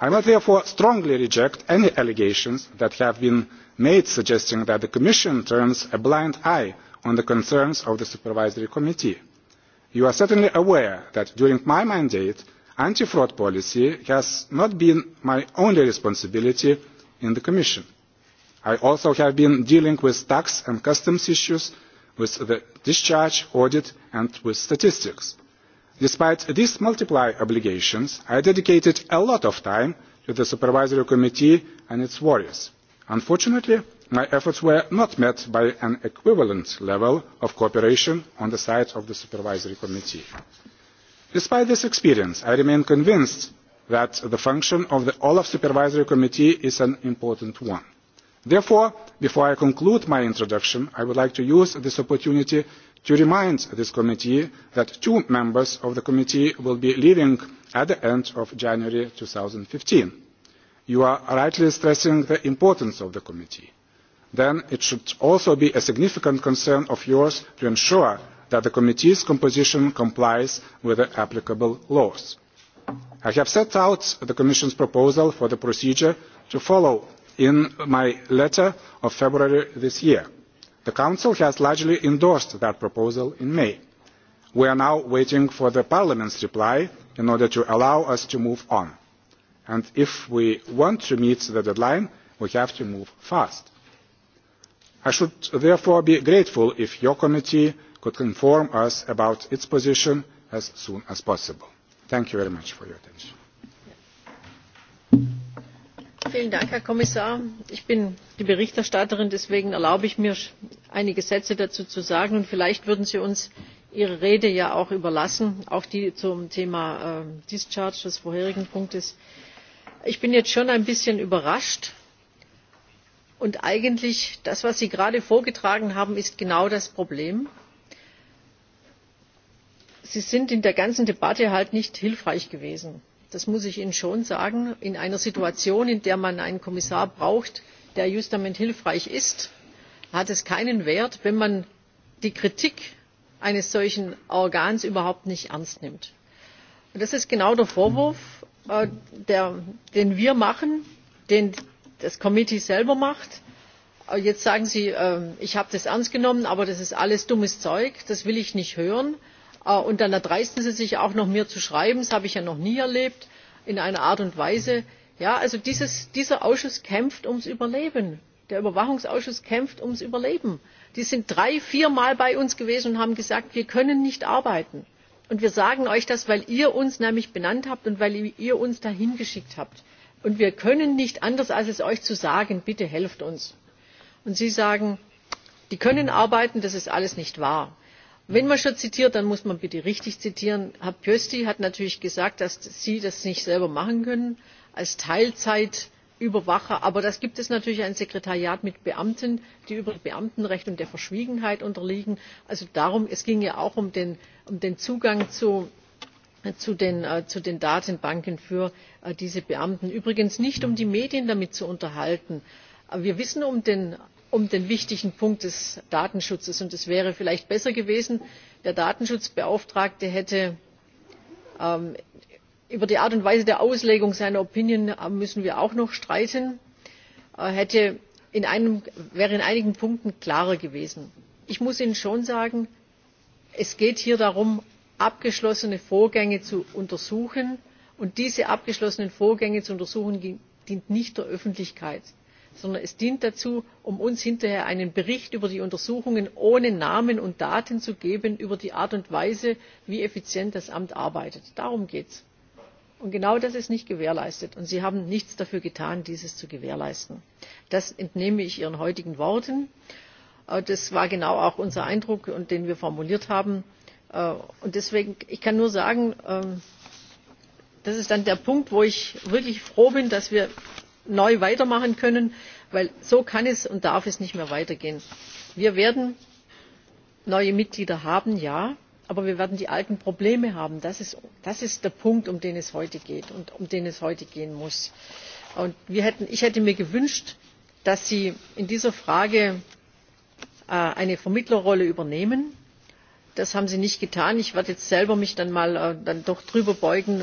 I must therefore strongly reject any allegations that have been made suggesting that the Commission turns a blind eye on the concerns of the Supervisory Committee. You are certainly aware that during my mandate anti fraud policy has not been my only responsibility in the commission. i also have been dealing with tax and customs issues with the discharge audit and with statistics. despite these multiple obligations i dedicated a lot of time to the supervisory committee and its worries. unfortunately my efforts were not met by an equivalent level of cooperation on the side of the supervisory committee despite this experience i remain convinced that the function of the olaf supervisory committee is an important one. therefore before i conclude my introduction i would like to use this opportunity to remind this committee that two members of the committee will be leaving at the end of january. two thousand and fifteen you are rightly stressing the importance of the committee. then it should also be a significant concern of yours to ensure that the committee's composition complies with the applicable laws. i have set out the commission's proposal for the procedure to follow in my letter of february this year. the council has largely endorsed that proposal in may. we are now waiting for parliament's reply in order to allow us to move on and if we want to meet the deadline we have to move fast. i should therefore be grateful if your committee could inform us about its position as soon as possible. Thank you very much for your attention. Vielen Dank, Herr Kommissar. Ich bin die Berichterstatterin, deswegen erlaube ich mir, einige Sätze dazu zu sagen. Und vielleicht würden Sie uns Ihre Rede ja auch überlassen, auch die zum Thema äh, Discharge des vorherigen Punktes. Ich bin jetzt schon ein bisschen überrascht, und eigentlich das was sie gerade vorgetragen haben ist genau das problem sie sind in der ganzen debatte halt nicht hilfreich gewesen das muss ich ihnen schon sagen in einer situation in der man einen kommissar braucht der justament hilfreich ist hat es keinen wert wenn man die kritik eines solchen organs überhaupt nicht ernst nimmt. das ist genau der vorwurf äh, den wir machen den das komitee selber macht. Äh, jetzt sagen sie äh, ich habe das ernst genommen aber das ist alles dummes zeug das will ich nicht hören. Ah, und dann erdreisten sie sich auch noch mir zu schreiben das habe ich ja noch nie erlebt in einer art und weise ja also dieser ausschuss kämpft ums überleben der überwachungsausschuss kämpft ums überleben. die sind drei viermal bei uns gewesen und haben gesagt wir können nicht arbeiten und wir sagen euch das weil ihr uns nämlich benannt habt und weil ihr uns dahin geschickt habt und wir können nicht anders als es euch zu sagen bitte helft uns. und sie sagen die können arbeiten das ist alles nicht wahr wenn man schon zitiert dann muss man bitte richtig zitieren. herr pösty hat natürlich gesagt dass sie das nicht selber machen können als teilzeitüberwacher aber es gibt natürlich ein sekretariat mit beamten die über beamtenrecht und der verschwiegenheit unterliegen. es ging ja auch um den, um zugang äh, zu den, Datenbanken für äh, diese Beamten. Übrigens nicht, um die Medien damit zu unterhalten. Äh, wir wissen um den um den wichtigen punkt des datenschutzes und es wäre vielleicht besser gewesen der datenschutzbeauftragte hätte ähm, über die art und weise der auslegung seiner opinion äh, müssen wir auch noch streiten äh, wäre in einigen punkten klarer gewesen. ich muss ihnen schon sagen es geht hier darum abgeschlossene vorgänge zu untersuchen und diese abgeschlossenen vorgänge zu untersuchen dient nicht der öffentlichkeit sondern es dient dazu um uns hinterher einen bericht über die untersuchungen ohne namen und daten zu geben über die art und weise wie effizient das amt arbeitet. darum geht es. und genau das ist nicht gewährleistet und sie haben nichts dafür getan dies zu gewährleisten. das entnehme ich ihren heutigen worten. Äh, das war genau auch unser eindruck den wir formuliert haben. Äh, und deswegen ich kann nur sagen ähm, das ist dann der punkt wo ich wirklich froh bin dass neu weitermachen können denn so kann es und darf es nicht mehr weitergehen. wir werden neue mitglieder haben ja aber wir werden die alten probleme haben. das ist der punkt um den es heute geht und um den es heute gehen muss. ich hätte mir gewünscht dass sie in dieser frage äh, eine vermittlerrolle übernehmen. das haben sie nicht getan. ich werde mich jetzt selber dann mal äh, doch darüber beugen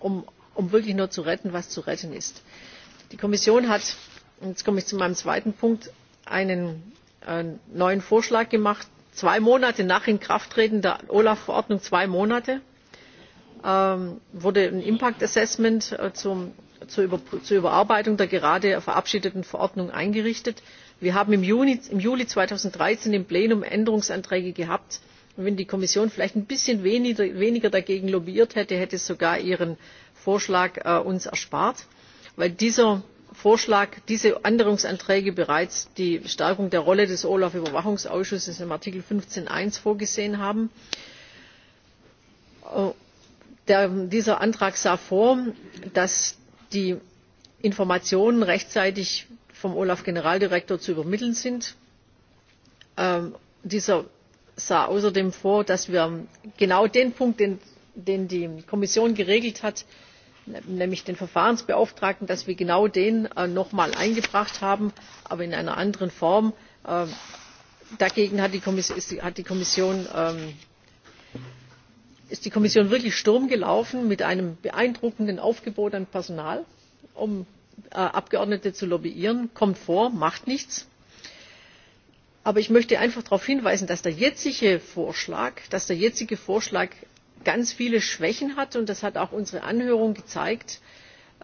um, um wirklich nur zu retten was zu retten ist die kommission hat jetzt komme ich zu meinem zweiten punkt einen äh, neuen vorschlag gemacht zwei monate nach inkrafttreten der olaf verordnung zwei monate ähm, wurde ein impact assessment äh, zur, überarbeitung der gerade verabschiedeten verordnung eingerichtet. wir haben im, juli zweitausenddreizehn im plenum änderungsanträge gehabt und wenn die kommission vielleicht ein bisschen weniger, dagegen lobbyiert hätte hätte sie uns sogar ihren vorschlag äh, erspart weil dieser vorschlag diese änderungsanträge bereits die stärkung der rolle des olaf überwachungsausschusses in artikel fünfzehn absatz eins vorgesehen haben. Äh, dieser antrag sah vor dass die informationen rechtzeitig vom olaf generaldirektor zu übermitteln sind. Ähm, dieser sah außerdem vor dass wir genau den punkt den die kommission geregelt hat nämlich den verfahrensbeauftragten dass wir genau den äh, noch einmal eingebracht haben aber in einer anderen form. dagegen ist die kommission wirklich sturm gelaufen mit einem beeindruckenden aufgebot an personal um äh, abgeordnete zu lobbyieren kommt vor macht nichts. aber ich möchte einfach darauf hinweisen dass der jetzige vorschlag ganz viele schwächen hat und das hat auch unsere anhörung gezeigt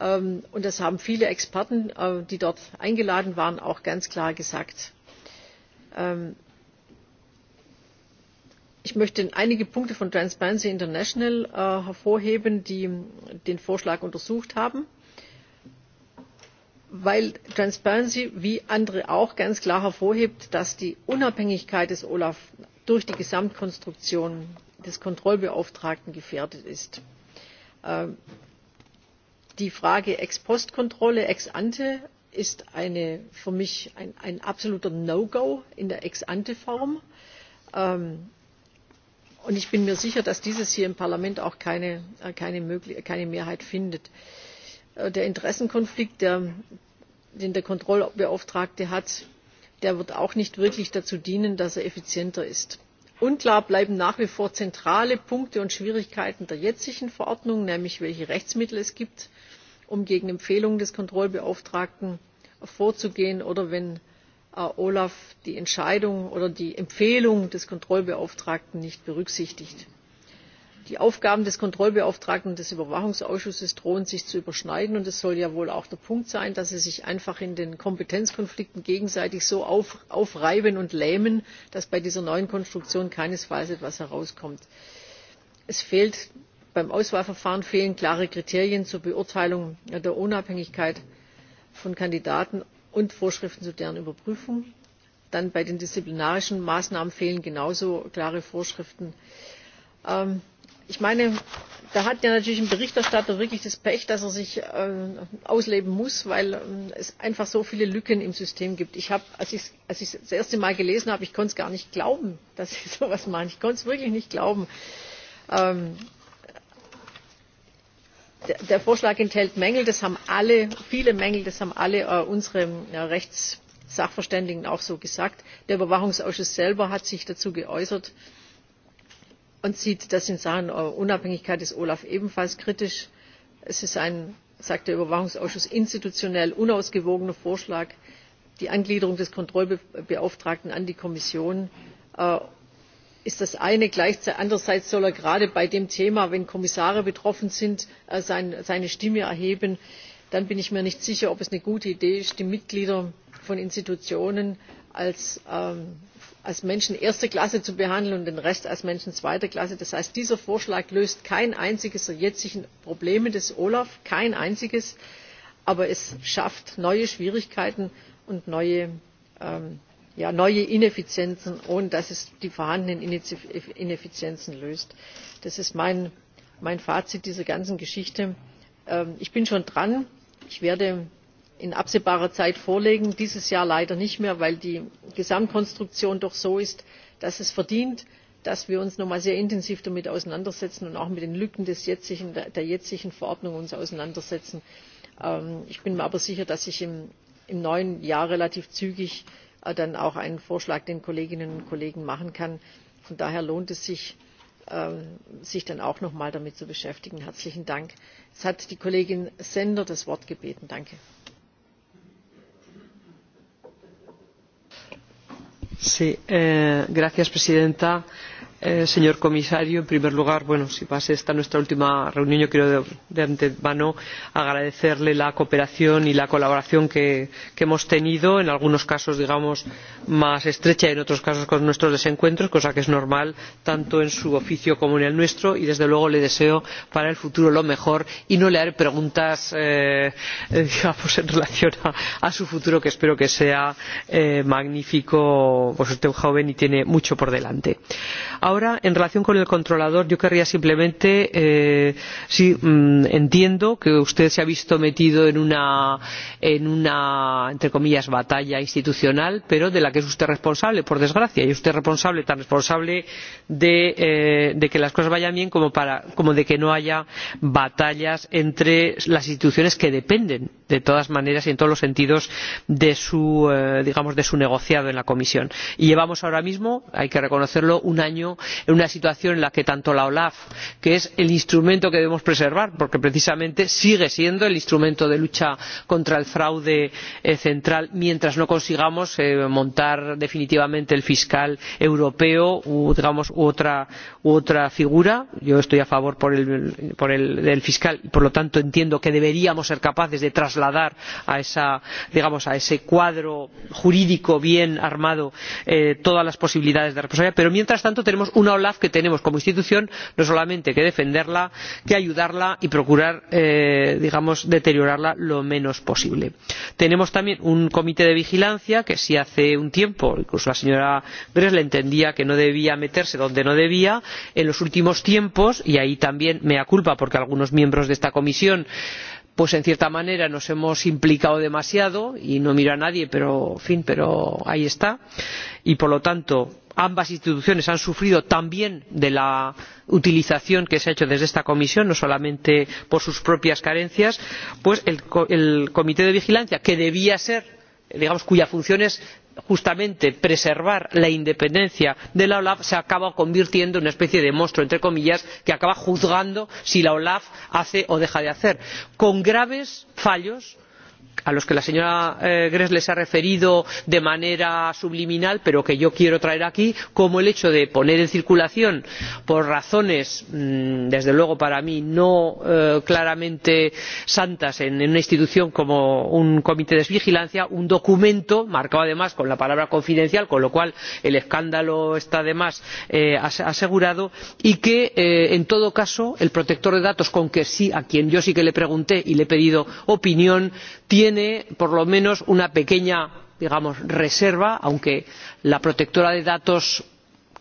ähm, und das haben viele experten äh, die dort eingeladen waren auch ganz klar gesagt. Ähm, ich möchte einige punkte von transparency international äh, hervorheben die den vorschlag untersucht haben weil transparency wie andere auch ganz klar hervorhebt dass die unabhängigkeit des olaf durch die gesamtkonstruktion des kontrollbeauftragten gefährdet ist. Ähm, die frage ex post kontrolle ex ante ist eine, für mich ein, ein absoluter no go in der ex ante form. Ähm, und ich bin mir sicher dass dieses hier im parlament auch keine, äh, keine, möglich, keine mehrheit findet. Äh, der interessenkonflikt der, den der kontrollbeauftragte hat der wird auch nicht wirklich dazu dienen dass er effizienter ist unklar bleiben nach wie vor zentrale punkte und schwierigkeiten der jetzigen verordnung nämlich welche rechtsmittel es gibt um gegen empfehlungen des kontrollbeauftragten vorzugehen oder wenn äh, olaf die entscheidung oder die empfehlung des kontrollbeauftragten nicht berücksichtigt die aufgaben des kontrollbeauftragten und des überwachungsausschusses drohen sich zu überschneiden und es soll ja wohl auch der punkt sein dass sie sich einfach in den kompetenzkonflikten gegenseitig so aufreiben und lähmen dass bei dieser neuen konstruktion keinesfalls etwas herauskommt. beim auswahlverfahren fehlen klare kriterien zur beurteilung der unabhängigkeit von kandidaten und vorschriften zu deren überprüfung. dann bei den disziplinarischen maßnahmen fehlen genauso klare vorschriften. Ähm, ich meine da hat ja natürlich ein berichterstatter wirklich das pech dass er sich äh, ausleben muss weil äh, es einfach so viele lücken im system gibt. als ich es das erste mal gelesen habe konnte ich es gar nicht glauben dass sie so etwas machen. ich konnte es wirklich nicht glauben. Ähm, der vorschlag enthält mängel das haben alle viele mängel das haben alle äh, unsere rechtssachverständigen auch so gesagt. der überwachungsausschuss selber hat sich dazu geäußert und sieht das in sachen äh, unabhängigkeit des olaf ebenfalls kritisch. es ist ein sagt der überwachungsausschuss institutionell unausgewogener vorschlag die angliederung des kontrollbeauftragten an die kommission äh, ist das eine. andererseits soll er gerade bei dem thema wenn kommissare betroffen sind äh, seine stimme erheben. dann bin ich mir nicht sicher ob es eine gute idee ist die mitglieder von institutionen als ähm, als menschen erster klasse zu behandeln und den rest als menschen zweiter klasse. das heißt dieser vorschlag löst kein einziges der jetzigen probleme des olaf kein einziges aber er schafft neue schwierigkeiten und neue, ähm, ineffizienzen ohne dass er die vorhandenen ineffizienzen löst. das ist mein, fazit dieser ganzen geschichte. Ähm, ich bin schon dran. ich werde in absehbarer zeit vorlegen dieses jahr leider nicht mehr weil die gesamtkonstruktion doch so ist dass es verdient dass wir uns noch einmal sehr intensiv damit auseinandersetzen und uns auch mit den lücken der jetzigen verordnung auseinandersetzen. Ähm, ich bin mir aber sicher dass ich im neuen jahr relativ zügig äh, dann auch einen vorschlag den kolleginnen und kollegen machen kann. von daher lohnt es sich ähm, sich dann auch noch einmal damit zu beschäftigen. herzlichen dank! jetzt hat die kollegin sender das wort gebeten. Sí, eh, gracias, presidenta. Eh, señor comisario en primer lugar si va a ser esta nuestra última reunión yo quiero de, antemano agradecerle la cooperación y la colaboración que, hemos tenido en algunos casos digamos más estrecha y en otros casos con nuestros desencuentros cosa que es normal tanto en su oficio como en el nuestro y desde luego le deseo para el futuro lo mejor y no le haré preguntas eh, eh, digamos en relación con su futuro que espero que sea magnífico pues usted es joven y tiene mucho por delante ahora en relación con el controlador yo querría simplemente eh, sí mm, entiendo que usted se ha visto metido en una, entre comillas batalla institucional pero de la que es usted responsable por desgracia y usted es tan responsable eh, de, que las cosas vayan bien como, de que no haya batallas entre las instituciones que dependen de todas maneras y en todos los sentidos de su, eh, digamos, de su negociado en la comisión. y llevamos ahora mismo hay que reconocerlo un año en una situación en la que tanto la olaf que es el instrumento que debemos preservar porque precisamente sigue siendo el instrumento de lucha contra el fraude eh, central mientras no consigamos eh, montar definitivamente el fiscal europeo u otra figura yo estoy a favor del fiscal y por lo tanto entiendo que deberíamos ser capaces de trasladar a ese cuadro jurídico bien armado eh, todas las posibilidades de responsabilidad pero mientras tanto tenemos una olaf que tenemos como institución no solamente que defenderla que ayudarla y procurar eh, digamos deteriorarla lo menos posible. tenemos también un comité de vigilancia que si hace un tiempo incluso la señora grle entendía que no debía meterse donde no debía en los últimos tiempos y ahí también mea culpa porque algunos miembros de esta comisión pues en cierta manera nos hemos implicado demasiado y no miro a nadie pero en fin pero ahí está y por lo tanto ambas instituciones han sufrido también de la utilización que se ha hecho desde esta comisión no solamente por sus propias carencias pues el, el comité de vigilancia que debía ser digamos cuya función es justamente preservar la independencia de la olaf se acaba convirtiendo en una especie de monstruo entre comillas que acaba juzgando si la olaf hace o deja de hacer con graves fallos a los que la señora eh, grle se ha referido de manera subliminal pero que yo quiero traer aquí como el hecho de poner en circulación por razones mm, desde luego para mí no eh, claramente santas en una institución como un comité de vigilancia un documento marcado además con la palabra confidencial con lo cual el escándalo está además eh, asegurado y que en todo caso el protector de datos a quien yo sí que le pregunté y le he pedido opinión tiene por lo menos una pequeña digamos reserva aunque la protectora de datos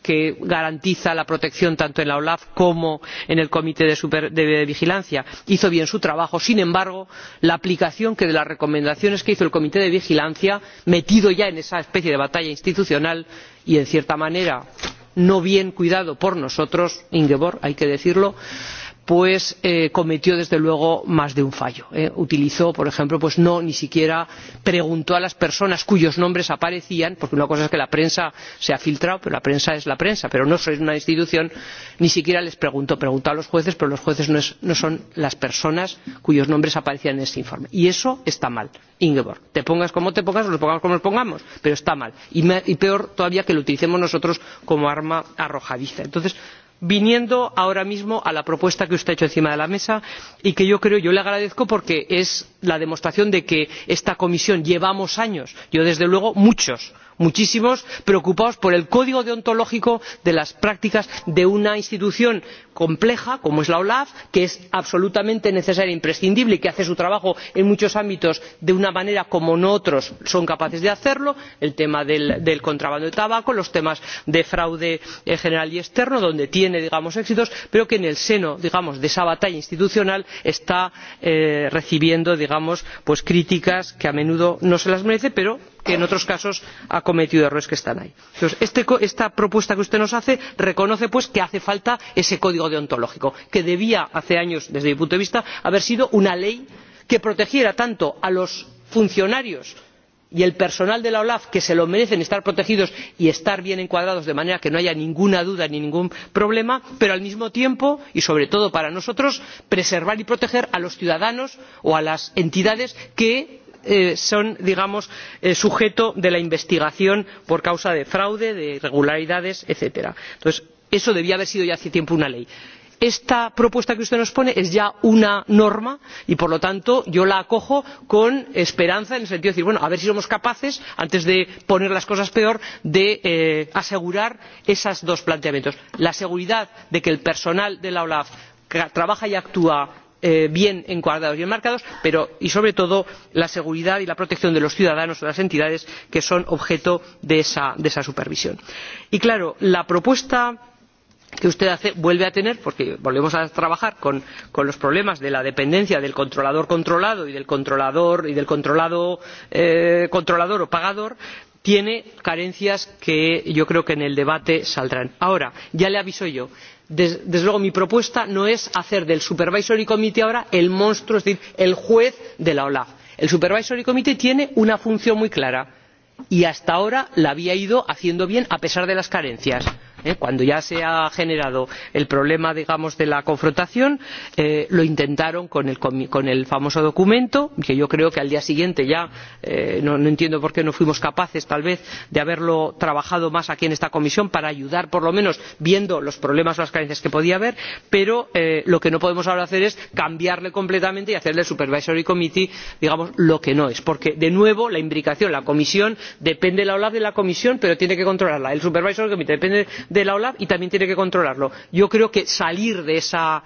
que garantiza la protección tanto en la olaf como en el comité de vigilancia hizo bien su trabajo sin embargo la aplicación de las recomendaciones que hizo el comité de vigilancia metido ya en esa especie de batalla institucional y en cierta manera no bien cuidado por nosotros ingeborg hay que decirlo no pues eh, cometió desde luego más de un fallo. ¿eh? utilizó por ejemplo pues no ni siquiera preguntó a las personas cuyos nombres aparecían porque una cosa es que la prensa se ha filtrado pero la prensa es la prensa pero no sois una institución ni siquiera les preguntó preguntó a los jueces pero los jueces no, son las personas cuyos nombres aparecían en ese informe y eso está mal ingeborg te pongas como te pongas nos pongamos como nos pongamos pero está mal y peor todavía que lo utilicemos nosotros como arma arrojadiza. entonces viniendo ahora mismo a la propuesta que usted ha hecho encima de la mesa y que yo yo le agradezco porque es la demostración de que esta comisión lleva años yo desde luego muchos muchísimos preocupados por el código deontológico de las prácticas de una institución compleja como es la olaf que es absolutamente necesaria e imprescindible y que hace su trabajo en muchos ámbitos de una manera como no otros son capaces de hacerlo el tema del contrabando de tabaco los temas de fraude eh, general y externo donde tiene digamos éxitos pero que en el seno digamos de esa batalla institucional está eh, recibiendo hagamos pues críticas que a menudo no se las merece pero que en otros casos ha cometido errores que están ahí. esta propuesta que usted nos hace reconoce pues que hace falta ese código deontológico que debía hace años desde mi punto de vista haber sido una ley que protegiera tanto a los funcionarios y el personal de la olaf que se lo merecen estar protegidos y estar bien encuadrados de manera que no haya ninguna duda ni ningún problema pero al mismo tiempo y sobre todo para nosotros preservar y proteger a los ciudadanos o a las entidades que eh, son digamos objeto eh, de la investigación por causa de fraude de irregularidades etc. eso debería haber sido ya hace tiempo una ley esta propuesta que usted nos pone es ya una norma y por lo tanto yo la acojo con esperanza en el sentido de decir a ver si somos capaces antes de poner las cosas peor de eh, asegurar esos dos planteamientos la seguridad de que el personal de la olaf trabaja y actúa eh, bien encuadrados y enmarcados y sobre todo la seguridad y la protección de los ciudadanos o de las entidades que son objeto de esa supervisión. y claro la propuesta que que usted vuelve a tener porque volvemos a trabajar con, los problemas de la dependencia del controlador controlado y del controlador, y del controlado, eh, controlador o pagador tiene carencias que yo creo que en el debate saldrán. ahora ya le aviso yo desde luego mi propuesta no es hacer del supervisory committee ahora el monstruo es decir el juez de la olaf. el supervisory committee tiene una función muy clara y hasta ahora la había ido haciendo bien a pesar de las carencias ¿eh? cuando ya se ha generado el problema digamos de la confrontación eh, lo intentaron con el, famoso documento que yo creo que al día siguiente ya eh, no, entiendo por qué no fuimos capaces tal vez de haberlo trabajado más aquí en esta comisión para ayudar por lo menos viendo los problemas o las carencias que podía haber pero lo que no podemos ahora hacer es cambiarle completamente y hacer del supervisory committee digamos lo que no es porque de nuevo la imbricación la comisión depende de la olaf de la comisión pero tiene que controlarla el supervisory committee depende de la olaf y también tiene que controlarlo. yo creo que salir de esa,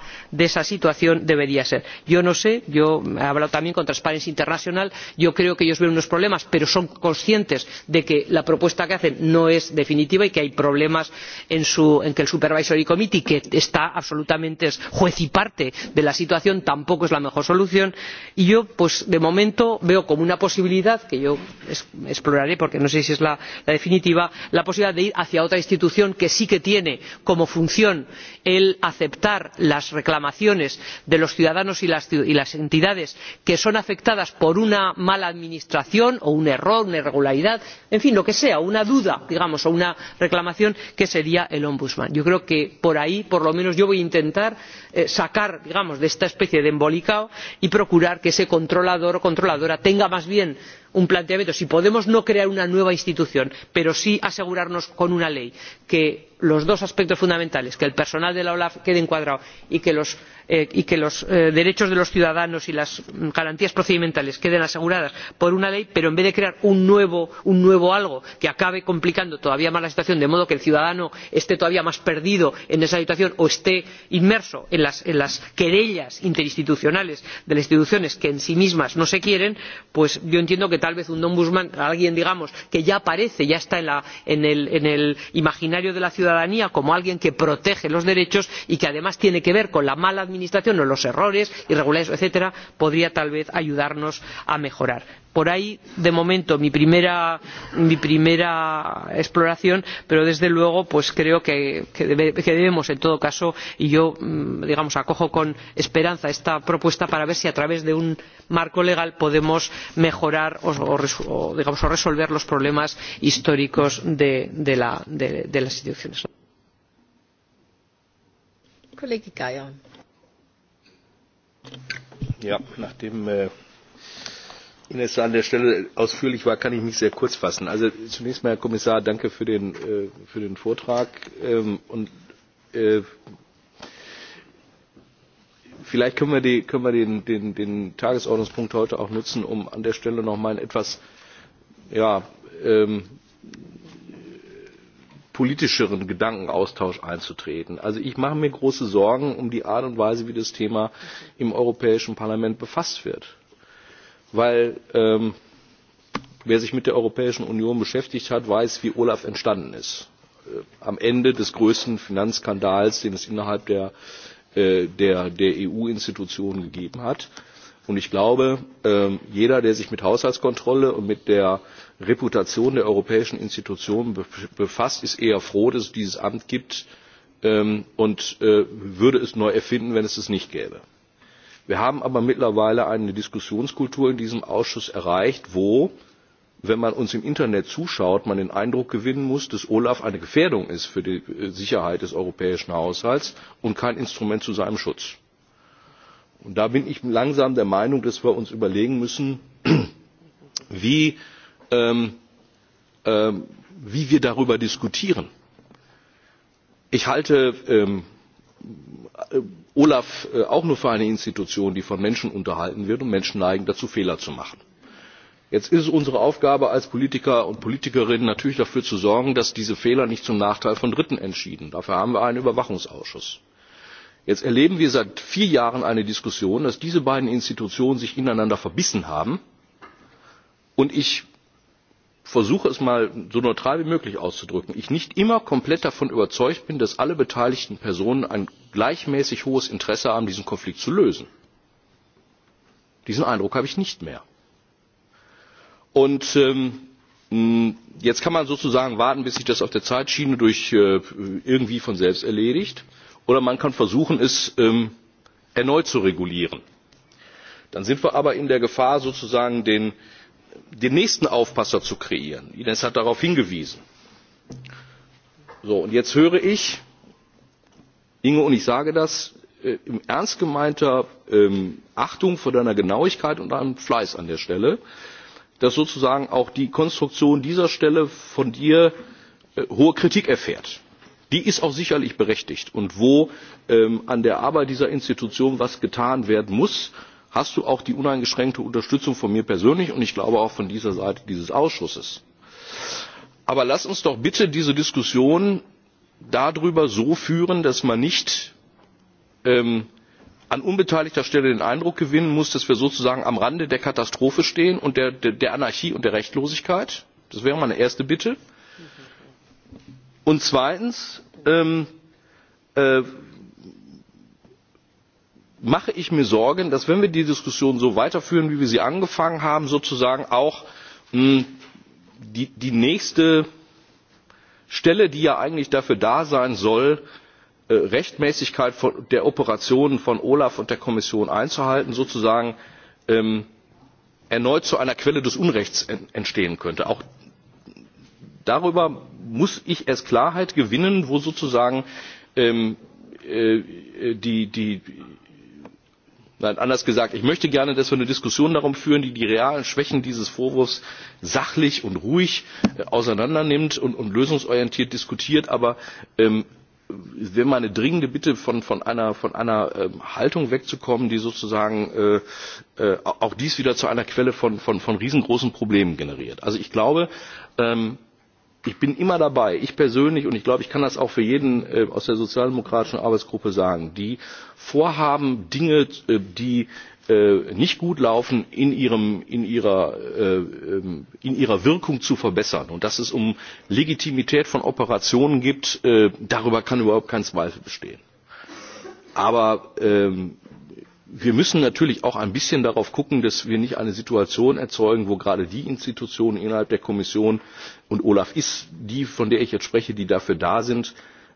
situación debería ser. yo no sé yo he hablado también con transparency international yo creo que ellos ven unos problemas pero son conscientes de que la propuesta que hacen no es definitiva y que hay problemas en, que el supervisory committee que es absolutamente juez y parte de la situación tampoco es la mejor solución y yo de momento veo como una posibilidad que yo exploraré porque no sé si es la, definitiva la posibilidad de ir hacia otra institución sí que tiene como función el aceptar las reclamaciones de los ciudadanos y las entidades que son afectadas por una mala administración o un error una irregularidad en fin lo que sea una duda digamos o una reclamación que sería el ombudsman. yo creo que por ahí por lo menos yo voy a intentar eh, sacar digamos de esta especie de embolicado y procurar que ese controlador o controladora tenga más bien un planteamiento si podemos no crear una nueva institución pero sí asegurarnos con una ley que los dos aspectos fundamentales que el personal de la olaf quede encuadrado y que los Eh, y que los eh, derechos de los ciudadanos y las garantías procedimentales queden aseguradas por una ley pero en vez de crear un nuevo, algo que acabe complicando todavía más la situación de modo que el ciudadano esté todavía más perdido en esa situación o esté inmerso en las, querellas interinstitucionales de las instituciones que en sí mismas no se quieren pues yo entiendo que tal vez un ombudsman alguien digamos que ya aparece ya está en el imaginario de la ciudadanía como alguien que protege los derechos y que además tiene que ver con la mala administración o los errores irregularidades etcétera podría tal vez ayudarnos a mejorar. por ahí de momento mi primera, exploración pero desde luego creo que, debemos en todo caso y yo mm, digamos acojo con esperanza esta propuesta para ver si a través de un marco legal podemos mejorar o, resolver los problemas históricos de, las instituciones. Ja, nachdem äh, Ines an der Stelle ausführlich war, kann ich mich sehr kurz fassen. Also zunächst mal, Herr Kommissar, danke für den, äh, für den Vortrag. Ähm, und äh, vielleicht können wir, die, können wir den, den, den Tagesordnungspunkt heute auch nutzen, um an der Stelle noch mal etwas ja, ähm, politischeren Gedankenaustausch einzutreten. Also ich mache mir große Sorgen um die Art und Weise, wie das Thema im Europäischen Parlament befasst wird. Weil ähm, wer sich mit der Europäischen Union beschäftigt hat, weiß, wie Olaf entstanden ist. Äh, am Ende des größten Finanzskandals, den es innerhalb der, äh, der, der EU-Institutionen gegeben hat. Und ich glaube, äh, jeder, der sich mit Haushaltskontrolle und mit der reputation der europäischen institutionen befasst ist eher froh dass es dieses amt gibt ähm, und äh, würde es neu erfinden wenn es es nicht gäbe. wir haben aber mittlerweile eine diskussionskultur in diesem ausschuss erreicht wo wenn man uns im internet zuschaut man den eindruck gewinnen muss dass olaf eine gefährdung ist für die äh, sicherheit des europäischen haushalts und kein instrument zu seinem schutz. da bin ich langsam der meinung dass wir uns überlegen müssen wie Ähm, ähm, wie wir darüber diskutieren. ich halte ähm, äh, olaf äh, auch nur für eine institution die von menschen unterhalten wird und menschen neigen dazu fehler zu machen. jetzt ist es unsere aufgabe als politiker und politikerinnen natürlich dafür zu sorgen dass diese fehler nicht zum nachteil von dritten entschieden. werden. dafür haben wir einen überwachungsausschuss. jetzt erleben wir seit vier jahren eine diskussion dass diese beiden institutionen sich ineinander verbissen haben und ich versuche es mal so neutral wie möglich auszudrücken ich nicht immer komplett davon überzeugt bin dass alle beteiligten personen ein gleichmäßig hohes interesse haben diesen konflikt zu lösen. diesen eindruck habe ich nicht mehr. und ähm, jetzt kann man sozusagen warten bis sich das auf der zeitschiene durch äh, irgendwie von selbst erledigt oder man kann versuchen es ähm, erneut zu regulieren. dann sind wir aber in der gefahr sozusagen den den nächsten aufpasser zu kreieren. ines hat darauf hingewiesen. So, und jetzt höre ich inge und ich sage das äh, in ernst gemeinter ähm, achtung vor deiner genauigkeit und deinem fleiß an der stelle dass sozusagen auch die konstruktion dieser stelle von dir äh, hohe kritik erfährt. die ist auch sicherlich berechtigt und wo ähm, an der arbeit dieser institution was getan werden muss hast du auch die uneingeschränkte unterstützung von mir persönlich und ich glaube auch von dieser seite dieses ausschusses. aber lass uns doch bitte diese diskussion darüber so führen dass man nicht ähm, an unbeteiligter stelle den eindruck gewinnen muss dass wir sozusagen am rande der katastrophe stehen und der, der, der anarchie und der rechtlosigkeit. das wäre meine erste bitte. und zweitens ähm, äh, mache ich mir sorgen dass wenn wir die diskussion so weiterführen wie wir sie angefangen haben sozusagen auch hm, die, die nächste stelle die ja eigentlich dafür da sein soll äh, rechtmäßigkeit von, der operationen von olaf und der kommission einzuhalten sozusagen ähm, erneut zu einer quelle des unrechts entstehen könnte. auch darüber muss ich erst klarheit gewinnen wo sozusagen ähm, äh, äh die, die nein anders gesagt ich möchte gerne dass wir eine diskussion darum führen die die realen schwächen dieses vorwurfs sachlich und ruhig äh, auseinandernimmt und, und lösungsorientiert diskutiert aber ähm, wäre meine dringende Bitte, von, von einer, von einer ähm, Haltung wegzukommen, die sozusagen äh, äh, auch dies wieder zu einer Quelle von, von, von riesengroßen Problemen generiert. Also ich glaube, ähm, ich bin immer dabei ich persönlich und ich glaube ich kann das auch für jeden äh, aus der sozialdemokratischen arbeitsgruppe sagen die vorhaben dinge äh, die äh, nicht gut laufen in, ihrem, in, ihrer, ähm, in ihrer wirkung zu verbessern und dass es um legitimität von operationen geht darüber kann überhaupt kein zweifel bestehen. aber ähm, wir müssen natürlich auch ein bisschen darauf achten dass wir nicht eine situation erzeugen wo gerade die institutionen innerhalb der kommission und olaf ist die von der ich jetzt spreche die dafür da sind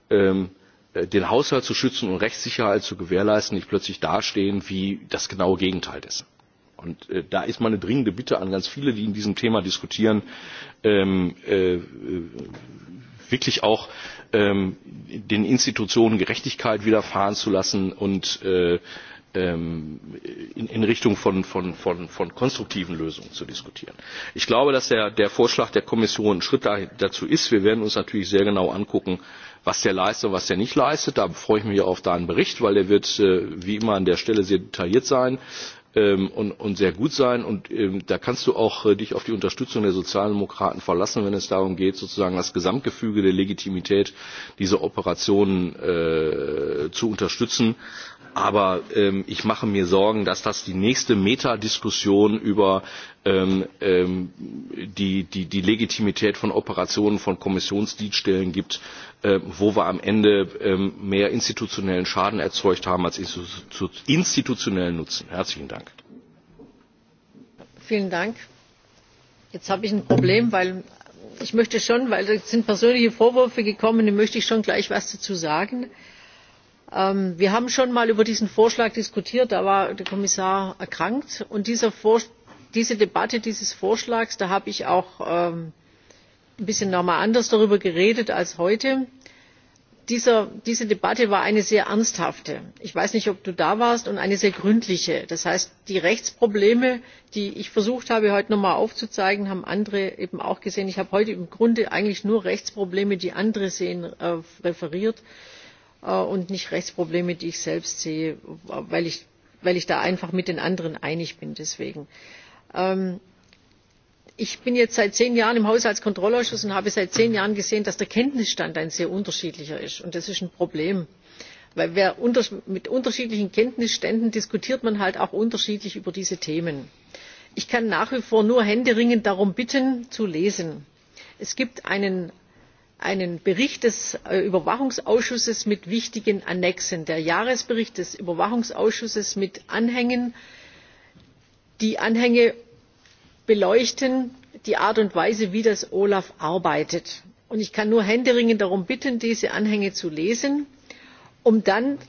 ähm, äh, den haushalt zu schützen und rechtssicherheit zu gewährleisten nicht plötzlich dastehen wie das genaue gegenteil dessen. Und äh, da ist meine dringende Bitte an ganz viele, die in diesem Thema diskutieren, ähm, äh, äh wirklich auch ähm, den Institutionen Gerechtigkeit widerfahren zu lassen und äh, Ähm, in richtung von, von, von, von konstruktiven lösungen zu diskutieren. ich glaube dass der, der vorschlag der kommission ein schritt dazu ist. wir werden uns natürlich sehr genau angucken was der leistet und was der nicht leistet. da freue ich mich auf deinen bericht weil er wird äh, wie immer an der stelle sehr detailliert sein ähm, und, und sehr gut sein. Und ähm, da kannst du auch äh, dich auf die Unterstützung der Sozialdemokraten verlassen, wenn es darum geht, sozusagen das Gesamtgefüge der Legitimität dieser Operationen äh, zu unterstützen aber ähm, ich mache mir Sorgen, dass das die nächste Metadiskussion über ähm, ähm, die, die, die Legitimität von Operationen von Kommissionsdienststellen gibt, äh, wo wir am Ende ähm, mehr institutionellen Schaden erzeugt haben als institu institutionellen Nutzen. Herzlichen Dank. Vielen Dank. Jetzt habe ich ein Problem, weil ich möchte schon, weil es sind persönliche Vorwürfe gekommen, da möchte ich schon gleich was dazu sagen. Ähm, wir haben schon mal über diesen vorschlag diskutiert da war der kommissar erkrankt und diese debatte dieses vorschlags da habe ich auch ähm, ein bisschen noch mal anders darüber geredet als heute diese debatte war eine sehr ernsthafte ich weiß nicht ob du da warst und eine sehr gründliche. das heißt die rechtsprobleme die ich versucht habe heute noch mal aufzuzeigen haben andere eben auch gesehen. ich habe heute im grunde eigentlich nur rechtsprobleme die andere sehen äh, referiert. Äh, und nicht Rechtsprobleme, die ich selbst sehe, weil ich, weil ich da einfach mit den anderen einig bin. Ähm, ich bin jetzt seit zehn jahren im haushaltskontrollausschuss und habe seit zehn jahren gesehen dass der kenntnisstand ein sehr unterschiedlicher ist und das ist ein problem weil unter, mit unterschiedlichen kenntnisständen diskutiert man halt auch unterschiedlich über diese themen. ich kann nach wie vor nur händeringend darum bitten zu lesen. es gibt einen einen bericht des äh, überwachungsausschusses mit wichtigen anhängen den jahresbericht des überwachungsausschusses mit anhängen die anhänge beleuchten die art und weise wie das olaf arbeitet. ich kann nur händeringend darum bitten diese anhänge zu lesen um dann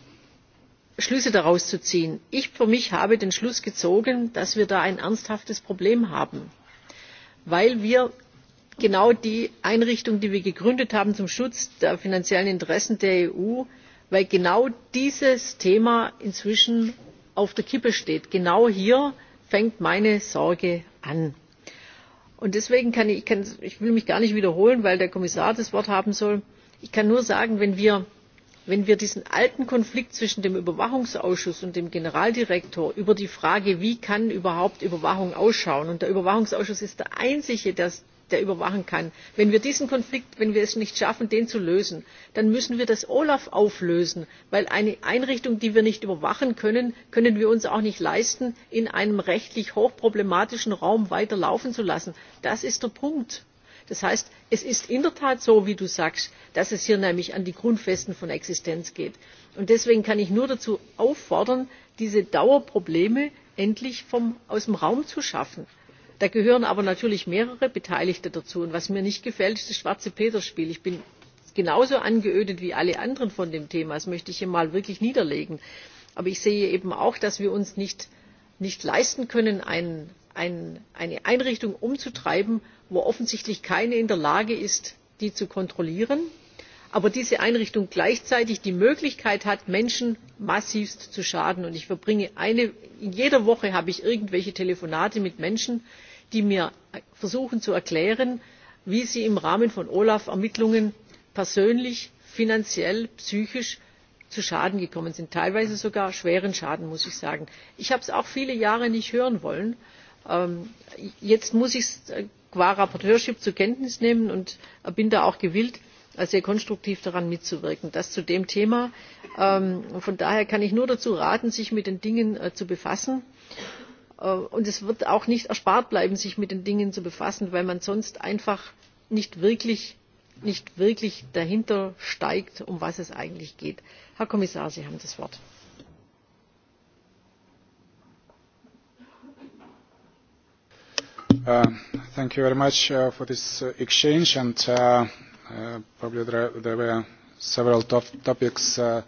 schlüsse daraus zu ziehen. ich für mich habe den schluss gezogen dass wir da ein ernsthaftes problem haben weil wir genau die einrichtung die wir gegründet haben zum schutz der finanziellen interessen der eu weil genau dieses thema inzwischen auf der kippe steht. genau hier fängt meine sorge an. deswegen kann ich ich will mich gar nicht wiederholen weil der kommissar das wort haben soll ich kann nur sagen wenn wir diesen alten konflikt zwischen dem überwachungsausschuss und dem generaldirektor über die frage wie kann überhaupt überwachung ausschauen und der überwachungsausschuss ist der einzige der überwachen kann. wenn wir diesen konflikt wenn wir es nicht schaffen den zu lösen dann müssen wir das olaf auflösen weil eine einrichtung die wir nicht überwachen können können wir uns auch nicht leisten in einem rechtlich hochproblematischen raum weiter laufen zu lassen. das ist der punkt. das heißt es ist in der tat so wie du sagst dass es hier nämlich an die grundfesten von existenz geht. und deswegen kann ich nur dazu auffordern diese dauerprobleme endlich vom, aus dem raum zu schaffen da gehören aber natürlich mehrere beteiligte dazu. was mir nicht gefällt ist das schwarze peter spiel. ich bin genauso angeödet wie alle anderen von dem thema das möchte ich hier mal wirklich niederlegen. aber ich sehe eben auch dass wir uns nicht, leisten können eine einrichtung umzutreiben wo offensichtlich keiner in der lage ist die zu kontrollieren aber diese einrichtung gleichzeitig die möglichkeit hat menschen massivst zu schaden. ich verbringe in jeder woche irgendwelche telefonate mit menschen die mir versuchen zu erklären wie sie im rahmen von olaf ermittlungen persönlich finanziell psychisch zu schaden gekommen sind teilweise sogar schweren schaden muss ich sagen. ich habe es auch viele jahre nicht hören wollen. Ähm, jetzt muss ich es äh, qua berichterstatterin zur kenntnis nehmen und bin da auch gewillt sehr konstruktiv daran mitzuwirken. das zu dem thema. Ähm, von daher kann ich nur dazu raten sich mit den dingen äh, zu befassen. Äh, und es wird auch nicht erspart bleiben sich mit den dingen zu befassen weil man sonst einfach nicht wirklich, nicht wirklich dahinter steigt um was es eigentlich geht. herr kommissar sie haben das wort. Uh, thank you very much uh, for this uh, exchange Uh, probably there, there were several top topics uh,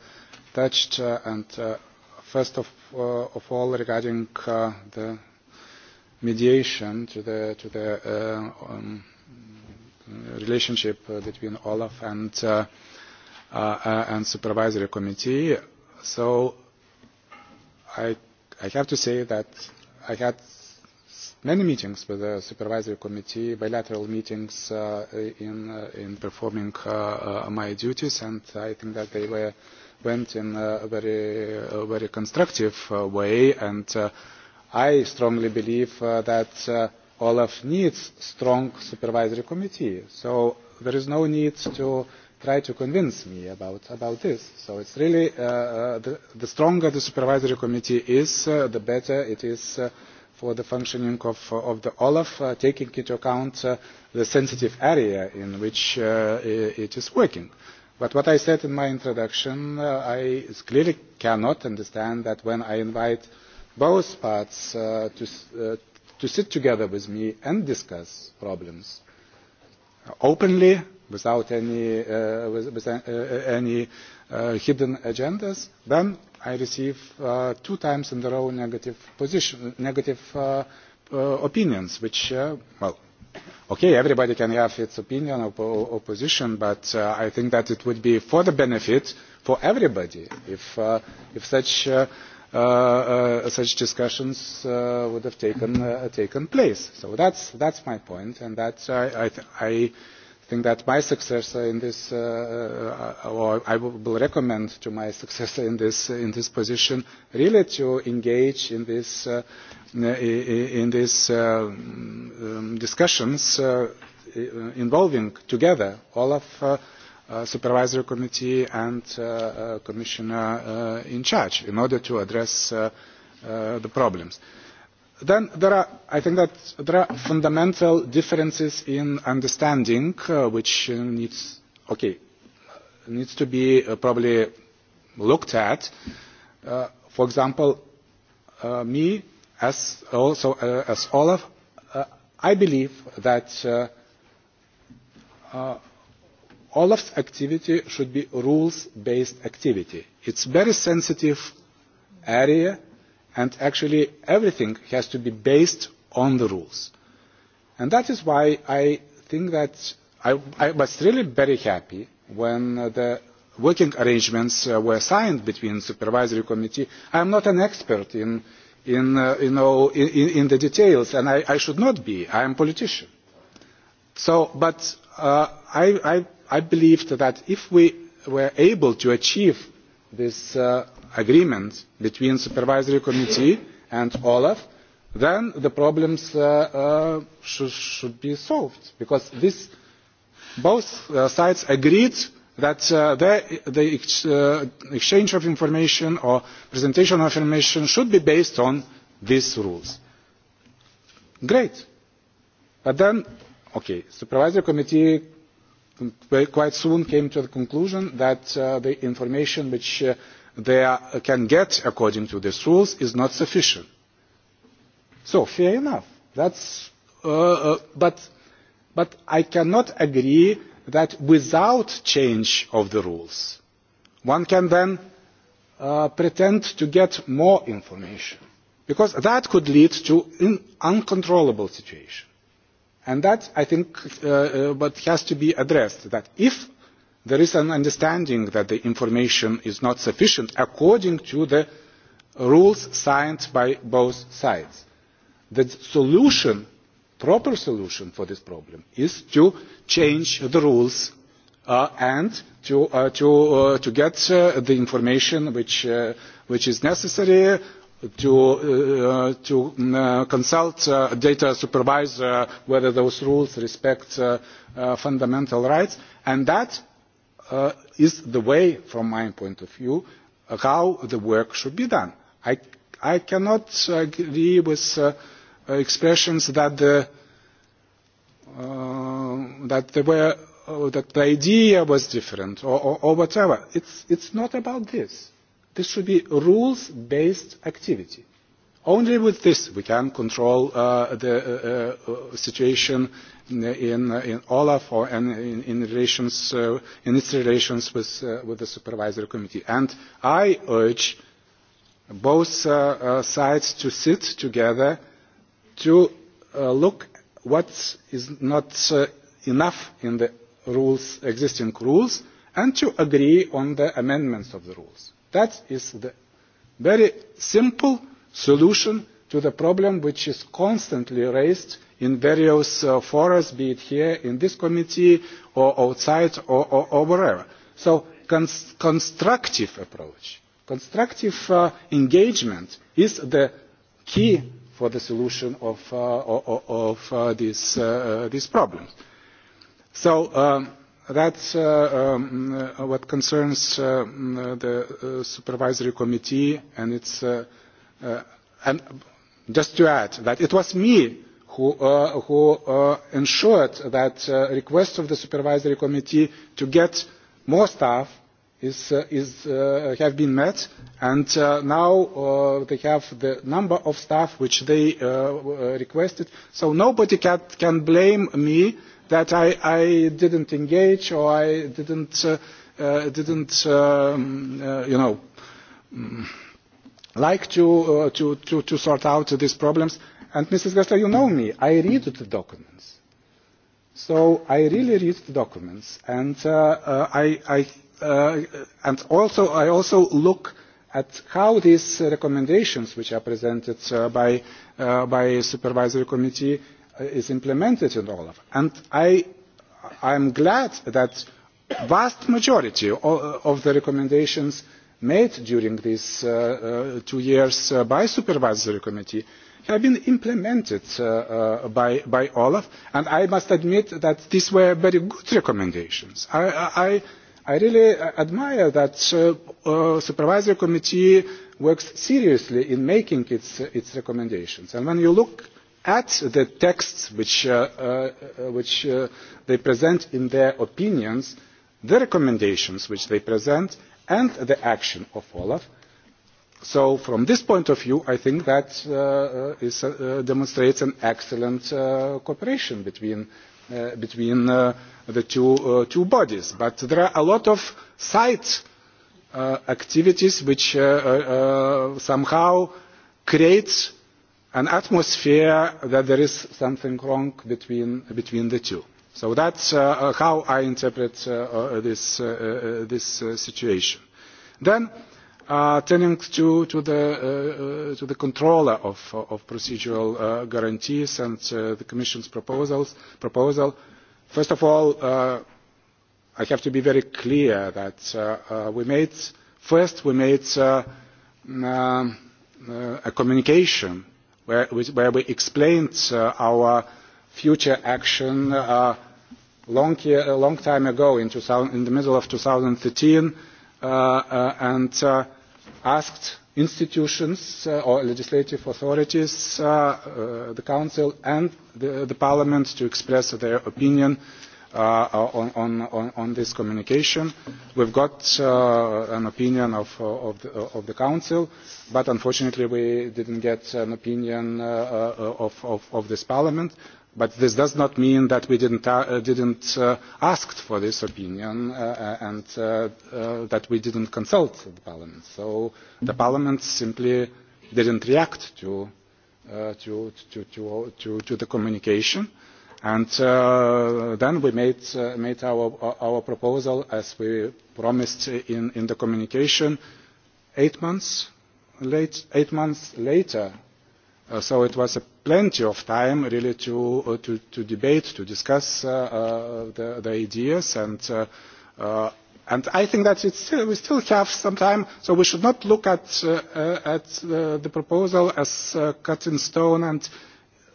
touched, uh, and uh, first of, uh, of all, regarding uh, the mediation to the, to the uh, um, relationship uh, between Olaf and, uh, uh, uh, and supervisory committee. So I, I have to say that I had many meetings with the supervisory committee, bilateral meetings uh, in, uh, in performing uh, uh, my duties, and I think that they were, went in a very, a very constructive uh, way, and uh, I strongly believe uh, that uh, Olaf needs strong supervisory committee, so there is no need to try to convince me about, about this. So it's really, uh, uh the, the stronger the supervisory committee is, uh, the better it is uh, for the functioning of, uh, of the olaf uh, taking into account uh, the sensitive area in which uh, it is working but what i said in my introduction uh, i clearly cannot understand that when i invite both parts uh, to, to sit together with me and discuss problems openly without any, with, with, any Uh, hidden agendas, then I receive uh, two times in a row negative, position, negative uh, uh, opinions, which, uh, well, okay, everybody can have its opinion or, opposition, position, but uh, I think that it would be for the benefit for everybody if, uh, if such uh, Uh, uh, such discussions uh, would have taken, uh, taken place. So that's, that's my point, and that's, I, I, I think that my successor in this, uh, uh or I will recommend to my successor in this in this position, really to engage in this uh, in these uh, um, um, discussions uh, uh, involving together all of. Uh, uh, supervisory committee and uh, uh, commissioner uh, in charge in order to address uh, uh, the problems. Uh, then I think that there are fundamental differences in understanding, uh, which uh, needs, to be uh, probably looked at. for example, me, as also as Olaf, I believe that Olaf's activity should be rules-based activity. It's very sensitive area and actually everything has to be based on the rules. And that is why I think that I, I was really very happy when the working arrangements uh, were signed between the supervisory committee. I am not an expert in, in, uh, you know, in, in the details, and I, I should not be. I am a politician. So, but uh, I, I, I believed that if we were able to achieve this uh, agreement between the supervisory committee and olaf then the problems uh, uh, sh should be solved because this, both uh, sides agreed that uh, the, the ex uh, exchange of information or presentation of information should be based on these rules. great but then okay the supervisory committee quite soon came to the conclusion that uh, the information which uh, they are, can get according to these rules is not sufficient. So fair enough. That's, uh, uh, but, but I cannot agree that without change of the rules, one can then uh, pretend to get more information, because that could lead to an uncontrollable situation and that i think uh, uh, has to be addressed that if there is an understanding that the information is not sufficient according to the rules signed by both sides the solution proper solution for this problem is to change the rules uh, and to, uh, to, uh, to get uh, the information which, uh, which is necessary to, uh, to uh, consult uh, data supervisor whether those rules respect uh, uh, fundamental rights. And that uh, is the way, from my point of view, how the work should be done. I, I cannot agree with uh, expressions that the, uh, that there were, uh, that the idea was different or, or, or whatever. It's, it's not about this This should be rules-based activity. Only with this we can control uh, the uh, uh, situation in, in Olaf or in, in, in, relations, uh, in its relations with, uh, with the supervisory committee. And I urge both uh, uh, sides to sit together to uh, look what is not uh, enough in the rules, existing rules and to agree on the amendments of the rules That is the very simple solution to the problem which is constantly raised in various uh, forums, be it here in this committee or outside or, or, or wherever. So cons constructive approach, constructive uh, engagement is the key for the solution of, uh, of of uh, these, uh, these problems. So um, That's uh, um, uh, what concerns uh, mm, uh, the uh, supervisory committee and its. Uh, uh, and just to add that it was me who, uh, who uh, ensured that uh, request of the supervisory committee to get more staff is, uh, is, uh, have been met, and uh, now uh, they have the number of staff which they uh, uh requested. So nobody can, can blame me that I, I didn't engage or I didn't, uh, uh, didn't um, uh, you know, mm, like to, uh, to, to, to sort out these problems. And Mrs. Gressler, you know me. I read the documents. So I really read the documents. And, uh, uh, I, I, uh, and also, I also look at how these recommendations, which are presented uh, by, uh, by Supervisory Committee, Uh, is implemented in Olaf. And I am glad that vast majority uh, of the recommendations made during these uh, uh, two years uh, by supervisory committee have been implemented uh, by, by, Olaf, and I must admit that these were very good recommendations. I, I, I really admire that uh, supervisory committee works seriously in making its, its recommendations. And when you look at the texts which, uh, uh, uh, they present in their opinions, the recommendations which they present, and the action of Olaf. So from this point of view, I think that demonstrates an excellent cooperation between, between the two, bodies. But there are a lot of side activities which somehow create an atmosphere that there is something wrong between, between the two. So that's uh, uh how I interpret uh, uh this, uh, uh, this uh, situation. Then, uh, turning to, to, the, uh, to the controller of, of procedural uh, guarantees and uh, the Commission's proposals, proposal, first of all, uh, I have to be very clear that uh, uh, we made, first we made uh, um, uh, a communication where, we explained uh, our future action uh, long year, a uh, long time ago in, in the middle of 2013 uh, uh, and uh, asked institutions uh, or legislative authorities, uh, uh, the Council and the, the Parliament to express their opinion uh, Uh, uh, on, this communication. We've got uh, an opinion of, the, Council, but unfortunately we didn't get an opinion of, this Parliament. But this does not mean that we didn't, not ask for this opinion and that we didn't consult the Parliament. So the Parliament simply didn't react to the communication And uh, then we made, uh, our, proposal, as we promised in, the communication, eight months, later. Uh, so it was plenty of time really to, debate, to discuss the, ideas. And, I think that we still have some time, so we should not look at, the proposal as cut in stone and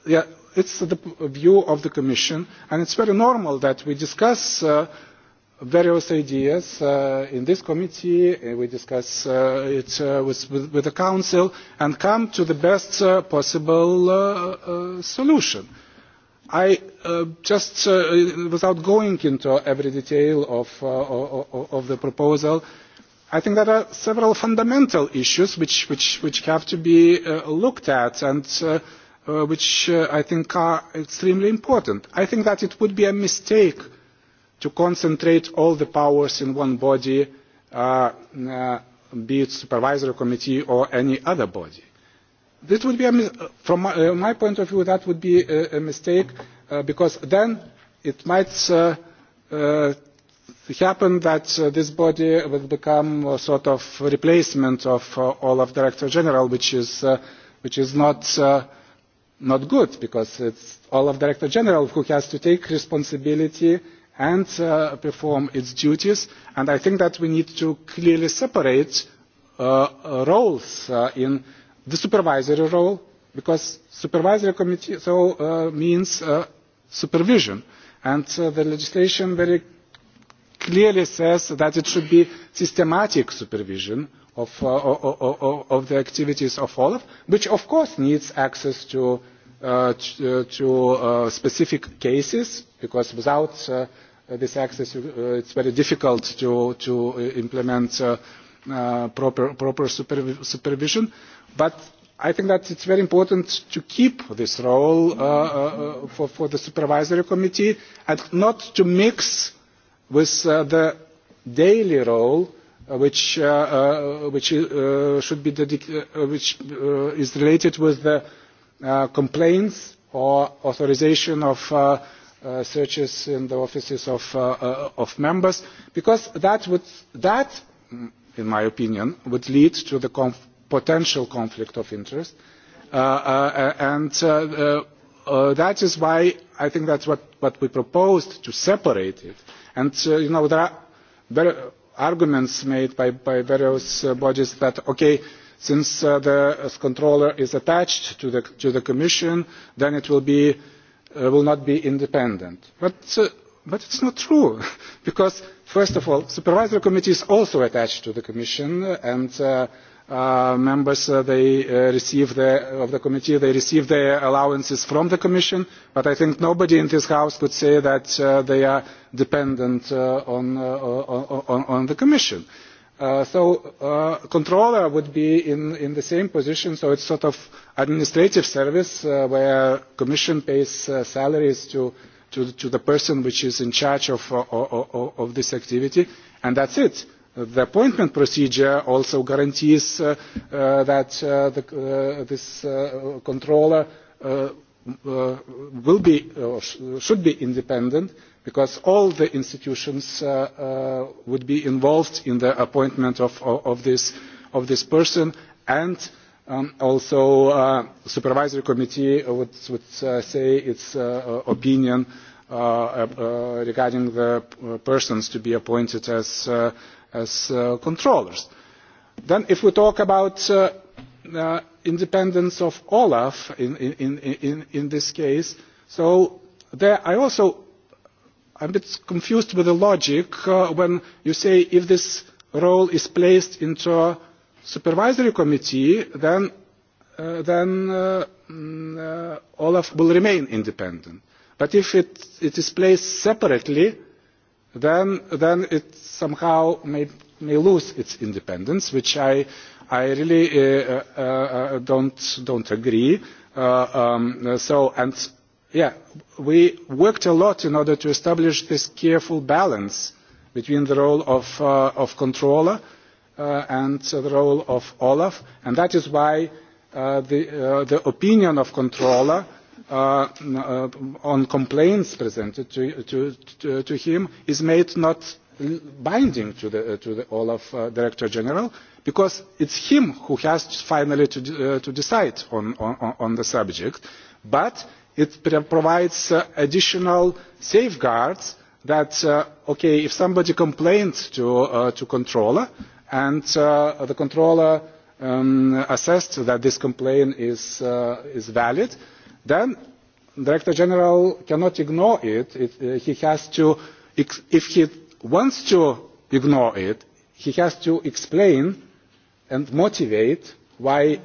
yes it's the view of the Commission, and it's very normal that we discuss uh, various ideas uh, in this committee, and we discuss uh, it uh, with, with, with the Council, and come to the best uh, possible uh, uh, solution. I uh, just, uh, without going into every detail of, uh, of, of the proposal, I think there are several fundamental issues which, which, which have to be uh, looked at, and uh, uh, which uh, I think are extremely important. I think that it would be a mistake to concentrate all the powers in one body, uh, uh, be it supervisory committee or any other body. This would be a, from my, uh, my point of view, that would be a, a mistake uh, because then it might uh, uh, happen that uh, this body will become a sort of replacement of uh, all of director general, which is, uh, which is not uh, not good because it's Olaf Director General who has to take responsibility and uh, perform its duties. And I think that we need to clearly separate uh, uh, roles uh, in the supervisory role because supervisory committee so, uh, means uh, supervision. And uh, the legislation very clearly says that it should be systematic supervision of, uh, of, of, of the activities of Olaf, which of course needs access to Uh, uh, to, uh, specific cases because without this access it it's very difficult to, implement proper, supervision. But I think that it's very important to keep this role for, the supervisory committee and not to mix with the daily role which, is related with the Uh, complaints or authorisation of uh, uh, searches in the offices of, members, because that, mm, in my opinion, would lead to the potential conflict of interest. and that is why I think that's what, what we proposed, to separate it. And, you know, there are arguments made by, various bodies that, okay, since uh, the uh, controller is attached to the, to the commission then it will, be, uh, will not be independent. but uh, but it's not true because first of all the supervisory committee is also attached to the commission and uh, uh, members uh, they, uh, receive of the committee they receive their allowances from the commission but i think nobody in this house could say that they are dependent on, on, on the commission. Uh, so uh, controller would be in, in the same position, so it's sort of administrative service uh, where commission pays uh, salaries to, to, to the person which is in charge of, uh, of, of this activity, and that's it. The appointment procedure also guarantees uh, uh, that uh, the, uh, this uh, controller uh, uh, will be uh, sh should be independent, uh, because all the institutions uh, uh, would be involved in the appointment of, this, of this person and um, also the uh, supervisory committee would, say its opinion regarding the persons to be appointed as, as controllers. Then if we talk about the independence of Olaf in, in, in, in this case, so there I also I'm a bit confused with the logic uh, when you say if this role is placed into a supervisory committee, then, uh, then uh, mm, uh, Olaf will remain independent. But if it, it is placed separately, then, then it somehow may, may lose its independence, which I, I really uh, uh, uh, don't, don't agree. Uh, um, so, and yeah, we worked a lot in order to establish this careful balance between the role of, uh, of controller uh, and the role of Olaf, and that is why uh, the, uh, the opinion of controller uh, uh, on complaints presented to, to, to, to him is made not binding to the, uh, to the Olaf uh, Director General because it's him who has finally to, uh, to decide on, on, on the subject. But it provides uh, additional safeguards that uh, okay, if somebody complains to the uh, to controller and the controller um, assesses that this complaint is is valid, then director general cannot ignore it. he has to, if he wants to ignore it, he has to explain and motivate why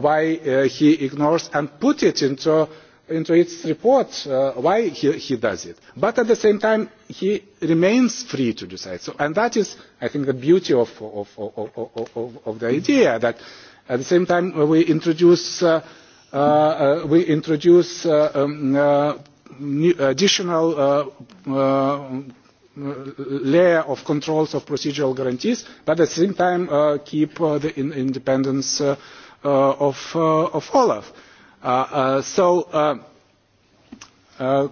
why he ignores and put it into into its report uh, why he, he does it. But at the same time, he remains free to decide. So, and that is, I think, the beauty of, of, of, of, of the idea that at the same time we introduce, uh, uh, uh, we introduce uh, um, uh, new additional uh, uh, layer of controls of procedural guarantees, but at the same time uh, keep uh, the in independence uh, uh, of, uh, of Olaf Uh, uh, so uh,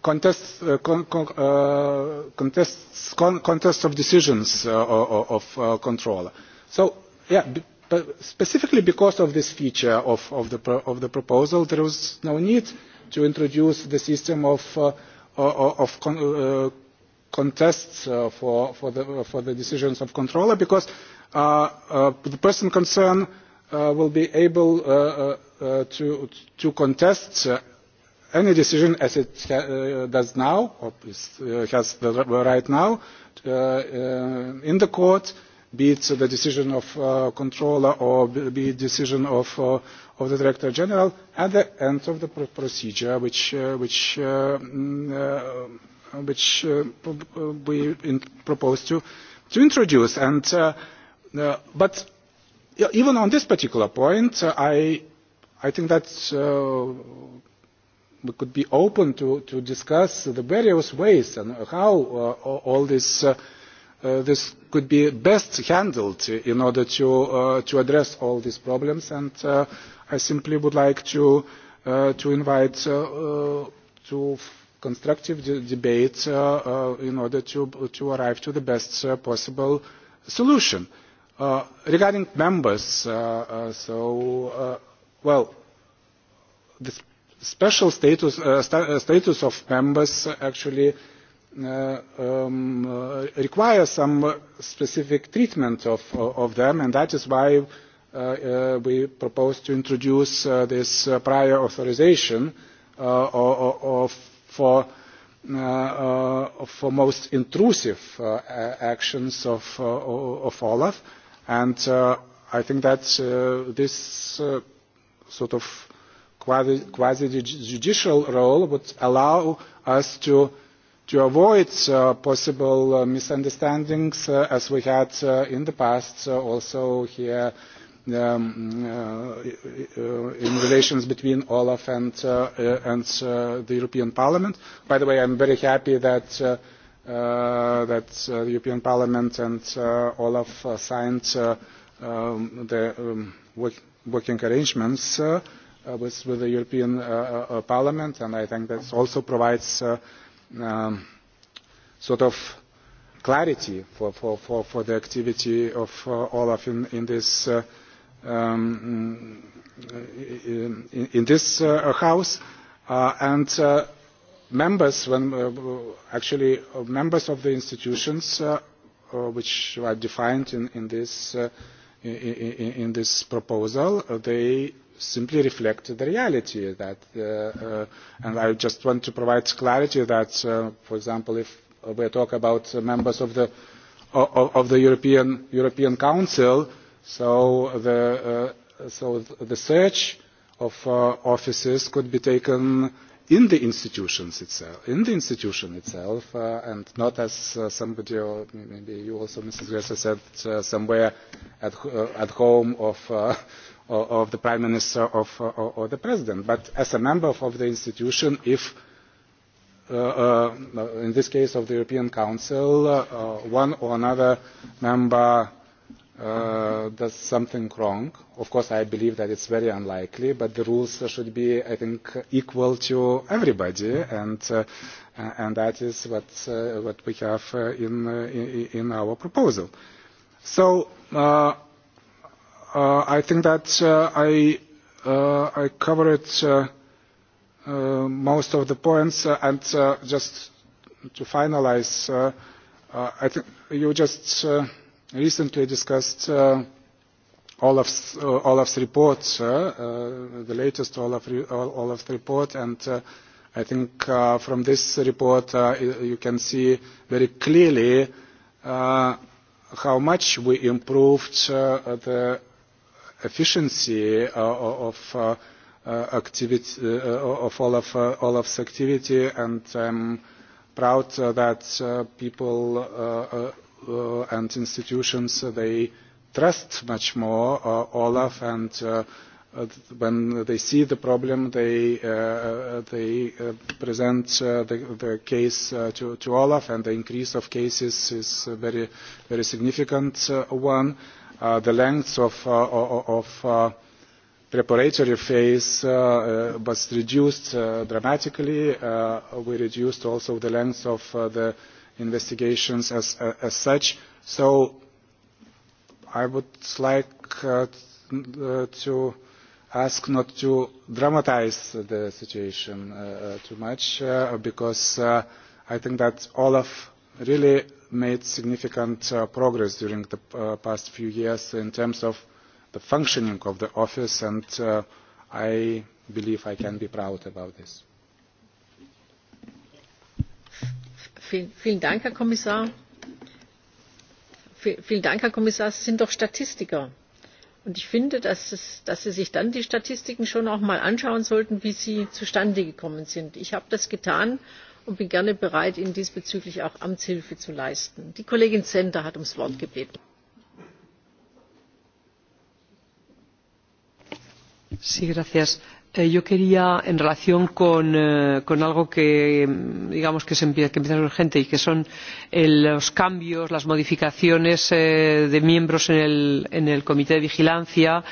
contests, con, con, contests, con, contests of decisions of control. So, yeah, But specifically because of this feature of, of, the, of the proposal, there was no need to introduce the system of, uh, of con, uh, contests uh, for, for, the, for the decisions of controller because uh, uh, the person concerned uh, will be able uh, uh, uh to, to contest uh, any decision as it uh, does now, or has the right now, in the court, be it the decision of uh, controller or be it decision of, uh, of the director general, at the end of the pr procedure, which, uh, which, uh, mm, which uh, we in propose to, to introduce. And, uh, uh, but yeah, even on this particular point, uh, I, I think that uh, we could be open to, to discuss the various ways and how uh, all this, uh, uh, this could be best handled in order to, uh, to address all these problems. And uh, I simply would like to, uh, to invite uh, uh, to constructive de debate uh, uh, in order to, to arrive to the best uh, possible solution. Uh, Uh, regarding members, uh, uh, so, uh, well, the special status, uh, st uh, status of members actually uh, um, uh, requires some specific treatment of, uh, of them, and that is why uh, uh, we propose to introduce uh, this uh, prior authorization uh, or, or for Uh, uh, for most intrusive uh, actions of, of, olaf And uh, I think that uh, this uh, sort of quasi-judicial role would allow us to, avoid possible misunderstandings as we had in the past also here um, in relations between Olaf and, the European Parliament. By the way, i am very happy that uh, uh, that uh, the European Parliament and uh, all of uh, signed uh, um, the um, work working arrangements uh, uh with, with the European uh, uh, uh, Parliament, and I think that also provides uh, um, sort of clarity for, for, for, for the activity of uh, all of in, in this uh, um, mm, uh, in, in this uh, house, uh, and. Uh, members, when uh, actually uh, members of the institutions uh, uh, which are defined in, in this uh, in, in, this proposal, uh, they simply reflect the reality that, uh, uh, and I just want to provide clarity that, uh, for example, if uh, we talk about members of the of, of the European European Council, so the uh, so the search of uh, offices could be taken in the institutions itself, in the institution itself, uh, and not as uh, somebody, or maybe you also, Mrs. Gressler, said uh, somewhere at, uh, at home of, uh, of the Prime Minister of, uh, or the President, but as a member of the institution, if uh, uh, in this case of the European Council, uh, one or another member does uh, something wrong. Of course, I believe that it's very unlikely, but the rules should be, I think, equal to everybody, and uh, and that is what uh, what we have uh, in, uh, in our proposal. So uh, uh, I think that uh, I uh, I covered uh, uh, most of the points, uh, and uh, just to finalize, uh, uh, I think you just. Uh, recently discussed uh, Olaf's, uh, Olaf's report, uh, uh, the latest Olaf re Olaf's report, and uh, I think uh, from this report uh, you can see very clearly uh, how much we improved uh, the efficiency uh, of uh, uh activity uh, of Olaf, uh, Olaf's activity, and I'm proud uh, that uh, people. Uh, uh, uh, and institutions, uh, they trust much more uh, Olaf and uh, uh, when they see the problem, they, uh, uh, they uh, present uh, the, the case uh, to, to Olaf, and the increase of cases is a very, very significant uh, one. Uh, the length of, uh, of uh, preparatory phase uh, uh, was reduced uh, dramatically. Uh, we reduced also the length of uh, the uh, investigations as, uh, as such. So I would like uh, uh, to ask not to dramatize the situation uh, uh, too much uh, because uh, I think that Olaf really made significant uh, progress during the uh, past few years in terms of the functioning of the office and uh, I believe I can be proud about this. Vielen, Dank, Herr Kommissar. Vielen Dank, Herr Kommissar. Sie sind doch Statistiker. Und ich finde, dass, es, dass Sie sich dann die Statistiken schon auch mal anschauen sollten, wie sie zustande gekommen sind. Ich habe das getan und bin gerne bereit, Ihnen diesbezüglich auch Amtshilfe zu leisten. Die Kollegin Sender hat ums Wort gebeten. Sí, gracias. Eh, yo quería en relación con, eh, algo que digamos que, empieza, a ser urgente y que son eh, los cambios las modificaciones de miembros en el, en comité de vigilancia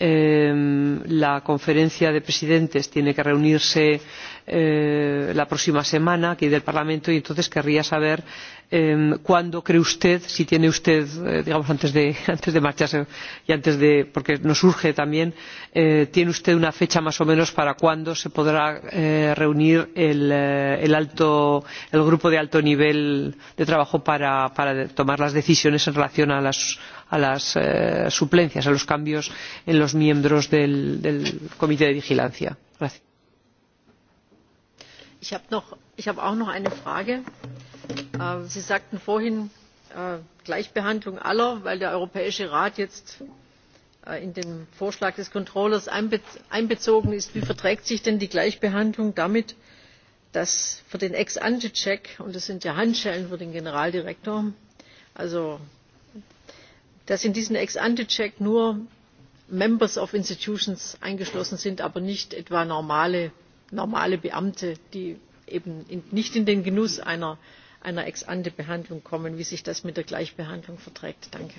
la conferencia de presidentes tiene que reunirse Eh, la próxima semana aquí del parlamento y entonces querría saber cuándo cree usted si tiene usted eh, digamos antes de, marcharse y porque nos urge también eh, tiene usted una fecha más o menos para cuándo se podrá reunir el, grupo de alto nivel de trabajo para, tomar las decisiones en relación con las, suplencias los cambios en los miembros del, comité de vigilancia? ich habe auch noch eine frage äh, sie sagten vorhin äh, gleichbehandlung aller weil der europäische rat jetzt äh, in den vorschlag des controllers einbezogen ist. wie verträgt sich denn die gleichbehandlung damit dass für den ex ante check und das sind ja handschellen für den generaldirektor in diesen ex ante check nur members of institutions eingeschlossen sind aber nicht etwa normale normale Beamte, die eben nicht in den Genuss einer, Ex-ante-Behandlung kommen, wie sich das mit der Gleichbehandlung verträgt. Danke.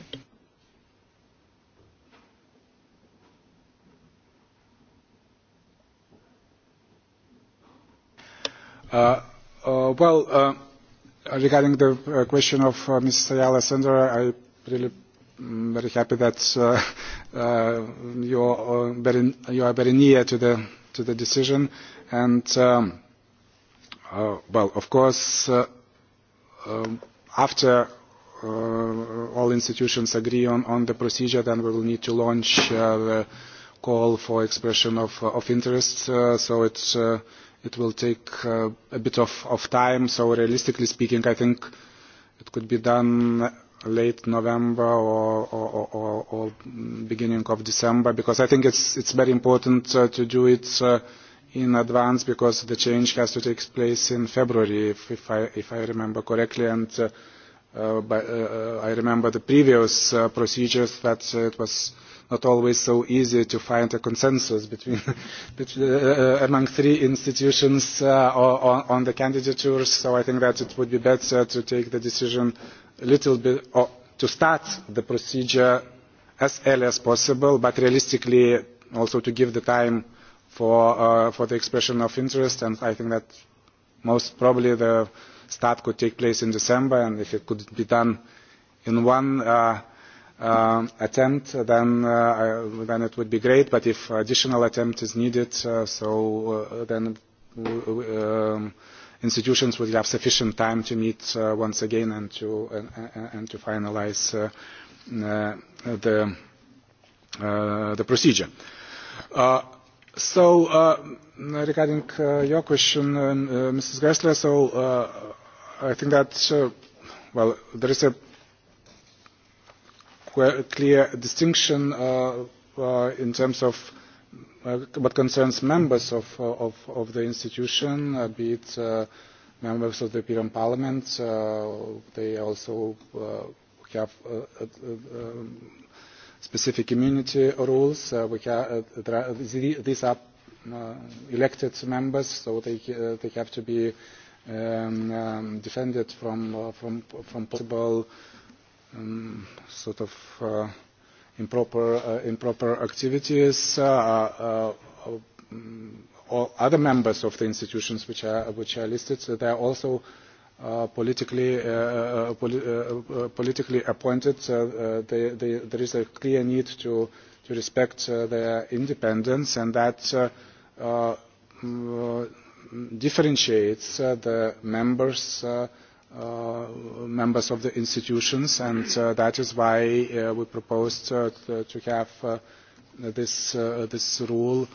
Uh, uh, uh, regarding the question of uh, Ms. Ayala Sender, I really mm, very happy that you, are very, near to the decision And, um, uh, well, of course, uh, um, after uh, all institutions agree on, on the procedure, then we will need to launch the call for expression of, of interest. so it's, it will take a bit of, of time. So realistically speaking, I think it could be done late November or, or, or, or beginning of December, because I think it's, it's very important to do it uh, in advance because the change has to take place in February, if, if, I, if I remember correctly. And uh, uh, by, uh, uh I remember the previous uh, procedures that uh, it was not always so easy to find a consensus between, between uh, uh, among three institutions uh, on, on the candidatures. So I think that it would be better to take the decision a little bit, or to start the procedure as early as possible, but realistically also to give the time for, uh, for the expression of interest, and I think that most probably the start could take place in December, and if it could be done in one uh, uh, attempt, then, uh, I, then it would be great, but if additional attempt is needed, uh, so uh, then um, institutions would have sufficient time to meet uh, once again and to, uh, and to finalize uh, uh, the, uh, the procedure. Uh, So, uh, regarding uh, your question, uh, uh Mrs. Gessler, so uh, I think that, uh, well, there is a clear distinction uh, uh, in terms of uh, what concerns members of, uh, of, of the institution, uh, be it uh, members of the European Parliament. Uh, they also uh, have uh, uh, um, specific immunity rules. Uh, we have, uh, these are uh, elected members, so they, uh, they have to be um, um, defended from, uh, from, from possible um, sort of uh, improper, uh, improper activities. Uh, uh, um, all other members of the institutions which are, which are listed, so they are also uh, politically uh, uh, uh, poli uh, uh politically appointed uh, they, they, there is a clear need to to respect uh, their independence and that uh, uh, differentiates uh, the members uh, uh, members of the institutions and uh, that is why uh, we proposed uh, to, to have uh, this uh, this rule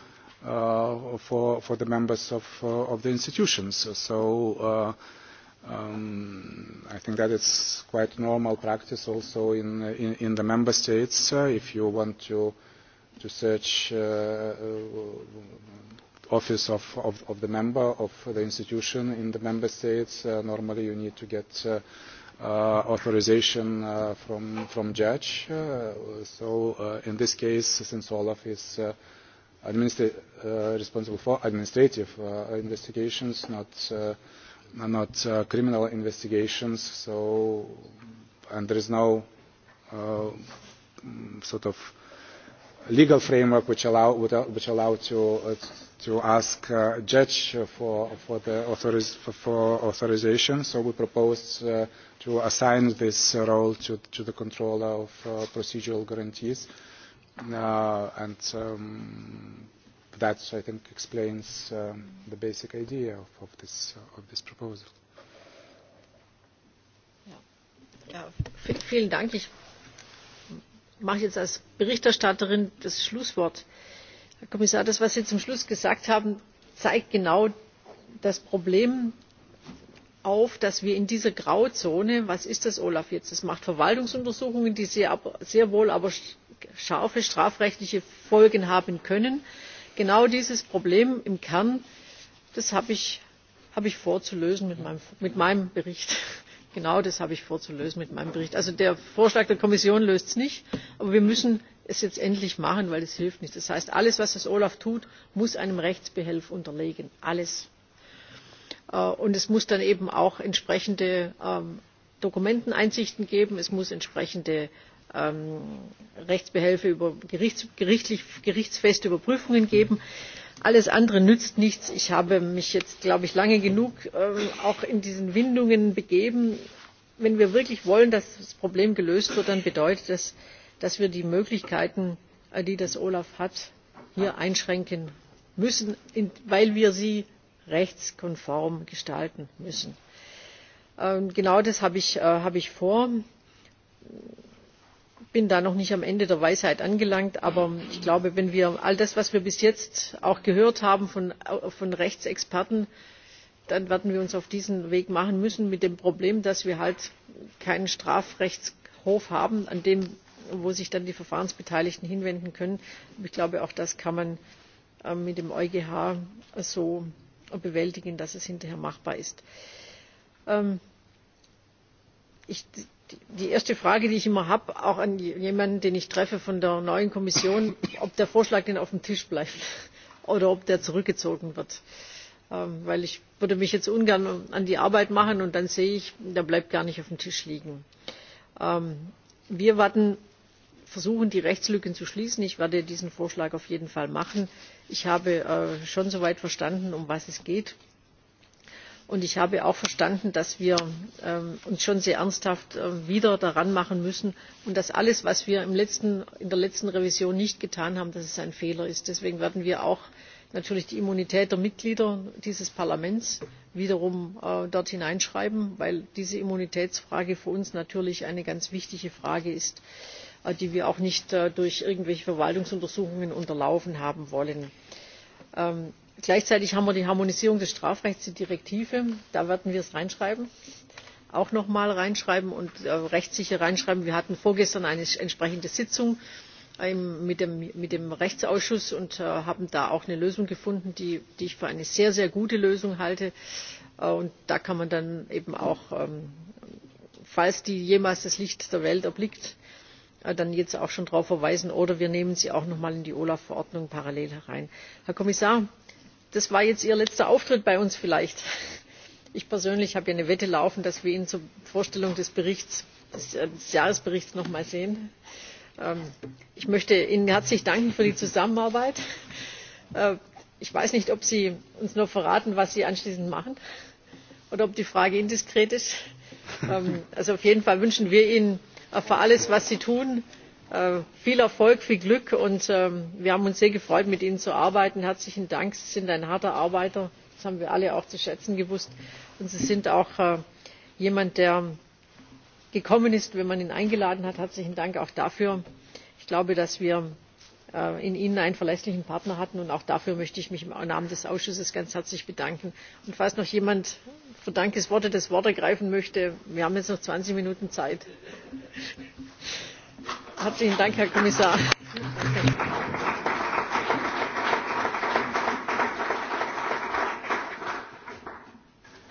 uh, for for the members of uh, of the institutions so uh, Um, I think that it's quite normal practice also in, in, in the member states. Uh, if you want to, to search uh, uh, office of, of, of the member of the institution in the member states, uh, normally you need to get uh, uh, authorization uh, from, from judge. Uh, so uh, in this case, since Olaf is uh, administra uh, responsible for administrative uh, investigations, not uh, not uh, criminal investigations, so and there is no uh, sort of legal framework which allow which allow to uh, to ask a uh, judge for for the authoriz for authorization. So we proposed uh, to assign this role to to the controller of uh, procedural guarantees, uh, and. Um, that, I think, explains um, the basic idea of, of, this, uh, of this proposal. vielen Dank. Ich mache jetzt als Berichterstatterin das Schlusswort. Herr Kommissar, das, was Sie zum Schluss gesagt haben, zeigt genau das Problem auf, dass wir in dieser Grauzone, was ist das Olaf jetzt? Es macht Verwaltungsuntersuchungen, die sehr, sehr wohl aber scharfe strafrechtliche Folgen haben können genau dieses problem im kern habe ich, vor ich vorzulösen mit meinem, bericht. genau das habe ich vorzulösen mit meinem bericht. also der vorschlag der kommission löst es nicht aber wir müssen es jetzt endlich machen weil es hilft nicht. das heißt alles was das olaf tut muss einem rechtsbehelf unterliegen alles. Äh, und es muss dann eben auch entsprechende ähm, dokumenteneinsichten geben es muss entsprechende Ähm, rechtsbehelfe über gerichtsfeste überprüfungen geben. alles andere nützt nichts. ich habe mich jetzt glaube ich lange genug ähm, auch in diesen windungen begeben. wenn wir wirklich wollen dass das problem gelöst wird dann bedeutet das dass wir die möglichkeiten äh, die das olaf hat hier einschränken müssen weil wir sie rechtskonform gestalten müssen. Ähm, genau das habe ich äh, vor bin da noch nicht am ende der weisheit angelangt aber ich glaube wenn wir all das was wir bis jetzt auch gehört haben von rechtsexperten dann werden wir uns auf diesen weg machen müssen mit dem problem dass wir halt keinen strafrechtshof haben an den sich dann die verfahrensbeteiligten hinwenden können. ich glaube auch das kann man äh, mit dem eugh so bewältigen dass es hinterher machbar ist. Ähm, ich die erste frage die ich immer habe auch an jemanden den ich treffe von der neuen kommission ob der vorschlag denn auf dem tisch bleibt oder ob der zurückgezogen wird denn ähm, ich würde mich jetzt ungern an die arbeit machen und dann sehe ich der bleibt gar nicht auf dem tisch liegen. Ähm, wir werden versuchen die rechtslücken zu schließen. ich werde diesen vorschlag auf jeden fall machen. ich habe äh, schon soweit verstanden um was es geht und ich habe auch verstanden dass wir ähm, uns schon sehr ernsthaft ähm, wieder daran machen müssen und dass alles was wir in der letzten revision nicht getan haben ein fehler ist. deswegen werden wir auch natürlich die immunität der mitglieder dieses parlaments wiederum äh, dort hineinschreiben weil diese immunitätsfrage für uns natürlich eine ganz wichtige frage ist äh, die wir auch nicht äh, durch irgendwelche verwaltungsuntersuchungen unterlaufen haben wollen. Ähm, gleichzeitig haben wir die harmonisierung des strafrechts die richtlinie da werden wir es reinschreiben auch noch mal reinschreiben und äh, rechtssicher reinschreiben. wir hatten vorgestern eine entsprechende sitzung ähm, mit dem rechtsausschuss und äh, haben da auch eine lösung gefunden die ich für eine sehr sehr gute lösung halte. Äh, und da kann man dann eben auch ähm, falls die jemals das licht der welt erblickt dann jetzt auch schon darauf verweisen oder wir nehmen sie auch noch mal in die olaf verordnung parallel herein. herr kommissar das war jetzt ihr letzter auftritt bei uns vielleicht. ich persönlich habe ja eine wette laufen dass wir ihn zur vorstellung des, äh, jahresberichts noch einmal sehen. Ähm, ich möchte ihnen herzlich danken für die zusammenarbeit. Äh, ich weiß nicht ob sie uns noch verraten was sie anschließend machen oder ob die frage indiskret ist. Ähm, also auf jeden fall wünschen wir ihnen für alles was sie tun Äh, viel erfolg viel glück und ähm, wir haben uns sehr gefreut mit ihnen zu arbeiten. herzlichen dank sie sind ein harter arbeiter das haben wir alle auch zu schätzen gewusst und sie sind auch äh, jemand der gekommen ist wenn man ihn eingeladen hat. herzlichen dank auch dafür! ich glaube dass wir äh, in ihnen einen verlässlichen partner hatten und auch dafür möchte ich mich im namen des ausschusses ganz herzlich bedanken. und falls noch jemand für dankesworte das wort ergreifen möchte wir haben jetzt noch zwanzig minuten zeit. Herzlichen Dank, Herr Kommissar.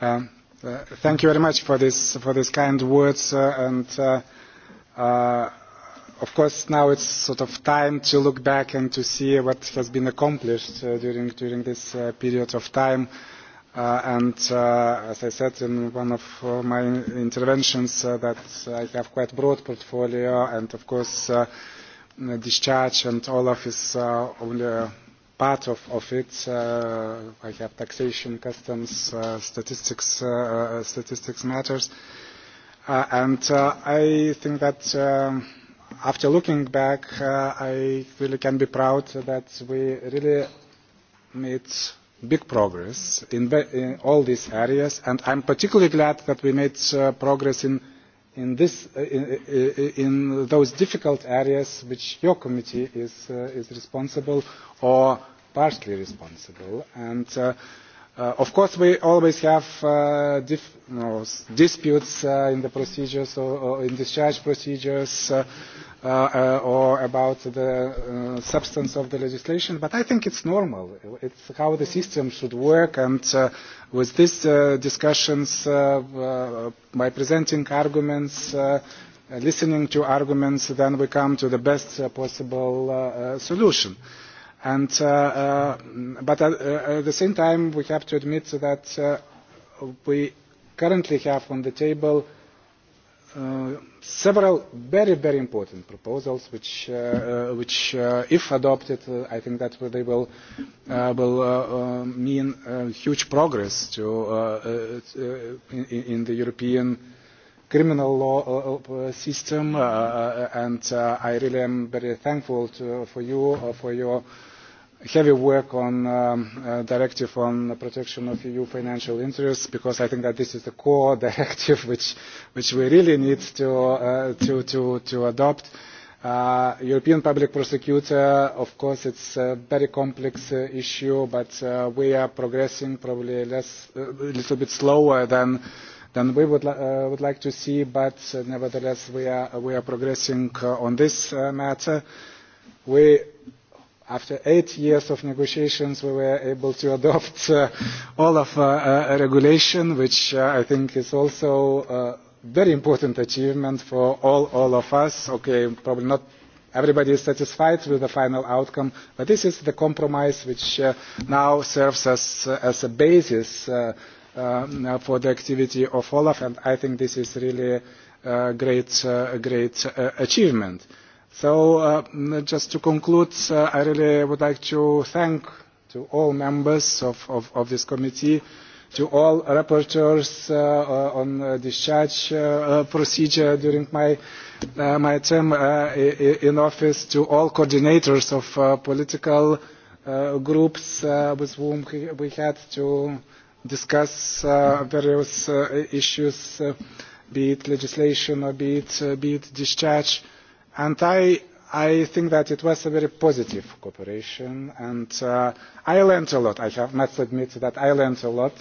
Um, uh, thank you very much for this for these kind words uh, and uh, uh, of course now it's sort of time to look back and to see what has been accomplished uh, during during this uh, period of time uh, Uh, and uh, as I said in one of uh, my interventions, uh, that I have quite broad portfolio, and of course, uh, discharge and all Olaf is uh, only part of, of it. I have taxation, customs, statistics, statistics matters, and I think that. Um, after looking back, I really can be proud that we really made big progress in, in all these areas and I'm particularly glad that we made uh, progress in, in, this, uh, in, uh, in those difficult areas which your committee is, uh, is responsible or partially responsible. And uh, Uh, of course, we always have uh, disputes uh, in the procedures or, in discharge procedures or about the substance of the legislation, but I think it's normal. It's how the system should work, and with these discussions, by presenting arguments, listening to arguments, then we come to the best possible solution. And, uh, uh, but at, uh, at the same time, we have to admit that uh, we currently have on the table uh, several very, very important proposals, which, uh, uh, which uh, if adopted, uh, I think that they will, uh, will uh, uh, mean uh, huge progress to, uh, uh, uh in, in the European criminal law uh, uh system, uh, uh, and uh, I really am very thankful to, for you uh, for your heavy work on um, uh, directive on the protection of EU financial interests because I think that this is the core directive which which we really need to uh, to to to adopt. Uh, European Public Prosecutor, of course, it's a very complex uh, issue, but uh, we are progressing probably less, uh, a uh, little bit slower than than we would, uh, would like to see, but uh, nevertheless we are, we are progressing uh, on this uh, matter. We after eight years of negotiations we were able to adopt uh, all of uh, uh, regulation which uh, I think is also a uh, very important achievement for all, all of us. Okay, probably not everybody is satisfied with the final outcome, but this is the compromise which uh, now serves as, uh, as a basis uh, uh, for the activity of Olaf and I think this is really a great, uh, great uh, achievement. So uh, just to conclude, uh, I really would like to thank to all members of, of, of this committee, to all rapporteurs uh, on uh, discharge uh, procedure during my, uh, my term uh, in office, to all coordinators of uh, political uh, groups uh, with whom we had to discuss uh, various uh, issues, uh, be it legislation or be it, uh, be it discharge and I, think that it was a very positive cooperation, and uh, I learned a lot. I must admit that I learned a lot,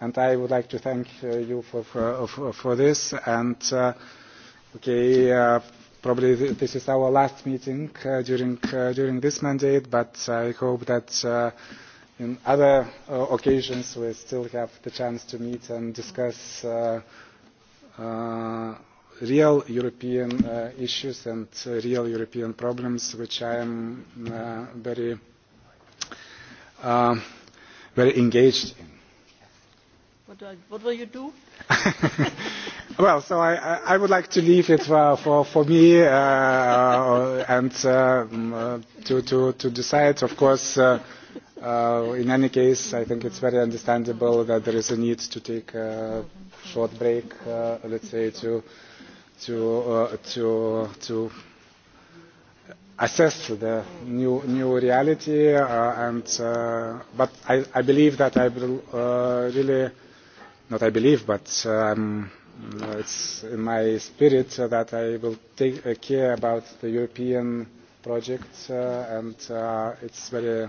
and I would like to thank uh, you for, this. And uh, probably this is our last meeting during this mandate, but I hope that. on other occasions we will still have the chance to meet and discuss real European uh, issues and uh, real European problems, which I am uh, very, uh, very engaged in. What, do I, what will you do? well, so I, I, I would like to leave it for, for, for me uh, and uh, mm, uh, to, to, to decide, of course. Uh, Uh, in any case, I think it's very understandable that there is a need to take a short break, uh, let's say, to to uh, to to assess the new new reality uh, and uh, but I, I believe that I will uh, really not I believe but um, it's in my spirit that I will take care about the European project uh, and uh, it's very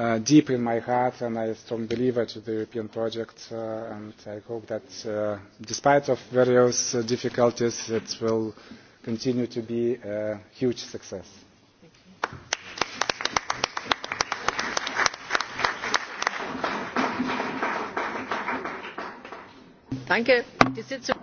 uh, deep in my heart, and I strong believer to the European project. Uh, and I hope that, uh, despite of various uh, difficulties, it will continue to be a huge success. Danke. Die Sitzung